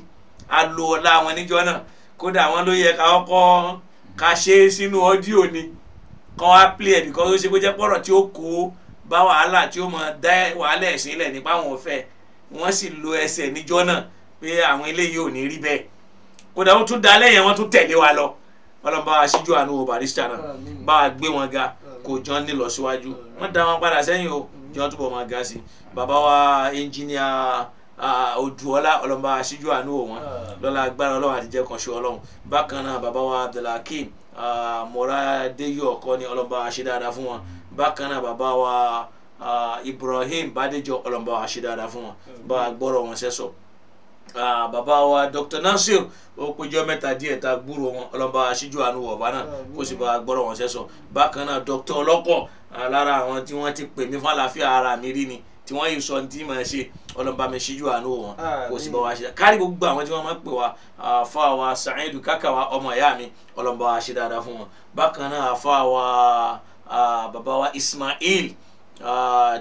a lo ọlá wọn níjọ́ náà kódà wọn ló yẹ ká kọ́ ká ṣe é sínú ọdíò ni kọ́ wá play ẹ̀ bìkọ́ tó ṣe kó jẹ́ pọ̀rọ̀ tí ó kó bá wàhálà tí ó mọ dá wàhálà ẹ̀sìn ilẹ̀ nípa àwọn ọ̀fẹ́ wọ́n sì lo ẹsẹ̀ níjọ́ náà pé àwọn eléyìí ò ní rí bẹ́ẹ̀ kódà ó tún dalẹ́ yẹn wọ́n tún tẹ̀lé wa lọ ọlọ́mọba aṣíjú àánú wo barista náà bá a gbé wọn ga kò jọ ní lọ síwájú wọ́n dá wọn padà sẹ́yìn o jọ túbọ̀ máa ga sí bàbá wa ẹnjìníà odùọlá ọlọmọba aṣíjú àánú wọn ah. lọ́lá agbára Ọlọ́run àtijẹ kan ṣe Ọlọ́run bákan náà bàbá wa abdulhakeem mọ̀ràdéyọ̀ ọkọ ni ọlọmọba aṣẹ dáadáa fún wọn bákan náà bàbá wa ibrahim badejo ọlọmọba aṣẹ dáadáa fún wọn bá a gbọ́rọ̀ wọn sẹ́sọ̀ bàbá wa Dr. Nasir ó péjọ mẹ́ta díẹ̀ ta gbúrò wọn ọlọ́ba aṣíjú àánú wọ̀ọ́bá náà kó sì bá gbọ́dọ̀ wọn sẹ́sọ bákan náà Dr. ọlọ́kọ̀ lára àwọn tí wọ́n ti pè mí fàlàáfíà ara mi rí ni tí wọ́n yìí sọ ní tí màá ṣe ọlọ́ba mi ṣíjú àánú wọn kó sì bá wa ṣe kárí gbogbo àwọn tí wọ́n máa ń pè wá àfa wa Sa'idu Kaka wa ọmọ ìyá mi ọlọ́ba wa ṣe dáadáa fún wọn bákan náà àfa wa bàbá wa Ismail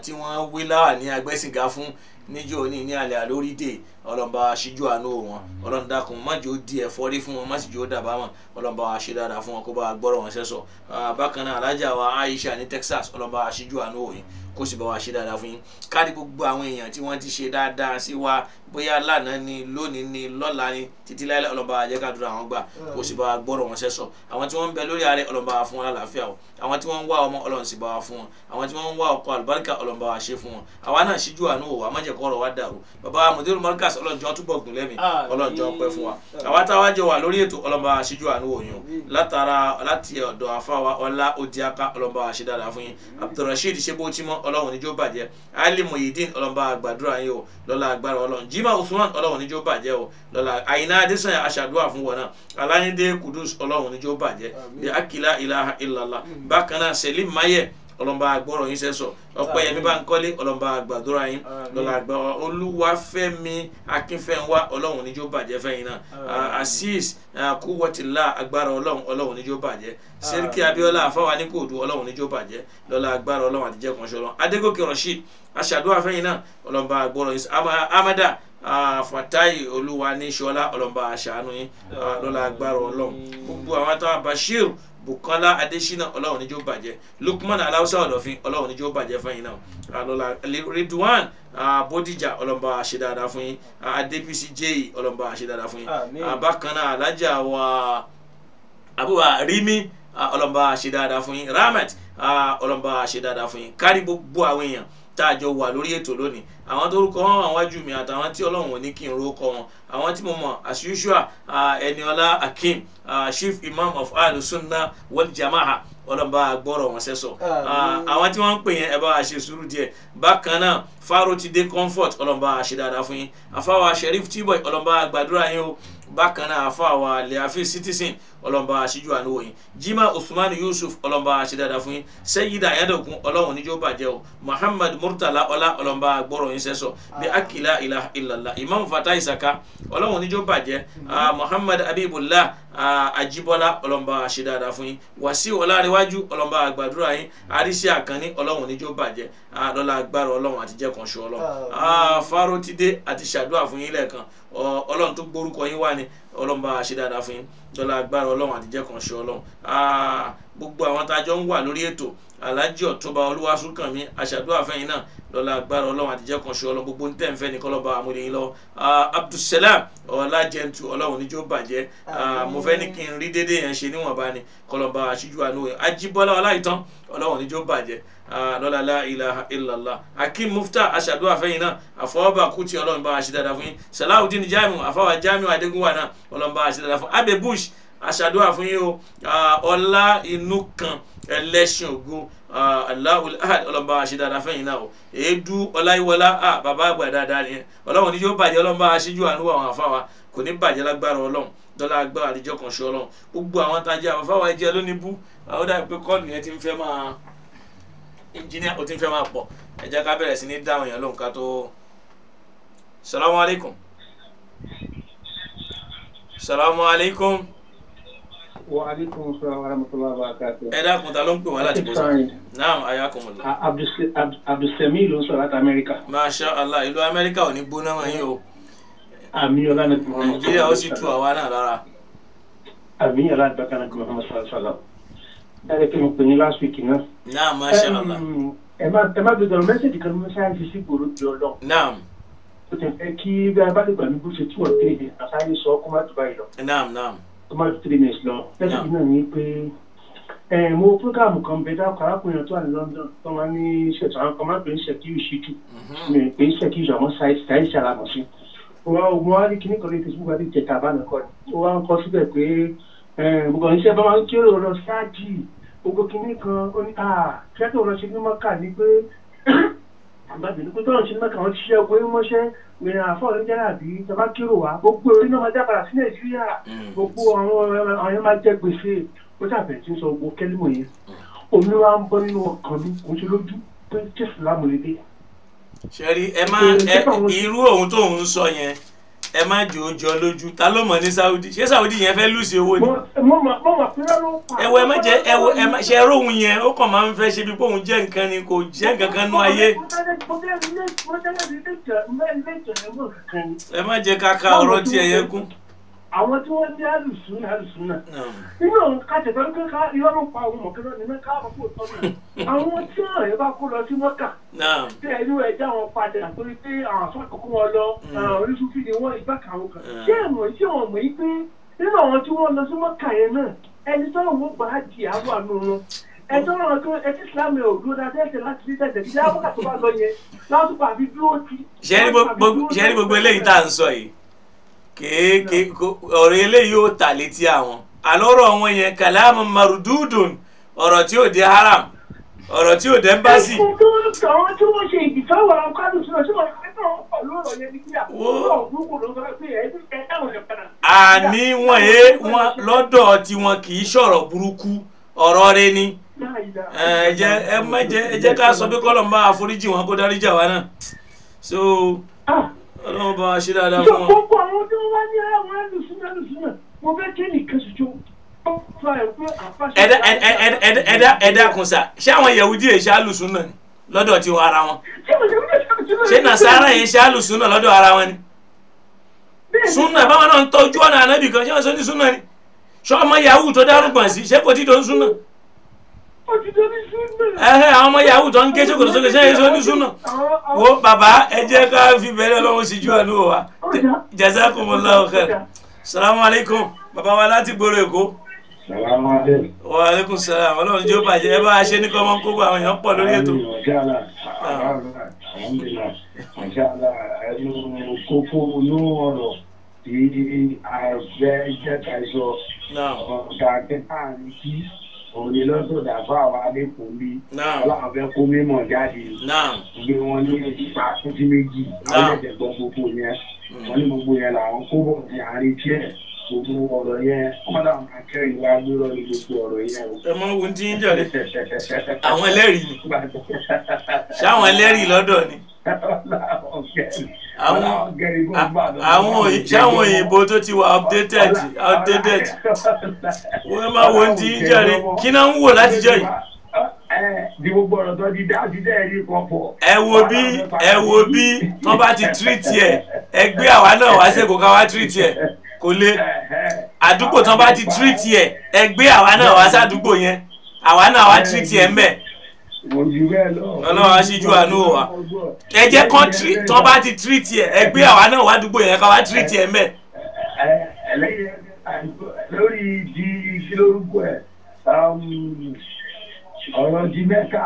tí wọ́n wí láwà ní agbẹ́sìnga fún níjọ́ òní ní alẹ́ àlórídè ọlọ́mọba aṣíjú àánú wọn ọlọ́run dákun májò di ẹ̀fọ́rí fún wọn má sì jò dàbá wọn ọlọ́mọba aṣí dáadáa fún wọn kó bá gbọ́rọ̀ wọn sẹ́sọ̀ bákan náà alájà wa Aisha ní Texas ọlọ́mọba aṣíjú àánú òyìn kó sì bá wa ṣe dáadáa fún yín kárí gbogbo àwọn èèyàn tí wọ́n ti ṣe dáadáa sí wa bóyá lánàá ni lónìí ni lọ́la ni títí láìláì ọlọ́ba àjẹkàdúrà àwọn gbà mm. kò sì bá wa gbọ́rọ̀ wọn sẹ́sọ̀ àwọn tí wọ́n ń bẹ lórí ààrẹ ọlọ́ba wa fún àlàáfíà o àwọn tí wọ́n ń wá ọmọ ọlọ́run sì bá wa fún wọn àwọn tí wọ́n ń wá ọkọ àlùbáríkà ọlọ́ba wa ṣe fún wọn àwa náà ṣíjú àánú wò wá májẹ̀kọ́ ọ̀rọ̀ wa dàrú bàbá wa mùdírù markaz ọlọ́njọ́ túbọ̀ gùn lẹ́mí ọlọ́njọ́ pẹ́ ọlọ́run níjó bàjẹ́ ali muhyiddin ọlọ́ba àgbàdúrà yín o lọ́la agbára Jimoh Usman ọlọ́run níjó bàjẹ́ o lọ́la àyìnlá adésanyà aṣàdúrà fún wọn náà aláyíndé kudus ọlọ́run níjó bàjẹ́ bí akila ilaha illallah bákan náà selim mayẹ ọlọ́mba agbọ́rọ̀ yín sẹ́sọ̀ ọpẹ́ yẹmi bá ń kọ́lé ọlọ́mba àgbàdúrà yín lọ́la àgbà olúwafẹ́mi akínfẹ́ńwá ọlọ́run níjó bàjẹ́ fẹ́yìn náà asis kúwọ́tìlá agbára ọlọ́run ọlọ́run níjó bàjẹ́ sẹ́ríkì abíọ́lá àfáwà ní kóòdù ọlọ́run níjó bàjẹ́ lọ́la agbára ọlọ́run àtijẹ́kùnṣọ́ lọ́n adégòkè rashid aṣàdúrà fẹ́yìn náà ọlọ́mba agbọ́rọ̀ yín amada Fatai Olúwaníṣọlá ọlọmọba àṣàánú yín lọlá agbára Ọlọ́run gbogbo àwọn àtàwọn Bashir Bukola Adesina Ọlọ́run níjó bàjẹ́ Lukman Alausa Ọlọfin Ọlọ́run níjó bàjẹ́ fún yín náà lọlá Ridwan Bodija ọlọmọba àṣedáadá fún yín Adébísí Jéyì ọlọmọba àṣedáadá fún yín abakanna alájà wa àbúrò Rimi ọlọmọba àṣedáadá fún yín Rahmat ọlọmọba àṣedáadá fún yín kárí gbogbo àwọn èèyàn tá a jọ wà lórí ètò lónìí àwọn tó rúkọ wọn àwọn ajú mi àtàwọn tí ọlọ́run ò ní kí n rúkọ wọn àwọn tí mo mọ̀ as usual Akim, Akeem chief imam of Sunna wal jamaha ọlọ́ba gbọ́rọ̀ wọn sẹ́sọ̀ àwọn tí wọ́n ń pè yẹn ẹ bá a ṣe sùúrù díẹ̀ bákan náà Farotide comfort ọlọ́ba a ṣe dáadáa fún yín àfàwà Sheriff T-Boy ọlọ́ba gbàdúrà yín o bákan náà àfàwà leafi citizen ọlọ́nba aṣíjú àánú wọ̀nyí jimá usman yusuf ọlọ́nba aṣídàdà fún yín sẹ́yìdà ayádọ̀kun ọlọ́run níjọ́ bàjẹ́ o muhammad murtala ọlá ọlọ́nba agbọ́rọ̀ yín sẹ́sọ bí akila ilaha illallah imam fatai saka ọlọ́run níjọ́ bàjẹ́ mhm. ah, muhammad abibullah ah, ajibola ọlọ́nba aṣídàdà fún yín wàsíù ọlárẹ̀wájú ọlọ́nba àgbàdúrà yín arísí àkànní ọlọ́run níjọ́ bàjẹ́ ah, lọ́la agbára ọlọ́run àtijẹ́ kan ṣọ ọlọ́run fárótídé àti ṣàdúrà fún yín lẹ́ẹ̀kan ọlọ́run tó gbórúkọ yín wá ni ọlọ́run bá ṣe dáadáa fún yín dọ́là agbára ọlọ́run àtijọ́ kan ṣe ọlọ́run ah, gbogbo àwọn tájọ́ ń wà lórí ètò alhaji ọ̀túnba olúwaṣúnkànmí aṣàdúrà fẹ́yìn náà lọ́la agbára ọlọ́run àtijọ́ kan ṣe ọlọ́run gbogbo nítẹ̀ nfẹ́ ní kọ́lọ́ba àmúlẹ̀yìn lọ ah, abdulsalam ọlájẹntu ọlọ́run níjó bàjẹ́ ah, mo fẹ́ ní kí n rí déédéé yẹn ṣe níwọ̀nba ni kọ́lọ́ba aṣíjú àánú lọ́la la ilaha illallah akim mufta aṣàdúrà fẹ́yìn náà àfọwọ́bà kùtì ọlọ́run bá wa ṣe dáadáa fún yín salawudeen jamiu àfọwà jamiu adigunwa náà ọlọ́run bá wa ṣe dáadáa fún abe bush aṣàdúrà fún yín o ọlá inú kan ẹlẹ́sìn ògo aláwọ̀ ahad ọlọ́run bá wa ṣe dáadáa fẹ́yìn náà o èédú ọláyíwọlá bàbá àgbà dáadáa nìyẹn ọlọ́run ni yóò bàjẹ́ ọlọ́run bá wa ṣíjú àánú àwọn àfáwà kò ní bàjẹ́ lágbára ọlọ́run dọ́là agbára àdìjọ́ kan ṣe ọlọ́run gbogbo àwọn tajà àwọn fáwọn ẹjẹ lónìí bú àwọn dàbí engineer ó ti ń fẹ́ máa pọ̀ ẹ jẹ́ ká bẹ̀rẹ̀ sí ní dáhùn yẹn lóhùn ká tó salamu alaykum salamu alaykum. wa alaykum salaam wa rahmatullahi wa barakatuh. ẹ dákun ta ló ń pè wọn láti bọ́sà naam ayakumullah. abdulsemi ló ń sọ láti amẹ́ríkà. masha allah ìlú amẹ́ríkà ò ní gbóná wọn yìí o. àmì ọlá nàìjíríà ó sì tu àwa náà lára. àmì ọlá nàìjíríà ó sì tu àwa náà ẹ kí mo pè ní last week náà. náà masha allah. ẹ má ẹ má gbẹdọ̀ mẹ́sẹ̀jì kan ló ṣáà fi sí ìgboro di ọlọ́. náà. o tẹ fẹ kí bí a bá lè gbà mí bó ṣe tí wọ́n tẹ̀lé ní àṣàyè sọ kó má tó báyìí lọ. náà náà. kó má tó three minutes lọ. lẹ́sìn náà ni pé ẹ mo programu kan bẹ dáko arákùnrin tó wà ní London tó máa ní ṣètò àwọn kan máa pè ní ṣèkíyù ṣíjú mi pè ní ṣèkíyù àwọn ṣàìṣe alamọ̀sí wọn wọn á rí kíní kan ní Facebook àti ìjẹta àbánakọ ni wọn á kọ síbẹ̀ pé ẹ gbogbo àwọn iṣẹ́ bá máa ń kérò lọ ṣáájì gbogbo kinní kan ó ní ṣẹ́ ah, tó lọ ṣe ní mọ́kà ni pé àbábìnrin pé tọ́lọ̀ ṣe ní mọ́kà wọn ti ṣe ọkọ̀ yín mọ́ṣẹ́ ìrìn àfọ́ ní jẹ́rà bí tọ́ba kírò wá gbogbo orí náà máa dá padà sí nàìjíríà mm. gbogbo àwọn ọ̀rẹ́ máa jẹ́ gbèsè ó ṣàbẹ̀rẹ̀ sí sọ gbogbo kẹ́límọ̀ yẹn omi wa ń bọ́ nínú ọkàn mi kò ṣe lójú pé jésù lámùlédé. ṣe rí ẹ máa irú ohun tó ń sọ yẹn ẹ má jò ó jọ lójú ta ló mọ̀ ní Saudi ṣé Saudi yẹn fẹ́ lùsì owó ni. mo mà mo mà fúnra ló pa. ẹwọ ẹ má jẹ ẹwọ ẹ má ṣe ẹrọ òun yẹn ó kàn máa ń fẹ́ ṣe bí bóun jẹ́ nǹkan ni kò jẹ́ nǹkan kan nú ayé. ẹ má jẹ ká ọ̀rọ̀ tiẹ̀ yẹn kún àwọn tí wọ́n jẹ́ alùsùn alùsùn náà nínú àwọn kájẹ̀dọ́ ní ká irọ́ ló pa àwọn mọ̀kẹ́dọ́ nínú ká àkókò tọ́ mi àwọn tí wọ́n rẹ̀ bá kó lọ sí mọ́kà tí ẹni wọ́n ẹja wọn padà torí pé àwọn àṣọ àkókò wọn lọ oríṣun fìdí wọn ìgbà kàwọn kan mm. ṣé ẹ̀mọ̀ ṣé wọn mọ̀ yí pé nínú àwọn tí wọ́n lọ sí mọ́kà yẹn náà ẹni sọ́run wọn gbà á di àwọn àánú wọn ẹjọ́ náà tó ẹtí sílámù ẹ̀ òdúró dáadáa láti rí tẹ̀sẹ̀ kí ṣé àbúkà tó bá lọ yẹn láwùjọ àbí dúró ti. ṣé ní gbogbo eléyìí tá à ń sọ yìí kéèké ọ̀rọ̀ eléyìí ó ta létí àwọn alọ́rọ̀ wọn yẹn kàlámù marududun ọ̀rọ̀ tí ò di haram ọ̀rọ̀ tí ò dé ń bá àwọn tí wọ́n ṣe ìdìtọ́wọ̀ àwọn kádùn sínú tí wọ́n ṣe náà pẹ̀lú ọ̀rọ̀ yẹn ní kíá wọ́n gbogbo ló sọ pé ẹ̀ ẹ̀ dáhùn ẹ̀ padà. àní wọn ẹ wọn lọ́dọ̀ tiwọn kì í sọ̀rọ̀ burúkú ọ̀rọ̀ rẹ ni ẹ jẹ́ ká sọ pé kọlọmọ àforíjì wọn kó dáríjà wa náà ah, ọlọ́run bá wa ṣe dáadáa fún wọn. gbogbo àwọn tí wọ́n bá ní àwọn ẹlùsùn ẹlùsùn náà mo fẹ́ kí nìkan ṣoṣo ẹdá ẹdá ẹdá ẹdá kun sa ṣé àwọn yahudi yẹn ṣe alùsùn náà ni lọ́dọ̀ tiwọn ara wọn ṣé nasara yẹn ṣe alùsùn náà lọ́dọ̀ ara wọn ni sunna báwọn náà ń tọ́jú ọ̀nà ànábì kan ṣé wọ́n sọ ní sunna ni ṣé ọmọ yahoo tó dárúgbọ̀n sí ṣé kò tí tó ń sunna ẹhẹ àwọn ọmọ yahoo tó ń ké sókòtò sókè sẹ́yìn sọ ní súnà wo bàbá ẹ jẹ́ ká fi bẹ̀rẹ̀ lọ́wọ́ síjú àánú wa jazakumullahu khair salamu aleykum bàbá wa láti gbòòrò èkó. wa aleykum salaam ọlọ́run jẹ́ ó bàjẹ́ ẹ bá a ṣe ní kọ́ máa ń kókó àwọn èèyàn pọ̀ lórí ètò. kókó inú ọ̀rọ̀ tí àgbẹ̀ jẹ́ka ìṣọ̀ ọ̀gá àgbẹ̀ náà ní kí òun ni lọ́sọ̀dà fún àwọn alẹ́kùn bí láwọn fẹ́ kó mímọ̀ jáde gbé wọn ní ipa títí méjì láwọn ẹ̀jẹ̀ gbogbo yẹn hmm. wọn ní gbogbo yẹn làwọn kó bọ̀ ní àárín tiẹ̀ gbogbo ọ̀rọ̀ yẹn kọ́mọ́dà akẹ́rì wa gbúrò ní gbogbo ọ̀rọ̀ yẹn o. ẹ mọ ohun tí ń jọ dé àwọn ẹlẹ́rìí ni ṣé àwọn ẹlẹ́rìí lọ́dọ̀ ni àwọn ìjáwọn òyìnbó tó ti wà outdated outdated wọ́n máa wo ti ń jẹ́rìí kí náà ń wò láti jẹ́ yìí. di gbogbo ọ̀rọ̀ tó di dá ti dẹ́ẹ̀ rí kan pọ̀. ẹ wo bí ẹ wo bí tó bá ti treat ẹ ẹ gbé àwa náà wá sí èkó ká treat ẹ kò lè àdúgbò tó bá ti treat ẹ ẹ gbé àwa náà wá sí àdúgbò yẹn àwa náà wá treat ẹ ń ọlọ́run aṣíjú àánú wa ẹ jẹ́ kán tán bá ti tírìtì ẹ̀ ẹ gbé àwa náà wá dúgbò yẹn ká wá tírìtì ẹ̀ mẹ́. lórí di kí lórúkọ ẹ ọ̀rọ̀ di mẹ́ka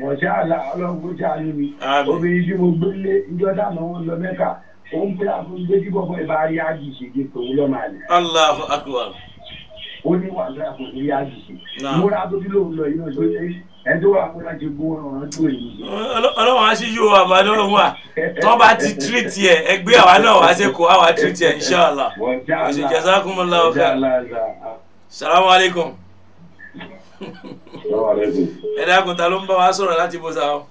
mọ̀ṣẹ́ àlà ọlọ́run kò ṣàánú mi obìnrin tí mo gbélé ìjọ dáná wọn lọ mẹ́ka òun pé àfọ̀ngbẹ́jì bọ̀bọ̀ ìbá rí àjì ṣègbè tòun lọ́mọ àlè. Allahu akbar ó ní wàhálà kò ní yá jù múra tó fi lóun lọ yìí ló ṣe ẹ tó wà múra ti gbó ọ̀ràn tó èyí. ọlọ́run á sì yó àmọ́ ọlọ́run wà tó bá ti tírìtì ẹ̀ ẹgbẹ́ àwa náà wá sí kó àwa tírìtì ẹ̀ inṣàlá òsì jazakumullahu khair salamu alaykum. ẹ dákun ta ló ń bá wa sọ̀rọ̀ láti bó sa o.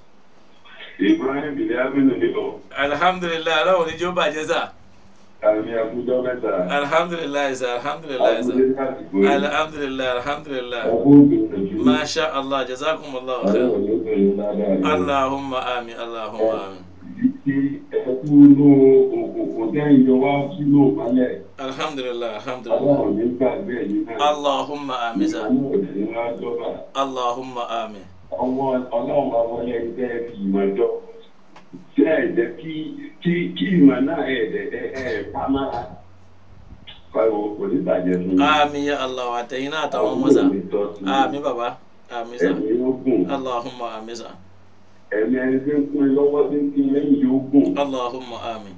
ibrahim bilyamin ni o. alhamdulilayi aláwọ̀ oníjó bàjẹ́ sá alhamdulilayi sa alhamdulilayi sa alhamdulilayi alhamdulilayi masha allah jazakum allah khair allahumma amin allahumma amin. alhamdulilayi alhamdulilayi allahumma amin sa allahumma amin. ọwọ́ ọlọ́run máa wọlé ẹgbẹ́ ìmọ̀jọ́ tí ẹ jẹ́ kí kí kí ìmọ̀ náà ẹ dẹ̀ ẹ ẹ pa mára pariwo kò ní bàjẹ́ fún mi. àmì aláwọ̀ àtẹ̀yìn náà àtàwọn ọmọ sà àmì bàbá àmì sà aláhùnmá àmì sà. ẹ̀mí ẹni tí ń kún lọ́wọ́ tí ń kí lẹ́yìn yóò gùn. aláhùnmá àmì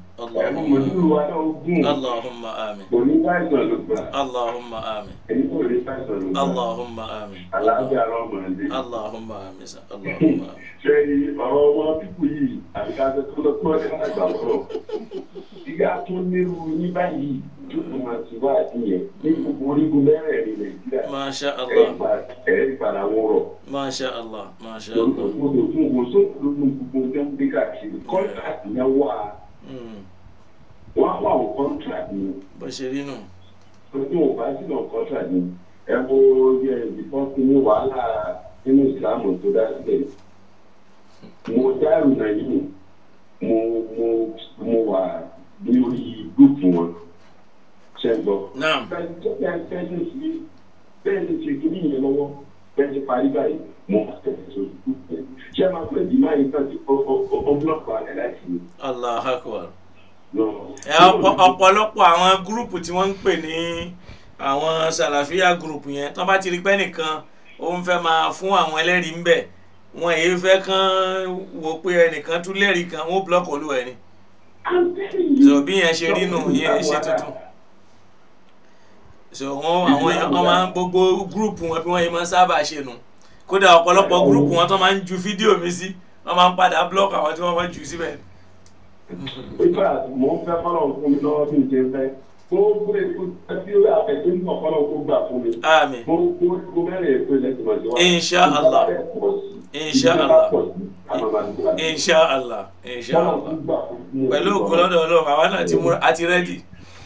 ẹ̀mú mọ̀lúù wa náà gùn. Allahumma amin. Kò ní báyìí ló gbà. Allahumma amin. Èyí kò ní báyìí ló gbà. Allahumma amin. Àlàáfíà lọ mọ̀ ní. Allahumma amin sa. Allahumma amin. Ṣé ọ̀rọ̀ ọmọ pípù yìí àti ká tó lọ kúrò ní àgbà sọ̀rọ̀? Ìgbà tó nírú ní báyìí tó tó máa ti wá àdìyẹn ní gbogbo orígun mẹ́rẹ̀ẹ̀rin Nàìjíríà. Masha Allah. Ẹ̀rí padà wọ́n rọ̀. Masha Allah. Masha Allah. Lọ́sọ̀gbọ́dọ̀ fún wọ́n sọ́kùnrin gbogbo wọ́n á wà wọ contract ni. bó ṣe rí nù. ojú ò bá sílọ contract ni ẹ wo yẹ bífọ́ sí ní wàhálà nínú ìsìlámù tó dá sílẹ̀ mo dá ìrìnà yìí mo mo mo wà ní orí gúúpù wọn ṣe gbọ́. bẹ́ẹ̀ ni ṣe kí ni ìyẹn lọ́wọ́ bẹ́ẹ̀ ti parí báyìí mo máa tẹ̀sí orí gúúpù yẹn ṣé máa pẹ́ jù máa yí kájú ọgbọ́nọ̀pọ̀ àná láti ní. allah akbar. ọ̀pọ̀lọpọ̀ àwọn gúrùpù tí wọ́n ń pè ní àwọn sàlàfíà gúrùpù yẹn tó bá ti rí pẹ́ nìkan ó ń fẹ́ máa fún àwọn ẹlẹ́rìí ń bẹ̀ wọn èyí fẹ́ kán wò pé ẹnìkan tún lẹ́rìí kan wọ́n búlọ́ọ̀kì olúwa ẹni. zòbí yẹn ṣe rí nù yẹn ṣe tuntun so wọn àwọn ọmọ gbogbo gúrùpù wọn bí wọn yìí máa sábà ṣe nù. No kódà ọ̀pọ̀lọpọ̀ gúrúùpù wọn tó máa ń ju fídíò mi sí wọ́n máa ń padà blọ́ọ̀kì àwọn tí wọ́n máa ń jù síbẹ̀. nígbà mò ń fẹ́ fọ́lọ̀ fún mi lọ́wọ́ bí n ṣe fẹ́ mo kúrè kú tí àfẹ́tún náà fọ́lọ̀ kó gbà fún mi. àmín mo kó bẹ̀rẹ̀ èkó lẹ́sìn mọ́jú wa. insha allah insha allah insha allah insha allah pẹ̀lú òkú ọlọ́run àwa náà ti múra àti rẹ́dì.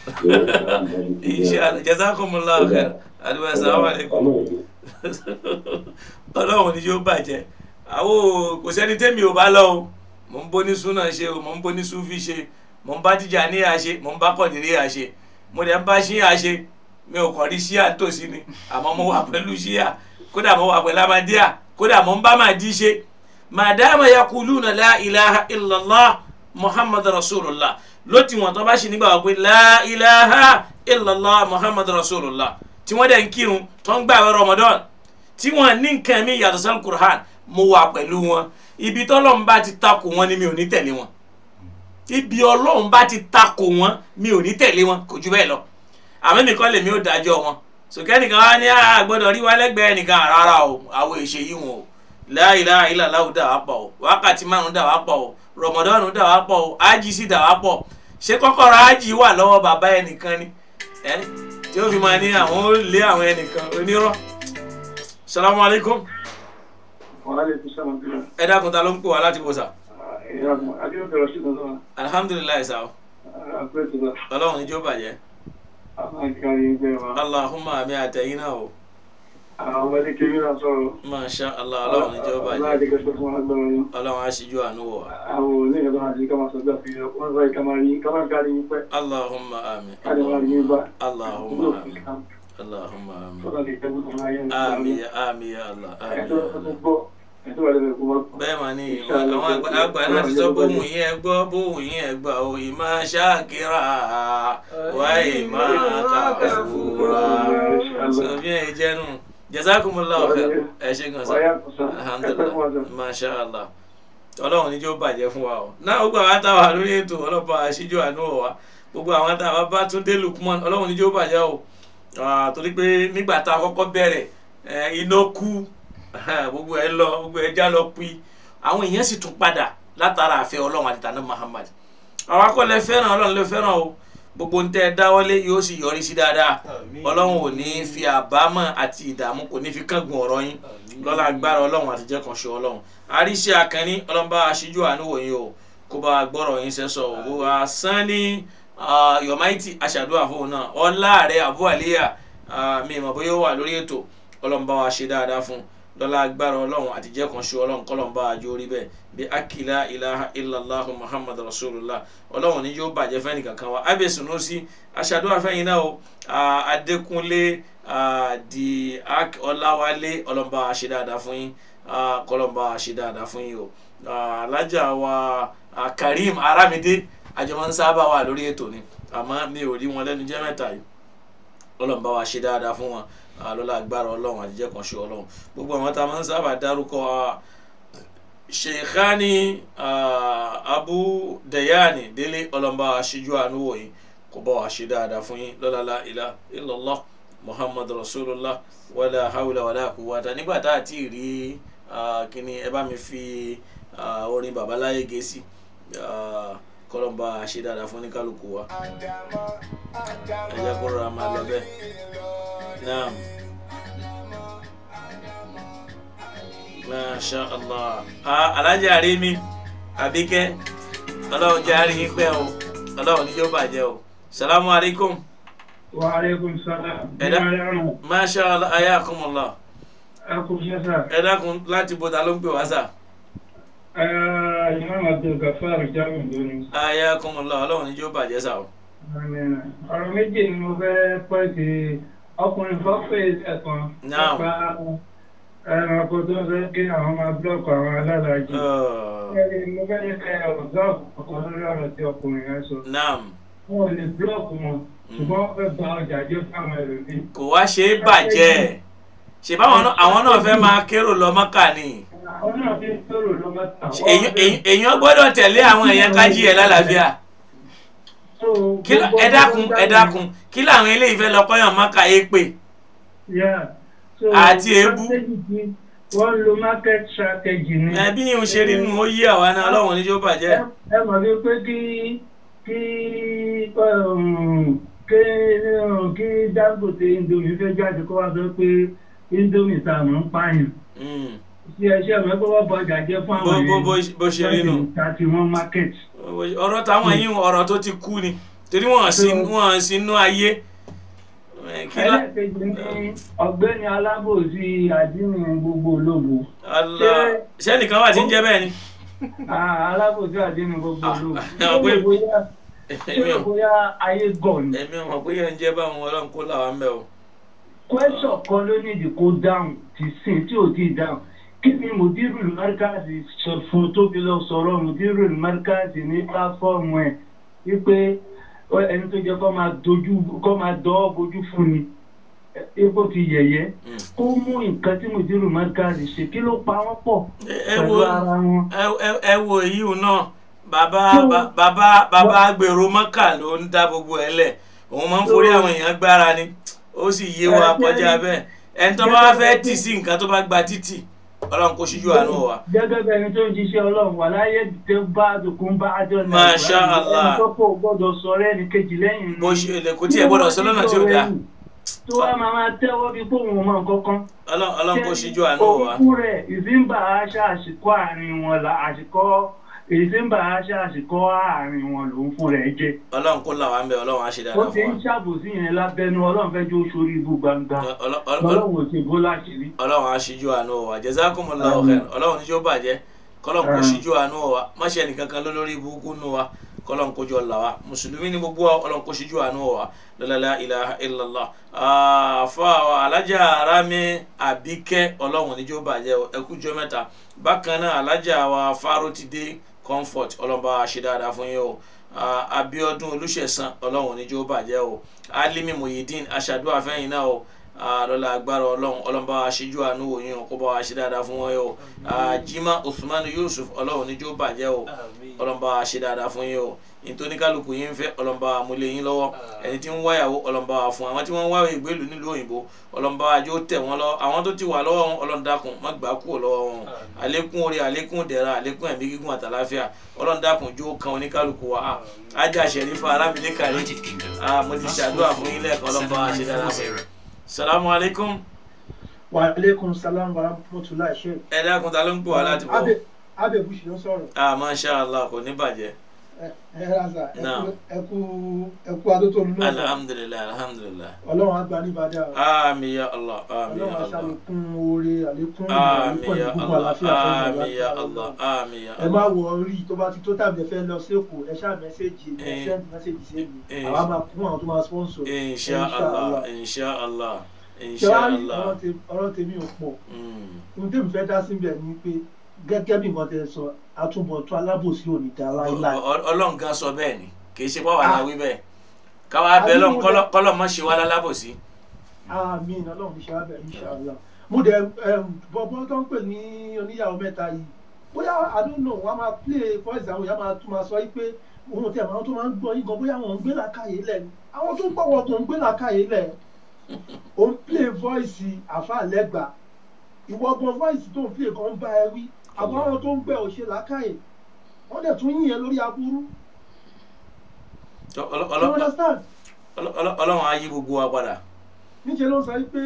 insha allah jazakumullahu khair. assalamu ọlọ́run ni yóò bàjẹ́ àwo kò sẹ́ni tẹ́mi ò bá lọ o mò ń bó ní súnà ṣe o mò ń bó ní súfì ṣe mò ń bá Tìjàníyà ṣe mò ń bá Kọ̀dìríyà ṣe mo dẹ̀ ń bá ṣíyà ṣe mi ò kàn rí ṣíà tòsí ni àmọ́ mo wà pẹ̀lú ṣíà kódà mo wà pẹ̀lú amadíà kódà mo ń bá màdí ṣe màdàmà yakuluna la ilaha illallah muhammadu rasulullah lótiwọn tó bá ṣe nígbà wà la ilaha illallah muhammadu rasulullah tí wọ́n dẹ̀ ń kírun tó ń gbààwẹ̀ ramadan tí wọ́n ní nǹkan mi yàtọ̀ sọ́n Qur'an mo wà pẹ̀lú wọn ibi tọ́lọ́run bá ti takò wọn ni mi ò ní tẹ̀lé wọn ibi ọlọ́run bá ti takò wọn mi ò ní tẹ̀lé wọn kò jù bẹ́ẹ̀ lọ àmọ́ nìkan lèmi ò dájọ́ wọn sòkè nìkan wá ní àgbọ̀dọ̀ rí wa lẹ́gbẹ̀ẹ́ nìkan rárá o àwọn èṣe yìí wọn o láìlá ìlàláwù dà wá pọ̀ o wákàtí márùn dà wá pọ̀ o rọmọdọ́nù dà wá pọ̀ o ájì sì dà wá pọ̀ ṣé kọ́kọ́rọ́ ájì wà lọ́wọ́ bàbá ẹnìkan ni tí ó fi máa ní àwọn ó lé àwọn ẹnìkan onírọ́ salamu aleykum. ẹ dákun ta ló ń pè wá láti bò sá. alhamdulilayi sa o. ọlọ́run níjó bàjẹ́. alahuma ami àtẹ̀yìn náà o. àwọn ọmọdé kiri náà sọ̀rọ̀. masha allah ọlọ́run níjó bàjẹ́. ọlọ́run á ṣíjú àánú wọ̀. àwọn oní ìgbà máa di ká máa sọgbà fi wọn sọ ìkàmá yín ká máa kárí yín pẹ́. alahuma ami. alahuma ami. اللهم آمين آمين يا آمين يا الله آمين يا الله bẹ́ẹ̀ mà ní àwọn àgbà náà ti sọ bóhùn yín ẹ gbọ́ bóhùn yín ẹ gbà ó ìmọ̀ ṣáàkìrà wá ìmọ̀ kàkúrà sọ̀bí ẹ̀ jẹ́nu jazakumullah ọ̀fẹ́ ẹ̀ ṣe gan sa alhamdulilah masha allah ọlọ́run níjó bàjẹ́ fún wa o náà ó gbà wá táwa lórí ètò ọlọ́pàá àṣíjú àánú ọ̀wá gbogbo àwọn táwa bá tún dé lukman ọlọ́run níjó bàjẹ́ o. Ah, torí pé nígbà tá a kọ́kọ́ bẹ̀rẹ̀ iná kú gbogbo ẹ lọ gbogbo ẹ já lọ pin àwọn èèyàn sì tún padà látara àfẹ́ ọlọ́run àti tànà Muhammad àwọn akọ́lẹ̀ fẹ́ràn ọlọ́run ló fẹ́ràn o gbogbo ń tẹ́ ẹ dáwọ́lé yóò sì yọrí sí dáadáa ọlọ́run ò ní fi àbámọ̀ àti ìdààmú kò ní fi kángun ọ̀rọ̀ yín lọ́la agbára ọlọ́run àti jẹ́ kan ṣe ọlọ́run àríṣe àkànní ọlọ́run bá aṣíjú àánú wòye o kó bá gbọ́rọ̀ yín sẹ́sọ̀ òwò asán ní. Ah, yọ̀máìtì aṣàdúrà fóun náà ọlá rẹ̀ Abu Aliya ah, mi bóyá ó wà lórí ètò ọlọ́run wa ṣe dáadáa fún lọ́lá agbára ọlọ́run àtijọ́ kan ṣe ọlọ́run kọ́lọ́n bá orí bẹ́ẹ̀ bí akila ilaha illallah muhammad rasulullah ọlọ́run ní yóò bàjẹ́ fẹ́ni kankan wa abe sunusi aṣàdúrà fẹ́yìn náà o ah, adékúnlé di ọláwálé ọlọ́run bá ṣe dáadáa fún yín kọ́lọ́n bá ṣe dáadáa fún yín o alájà wa karim aramide àjọ máa ń sábà wà lórí ètò ni àmọ́ mi ò rí wọn lẹ́nu jẹ́ mẹ́ta yìí ọlọ́run bá wa ṣe dáadáa fún wọn àlọ́lá agbára ọlọ́run àjíjẹ́ kan ṣe ọlọ́run gbogbo àwọn tá a máa ń sábà dárúkọ ṣèkánì abu dayani délé ọlọ́run bá wa ṣíjú àánú wò yín kó bá wa ṣe dáadáa fún yín lọ́lá ilá illallah muhammadu rasulullah wàlá hawla wàlá quwwata nígbà tá a ti rí kíni ẹ bá mi fi orin babaláyé gẹ̀ẹ́sì kọlọ́nba ṣe dáadáa fún oníkálukú wa ẹ jẹ́ kó rọra naam masha allah ah alájà rí mi àbíkẹ́ ọlọ́run jẹ́ àárín yín pẹ́ o ọlọ́run ní yóò bàjẹ́ o salamu alaykum. wa aleykum salaam. ẹ̀dá masha allah ayakumullah. ẹ dákun láti bọ́dà ló ń pè wá sà. ẹ̀ẹ́ imam abdulgafar jamiu lónìí. ayakumullah ọlọ́run níjó bàjẹ́ sá o. ọ̀rọ̀ méjì ni mo fẹ́ pẹ́ sí ọkùnrin fọ́fẹ́ ẹ̀kan nípa ẹranko tó ń fẹ́ kí àwọn máa búlọ́ọ̀kì àwọn alálàájì. mo fẹ́ ní kẹ́ ọ̀gá ọ̀kan lórí ọ̀rọ̀ tí ọkùnrin yẹn sọ. wọn ò lè búlọ́ọ̀kì wọn mm. ṣùgbọ́n wọ́n fẹ́ ba ọjà jẹ́ fáwọn ẹlòmíì. kò wá ṣe é bàjẹ́ ṣèbáwọn àwọn náà fẹ́ máa kérò lọ mọ́kà ni èyàn gbọ́dọ̀ tẹ̀lé àwọn èèyàn kájí ẹ̀ lálàáfíà ẹ dákun ẹ dákun kí làwọn eléyìí fẹ́ lọ kọ́yàn mọ́ka èpè àti èébú. wọ́n lo market strategy ni. ẹbí yìí ń ṣe rí nu ó yí àwa náà ọlọ́run oníjó bàjẹ́. ẹ mọ̀ bí pé kí kí um, kí um, kí Dangote indomie fẹ́ jáde kó wá sọ pé indomie tá a mọ̀ ń pààyàn. Hmm tí ẹ ṣe mẹ́ pé wọ́n bọjà jẹ́ fún àwọn èèyàn bó ṣe rí nù ọ̀rọ̀ táwọn yìí ọ̀rọ̀ tó ti kú ni torí wọ́n sì wọ́n sì nú ayé. Eh, ẹlẹ́kejì ni ọ̀gbẹ́ni alábòsí àdínú gbogbo ológo. ṣé nìkan wà tí ń jẹ́ bẹ́ẹ̀ ni. Ah, alábòsí àdínú gbogbo ológo ah, bóyá ayé gọ̀ ni. èmi mọ̀ pé yẹn ń jẹ́ báwọn ọlọ́run kó làwọn ń kwẹ́sọ̀ kan ló nídìí kó dáhùn ti sìn tí ò tí ì dáhùn Ismi Mudirul Markaz sọ̀fún tóbi lọ sọ̀rọ̀ Mudirul Markaz ní pílátọ́ọ̀mù ẹ̀ wípé ẹni tó jẹ́ kó máa dojú kó máa dọ́ bójú fún ni epo ti yẹ̀yẹ́ kó hmm. mú nǹkan tí Mudirul Markaz ṣe kí ló pa wọ́n pọ̀ pẹ̀lú ara wọn. ẹ wo èyí náà bàbá bàbá bàbá agbèrò mọ́kà ló ń dá gbogbo ẹ lẹ̀ òun máa ń forí àwọn èèyàn gbára ni ó sì yé wa kọjá bẹ́ẹ̀ ẹni tó bá fẹ́ tì sí nǹkan tó bá gba títì ọlọ́run kó ṣíjú àánú wa. gẹ́gẹ́ bí ẹni tó ń jíṣẹ́ ọlọ́run wà láyé tó bá àdùnkún bá àjọ náà. Masha Allah ẹni tó kò gbọ́dọ̀ sọ rẹ́ ní kejì lẹ́yìn. mo ṣe èlé kò tí ẹ gbọ́dọ̀ sọ lọ́nà tí ó dáa. tó wá máa máa tẹ́wọ́ bí pé òun mọ kankan. ọlọ́run kó ṣíjú àánú wa. òkú rẹ̀ ìzínbà aṣáà àṣìkò àárín wọn àṣìkò èyí tí ń bá a ṣàṣìkọ́ àárín wọn lòún fún rẹ̀ jẹ́. ọlọ́run kó làwọn àmì ọlọ́run á ṣe dáadáa fún wa. ó ti ń ṣàbòsí yẹn lábẹ́nu ọlọ́run fẹ́ jó sórí ibú gbangba ọlọ́run ò ṣe bó láṣìírí. ọlọ́run á ṣíjú àánú wa jazakumullahu khair ọlọ́run níjó bàjẹ́ kọ́lọ́n kó ṣíjú àánú wa má ṣe ẹnìkan kan lórí ibùkún nù wa kọ́lọ́n kó jọ là mùsùlùmí ni gbogbo ọlọ́run kó ṣíjú àánú wa lọ́lọ́lá ilaha illallah àfa alájà ara mi àbíkẹ́ ọlọ́run níjó bàjẹ́ ẹkú jọ mẹ́ta bákan náà alájà wa fáró ti dé comfort ọlọ́mọba ṣe dáadáa fún yín o Abíọ́dún Olúṣẹ̀san ọlọ́run oníjó bàjẹ́ o Alimi Muhyiddin aṣàdúrà fẹ́yìn náà o Ah, lọ́la agbára ọlọ́run ọlọ́run bá wa ṣíjú àánú wò yín o kó bá wa ṣe dáadáa fún wọn o ah, jimá usman yusuf ọlọ́run níjó bàjẹ́ o ọlọ́run bá wa ṣe dáadáa fún yín o ìtòníkàlùkù yín fẹ́ ọlọ́run bá wa mú lé yín lọ́wọ́ ẹni tí ń wáyàwó ọlọ́run bá wa fún àwọn tí wọ́n ń wáyàwó ìgbélú nílùú òyìnbó ọlọ́run bá wa jó tẹ̀ wọ́n lọ àwọn tó ti wà lọ́wọ́ wọn ọlọ́run dákun má gbà kú lọ́wọ́ wọn àlékún orí àlékún dẹ̀ra àlékún ẹ̀mí gígùn àtàláfíà ọlọ́run dákun jó kan oníkàlùkù wa ajá ṣẹ̀rífà arábìnrin kàrí mo ti ṣàdúrà fún yín lẹ́ẹ̀kan ọlọ́run bá wa ṣe dáadáa fún yín salamu aleykum. wa aleykum salam wa rahmatulahi ṣe. ẹ dákun ta ló ń pò wá láti bọ̀. bush ló sọ̀rọ̀. ah masha allah kò ní bàjẹ́ ẹkú adótólú náà alhamdulilayi alhamdulilayi ọlọ́run àgbà ní ìbàdí àwọn àmì ya allah àmì ya allah ọlọ́run àṣàlékún oore àlékún àlékún àdúgbò àlàáfíà fún ìgbà àmì ya allah àmì ya allah ẹ má wọ orí tó bá ti tó tàbí ẹ fẹ́ lọ sẹ́kù ẹ ṣáà mẹ́sẹ̀gì ẹ eh, send mẹ́sẹ̀gì sí mi eh, àwa máa kún àwọn tó máa sponsor insha allah insha allah insha allah ọ̀rọ̀ tèmi ò pọ̀ hmm. ohun tèmi fẹ́ dá síbẹ̀ ni pé gẹ́gẹ́ bí nǹkan tẹ sọ àtúbọ̀tán alábòsí ò ní da láíláí. ọlọ́run gan sọ bẹ́ẹ̀ ni kì í ṣe pọ́ wàhálà ah. wí bẹ́ẹ̀ káwa bẹ lọ́n kọ́lọ́ mọ́ ṣe wá lálábòsí. àmín ọlọ́run ní ṣe wá bẹ́ẹ̀ mo dẹ̀ bọ́bọ́ tó ń pè ní oníyàwó mẹ́ta yìí bóyá àdúnnù wọn máa play for example àwọn yàrá máa tún máa sọ wípé òun tí àwọn tó máa ń gbọ́ yín gan bóyá wọn ń gbé làkàyè lẹ̀ àwọn tó ń gbọ́ wọn kò ń gbé làkàyè lẹ̀ òun play voice àfa àlẹ́gbà ìwọ gan voice tó ń play kan bá ẹ wí àbúrò àwọn tó ń bẹ̀ ò ṣe làákàyè wọ́n dẹ̀ tún yìn yẹn lórí aburú. ọlọ́run á yí gbogbo wa padà. níṣẹ́ ló ń sọ pé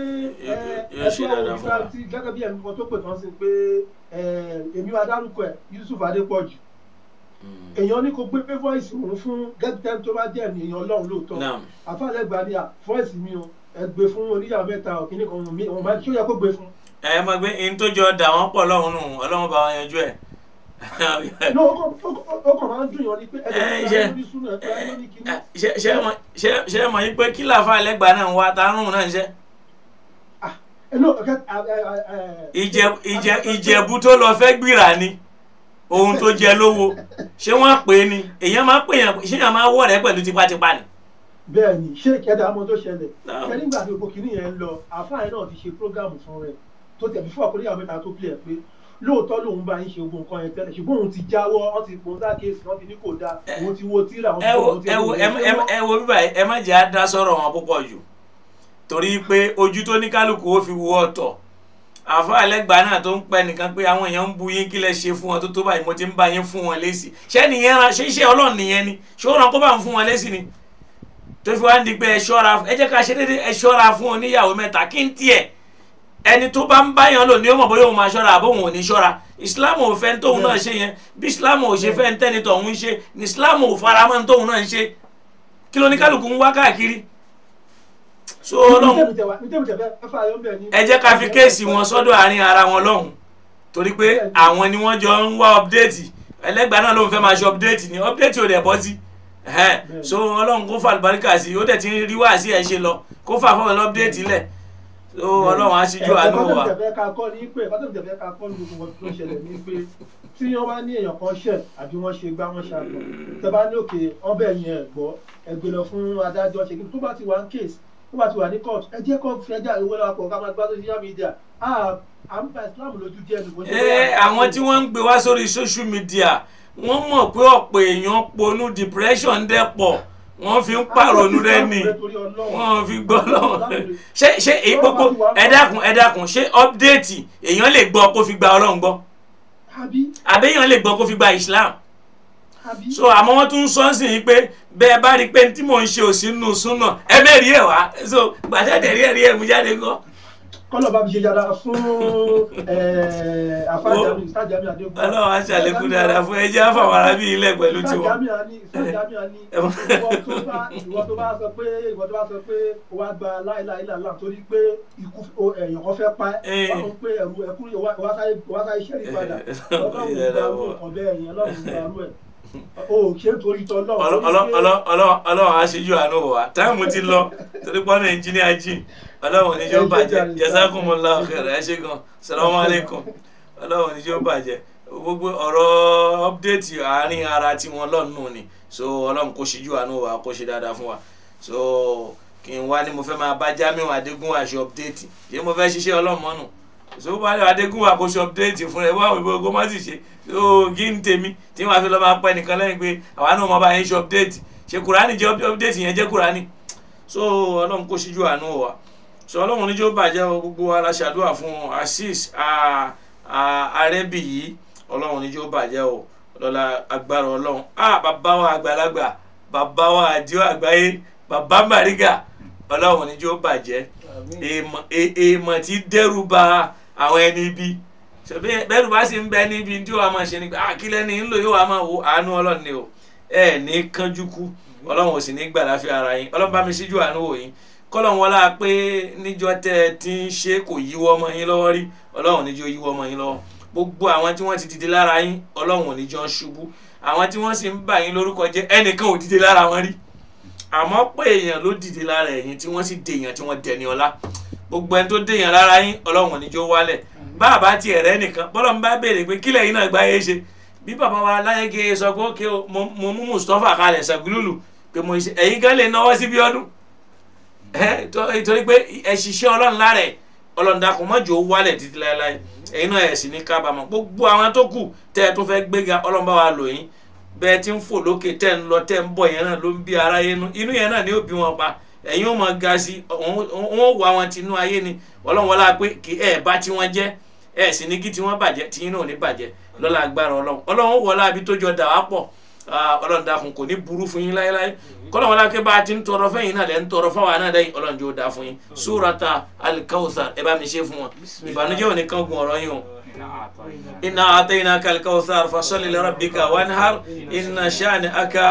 ẹ̀ṣọ́ òwúrọ̀ àti gẹ́gẹ́ bí ẹnìkan tó pè tán sí pé èmi wa dárúkọ ẹ̀ Yusuf Adépọ̀jù hmm. èèyàn ní kò gbé voice òun fún gẹ́gẹ́ tó bá jẹ́ èèyàn ọlọ́run lóòótọ́ àfàlẹ́gbàá voice mi o ẹ gbé fún oníyàwó mẹ́ta òkìní kan mi òun máa ń ṣó yẹ kó gbé fún ẹ mọ̀ pé ẹni tó jọ dà wọ́n pọ̀ lọ́hùn nù ọlọ́run bá wọn yanjú ẹ̀. ṣé mọ̀ yín pé kí làáfà ẹlẹ́gbà náà ń wá tárùn náà ń ṣe. ìjẹ̀bú tó lọ fẹ́ gbìrà ni ohun tó jẹ lówó ṣé wọ́n pè é ni èèyàn máa pè yàn ṣé èèyàn máa wọ̀ rẹ́ pẹ̀lú tipátipá ni bẹ́ẹ̀ ni ṣé kẹta amọ tó ṣẹlẹ̀ ṣẹlẹ̀ nígbà tí gbogbo kìnìún yẹn ń lọ àfáà náà ti ṣe prógámù fún rẹ̀ tó tẹ̀ fífọ́ àkórí àwọn mẹ́ta tó clear pé lóòótọ́ lòun bá ń ṣe ogun nǹkan yẹn tẹ́lẹ̀ ṣùgbọ́n òun ti jáwọ́ wọ́n ti pòun dá kéésì wọ́n ti ní kò dáa òun ti wo tíra òun ti wo tíra òun ti wo. ẹ wo bíbá ẹ má jẹ́ àdá sọ̀rọ̀ wọn púpọ̀ jù torí pé ojú tó ní kálukú ó fi wo ọ̀tọ̀ àfa àlẹ́gbà náà tó ń pẹ́ nìkan pé àwọn èèyàn ń bu yín kí lẹ ṣe fún wọn tó tó báyìí mo ti ń bá yín fún wọn lésì ṣé nìyẹn ra ṣé iṣẹ́ ọlọ́run nìyẹn ni ṣé ó ràn kó bá ń fún wọn lésì ni tó fi wá ń di pé ẹ ṣọ́ra ẹ jẹ́ ká ṣe déédéé ẹ ṣọ́ra fún oníyàwó mẹ́ta kí n tiẹ̀ ẹni tó bá ń báyàn lò ní ó mọ̀ bóyá òun máa ṣọ́ra àbóhùn ò ní ṣọ́ra ìsìláàmù ò fẹ́ ń tóun náà ṣe yẹn bí ìsìláàmù ò ṣe fẹ́ ń tẹ́ni tọ̀hún ṣe ní ìsìláàmù ò fara mọ́ ń tóun náà ṣe kí ló ní kálukú ń wá káàkiri. so ọlọ́run ẹ jẹ́ ká fi kéèsì wọn sọ́dọ̀ àárín ara wọn lọ́hùn torí pé àwọn ni wọ́n jọ ń wá ọ́pdéètì ẹlẹ́gbàá náà ló ń fẹ́ máa ṣe ọ́pdéètì ni ọ́pdéètì ò dẹ̀ bọ́ sí so ọlọ́run kó fà lùbáríkà sí ó dẹ̀ ti rí wáàsí ẹ̀ ṣe lọ kó fà fọwọ́ lọ́pdéètì lẹ̀ so ọlọ́run á ṣíjú àánú wa. ẹ̀kọ́ tó tẹ̀fẹ́ ká kọ́ ni pé ẹ̀kọ́ tó tẹ̀fẹ́ ká kọ́ ni gbogbo wọn tó ṣẹlẹ̀ ni pé tí wọ́n bá ní èèyàn kan ṣẹ̀ àbí wọ́n ṣe gbá wọn ṣàgbọ̀ tẹ́ bá ní òkè ọbẹ̀ yẹn ẹ̀gbọ́ ẹgbẹ́ lọ fún adájọ́ ṣe kí tó bá ti wà ń case tó bá ti wà ní court ẹ jẹ́ kó fẹjá ìwé lọ́wọ́ pọ̀ ká máa gbá social media à ń ba Islam lójú díẹ̀ eh, nìkan. depression dẹ̀ pọ̀ wọ́n fi ń pàrọ̀nù rẹ ni wọ́n fi gbọ́ lọ́wọ́ ṣé ṣé èyí gbogbo ẹ dákun ẹ dákun ṣé ọ́pdéètì èèyàn lè gbọ́ kó fi gba ọlọ́run gbọ́ àbí èèyàn lè gbọ́ kó fi gba Islam so àmọ́ wọ́n tún sọ sí i pé bẹ́ẹ̀ bá rí i pé tí mò ń ṣe òsínú súnà ẹ bẹ́ẹ̀ ẹ̀ wá so gbàtẹ́ tẹ̀ rí ẹ̀ rí ẹ̀ mú jáde gan kọ́lọ̀ bá fi ṣe yàrá fún àfàjàmí ìsàjàmí àdéhùn. ọlọ́run á ṣàlékún dáadáa fún ẹjẹ́ àfàwọn arábí ilẹ̀ pẹ̀lú tiwọn. ìsàjàmí àní ìwọ tó bá sọ pé ìwọ tó bá sọ pé o wá gba láìláìláìlá torí pé ikú èèyàn kan fẹ́ pa ẹ́ wọ́n mú pé ẹ̀rù ẹ̀kú wá sáyé ṣẹ́rí padà ọlọ́run ìgbàlú ọ̀bẹ ẹ̀yìn ọlọ́run ìgbàlú ẹ̀ ọlọ́run á ṣe yóò àánú wa táìmù ti lọ torí pọ́n ẹnjíníà jìn ọlọ́run ní yóò bàjẹ́ jazakumullahu khairan ẹ ṣé gan salamu alaikum ọlọ́run ní yóò bàjẹ́ gbogbo ọ̀rọ̀ ọ́pdẹ́tì àárín ara tiwọn lọ́nù ni so ọlọ́run kò ṣíjú àánú wa kò ṣe dáadáa fún wa so kí n wá ní mo fẹ́ máa bá Jamiu Adégún àṣẹ ọ́pdẹ́tì ṣé mo fẹ́ ṣiṣẹ́ ọlọ́mọ́nù so bá lè Adégún wa kò ṣe ọ́pdẹ́tì fún ẹ wá òyìnbó ogun má sì ṣe so kí n tèmi tí wàá fi lọ́ máa pẹ́ nìkan lẹ́yìn pé àwa náà mo bá yẹn ṣe ọ́pdẹ́tì ṣe Kùránì jẹ́ ọ́pdẹ́tì yẹn jẹ́ Kùránì so ọlọ́run kò ṣíjú àánú wa sọ ọlọ́run níjó bàjẹ́ gbogbo wa la ṣàdúrà fún Azeez Arẹ́bì yìí ọlọ́run níjó bàjẹ́ o lọ́la agbára ọlọ́run a bàbá wa àgbàlagbà bàbá wa àdìo àgbáyé bàbá Bariga ọlọ́run níjó bàjẹ́ èèmọ̀ ti dẹ́rù ba àwọn ẹni bí bẹ́ẹ̀rù bá sì ń bẹ níbi tí wàá máa ṣe ni àkílẹ̀ ni ńlò yóò wàá máa wo àánú ọlọ́run ni o ẹ ní kánjú kú ọlọ́run ò sì ní gbàdáfẹ́ ara yín ọlọ́run bá mi síjú àánú wò yín kọ́lọ̀ wọlé a pé níjọ́ tẹ́ ẹ ti ń ṣe kò yíwọ́ ọmọ yín lọ́wọ́ rí ọlọ́run níjọ́ yíwọ́ ọmọ yín lọ́wọ́ gbogbo àwọn tí wọ́n ti dìde lára yín ọlọ́run níjọ́ ṣubú àwọn tí wọ́n sì ń bà yín lórúkọ jẹ́ ẹnìkan ò dìde lára wọn rí àmọ́ pé èèyàn ló dìde lára ẹ̀yin tí wọ́n sì dè èèyàn tí wọ́n dẹni ọlá gbogbo ẹni tó dè èèyàn lára yín ọlọ́run níjọ́ wálẹ̀ bàbá tiẹ̀ rẹ bá béèrè pé kílẹ̀ yín nítorí pé ẹ̀ṣiṣẹ́ ọlọ́run lára ẹ̀ ọlọ́run dákun mọ́jọ́ ó wálẹ̀ títí láéláé ẹ̀yin náà ní kábàámọ̀ gbogbo àwọn tó kù tẹ́ ẹ tó fẹ́ gbéga ọlọ́run wa lò yín bẹ́ẹ̀ tí ń fò lókè tẹ́ ń lọ tẹ́ ń bọ̀ yẹn náà ló ara yẹn nu inú yẹn náà ni ó bí wọn pa ẹ̀yin ó mọ ga sí wọn ó wà wọn tinú ayé ni ọlọ́run wọlá pé kí ẹ̀ bá tí wọ́n jẹ́ ní kí tí wọ́n bàjẹ́ tí ò ní bàjẹ́ lọ́la Ah, ọlọ́run dákun kò ní burú fún yín láéláé kọ́lọ́wọ́n la ké bá a ti ń tọrọ fẹ́yìn náà lẹ́ ń tọrọ fáwọn náà dẹ́yìn ọlọ́run jẹ́ ó dá fún yín súrata alikawusar ẹ bá mi ṣe fún wọn ìbànújẹ́ ò ní kán gun ọ̀rọ̀ yín o. inna atayna kalikawusar fasọ́lì lirabbika wanhar inna shani aka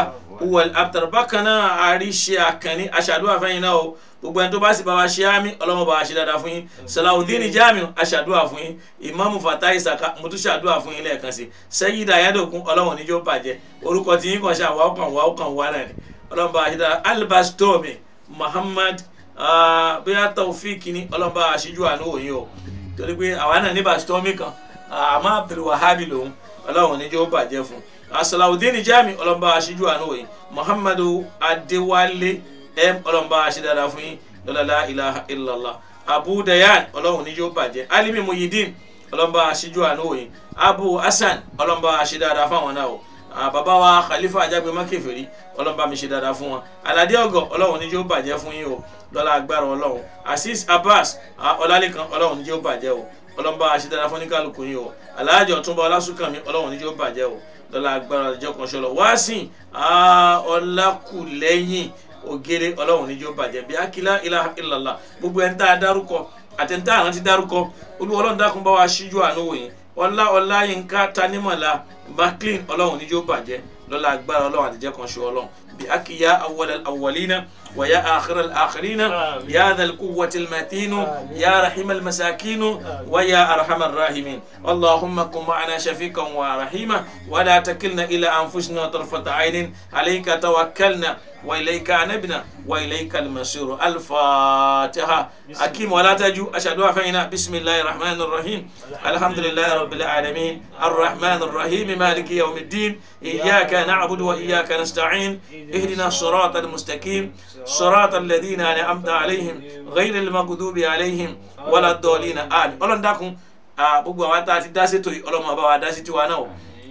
wal abtar bákan náà àríṣe àkànní aṣàdúrà fẹ́yìn náà o gbogbo ẹni tó bá sì bá wa ṣe àmì ọlọ́mọ bá wa ṣe dáadáa fún yín Salawudeen Jamiu aṣàdúrà fún yín Imamu Fatai Saka mutu tún ṣàdúrà fún yín lẹ́ẹ̀kan sí Sayyida Ayádòkun ọlọ́mọ níjó bàjẹ́ orúkọ tí yín kàn ṣe àwọn ọkàn wà ọkàn wà náà ni ọlọ́mọ bá wa ṣe dáadáa Albastomi Muhammad bóyá Taofik ni ọlọ́mọ bá wa ṣíjú àánú òyìn o torí pé àwa náà ní Bastomi kan àmọ́ Abdulwahabi lòun ọlọ́mọ níjó bàjẹ́ fún Salawudeen Jamiu ọlọ́mọ bá wa ṣíjú Muhammadu Adéwálé ẹ ọlọ́run bá a ṣe fún yín lọ́lá la ilaha illallah abu dayan ọlọ́run ní yóò bàjẹ́ alimi muyidin ọlọ́run bá a ṣe àánú òyìn abu hasan ọlọ́run bá a ṣe dáadáa náà o bàbá wa khalifa ajagbe makeferi ọlọ́run bá mi ṣe dáadáa fún wọn aládé ọgọ ọlọ́run ní yóò bàjẹ́ fún yín o lọ́lá agbára ọlọ́run asis abbas ọlálẹ́kan ọlọ́run ní yóò bàjẹ́ o ọlọ́run bá a ṣe dáadáa fún oníkálukú yín o aláàjọ ọ̀túnba ọlásùnkànmí ọlọ́run ní yóò bàjẹ́ o lọ́lá agbára ọjọ́ kan ṣọlọ wáásìn ọlákùlẹ́yìn ògèrè ọlọ́run níjó bàjẹ́ bí akílá ilaha illallah gbogbo ẹni tá a dárúkọ àtẹ̀ntà àná ti dárúkọ olúwa ọlọ́run dákun bá wa ṣíjú àánú wòye ọlá ọlá yínká tanímọ̀lá maclean ọlọ́run níjó bàjẹ́ lọ́la agbára ọlọ́run àtijọ́ kan ṣe ọlọ́run bí akíyá awọlẹ́lá ويا آخر الآخرين يا ذا القوة المتين يا رحيم المساكين ويا أرحم الراحمين اللهم كن معنا شفيقا ورحيما ولا تكلنا إلى أنفسنا طرفة عين عليك توكلنا وإليك نبنا وإليك المصير الفاتحة أكيم ولا تجو أشهد أفينا بسم الله الرحمن الرحيم الحمد لله رب العالمين الرحمن الرحيم مالك يوم الدين إياك نعبد وإياك نستعين اهدنا الصراط المستقيم صراط الذين أنعمت عليهم غير المغضوب عليهم ولا الضالين آمين أولا داكم أبو بواتا تداسي توي أولا ما بواتا تداسي توانا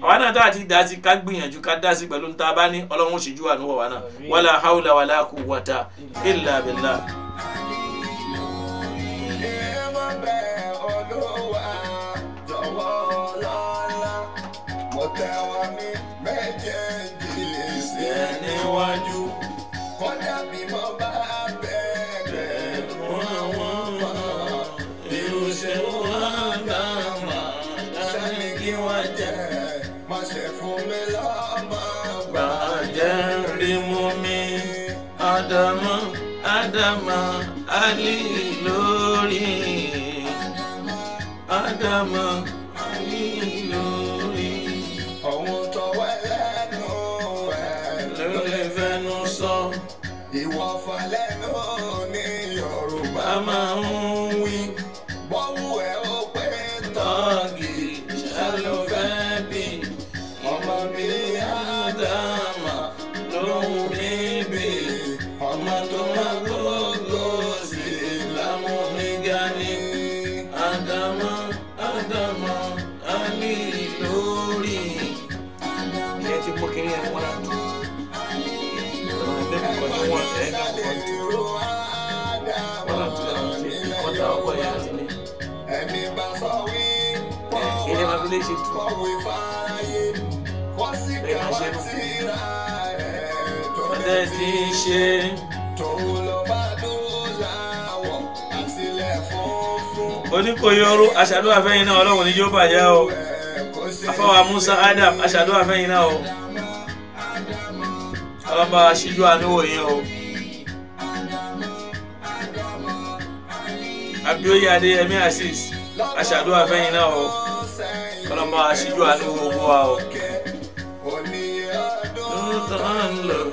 àwa náà tá a ti ká gbìyànjú ká dá pẹ̀lú ní tá bá ní ọlọ́run ó sì jú àánú wọ̀ náà wàlá haúlà wàlá quwwata illa billah. tẹ́wọ́ mi bàjẹ́ rí mú mi ádámù ádámù alì lórí ádámù alì lórí. ọ̀hún tọwọ́ ẹlẹ́nu ẹ̀ ló lè fẹnu sọ. ìwọ̀fà lẹ́nu ní Yorùbá máa ń. tẹ́ ti ṣe. tòun lọ bá dúró láwọ̀ àtìlẹ̀ fúnfún. oníkòyóró aṣàdúrà fẹ́yìn náà ọlọ́run ní yóò bàjẹ́ o afọwà Musa Adam aṣàdúrà fẹ́yìn náà o ọlọ́ba aṣíjú àníwò yín o. abioye adeyemi asis aṣàdúrà fẹ́yìn náà o ọlọ́ba aṣíjú àníwò gbogbo wa o.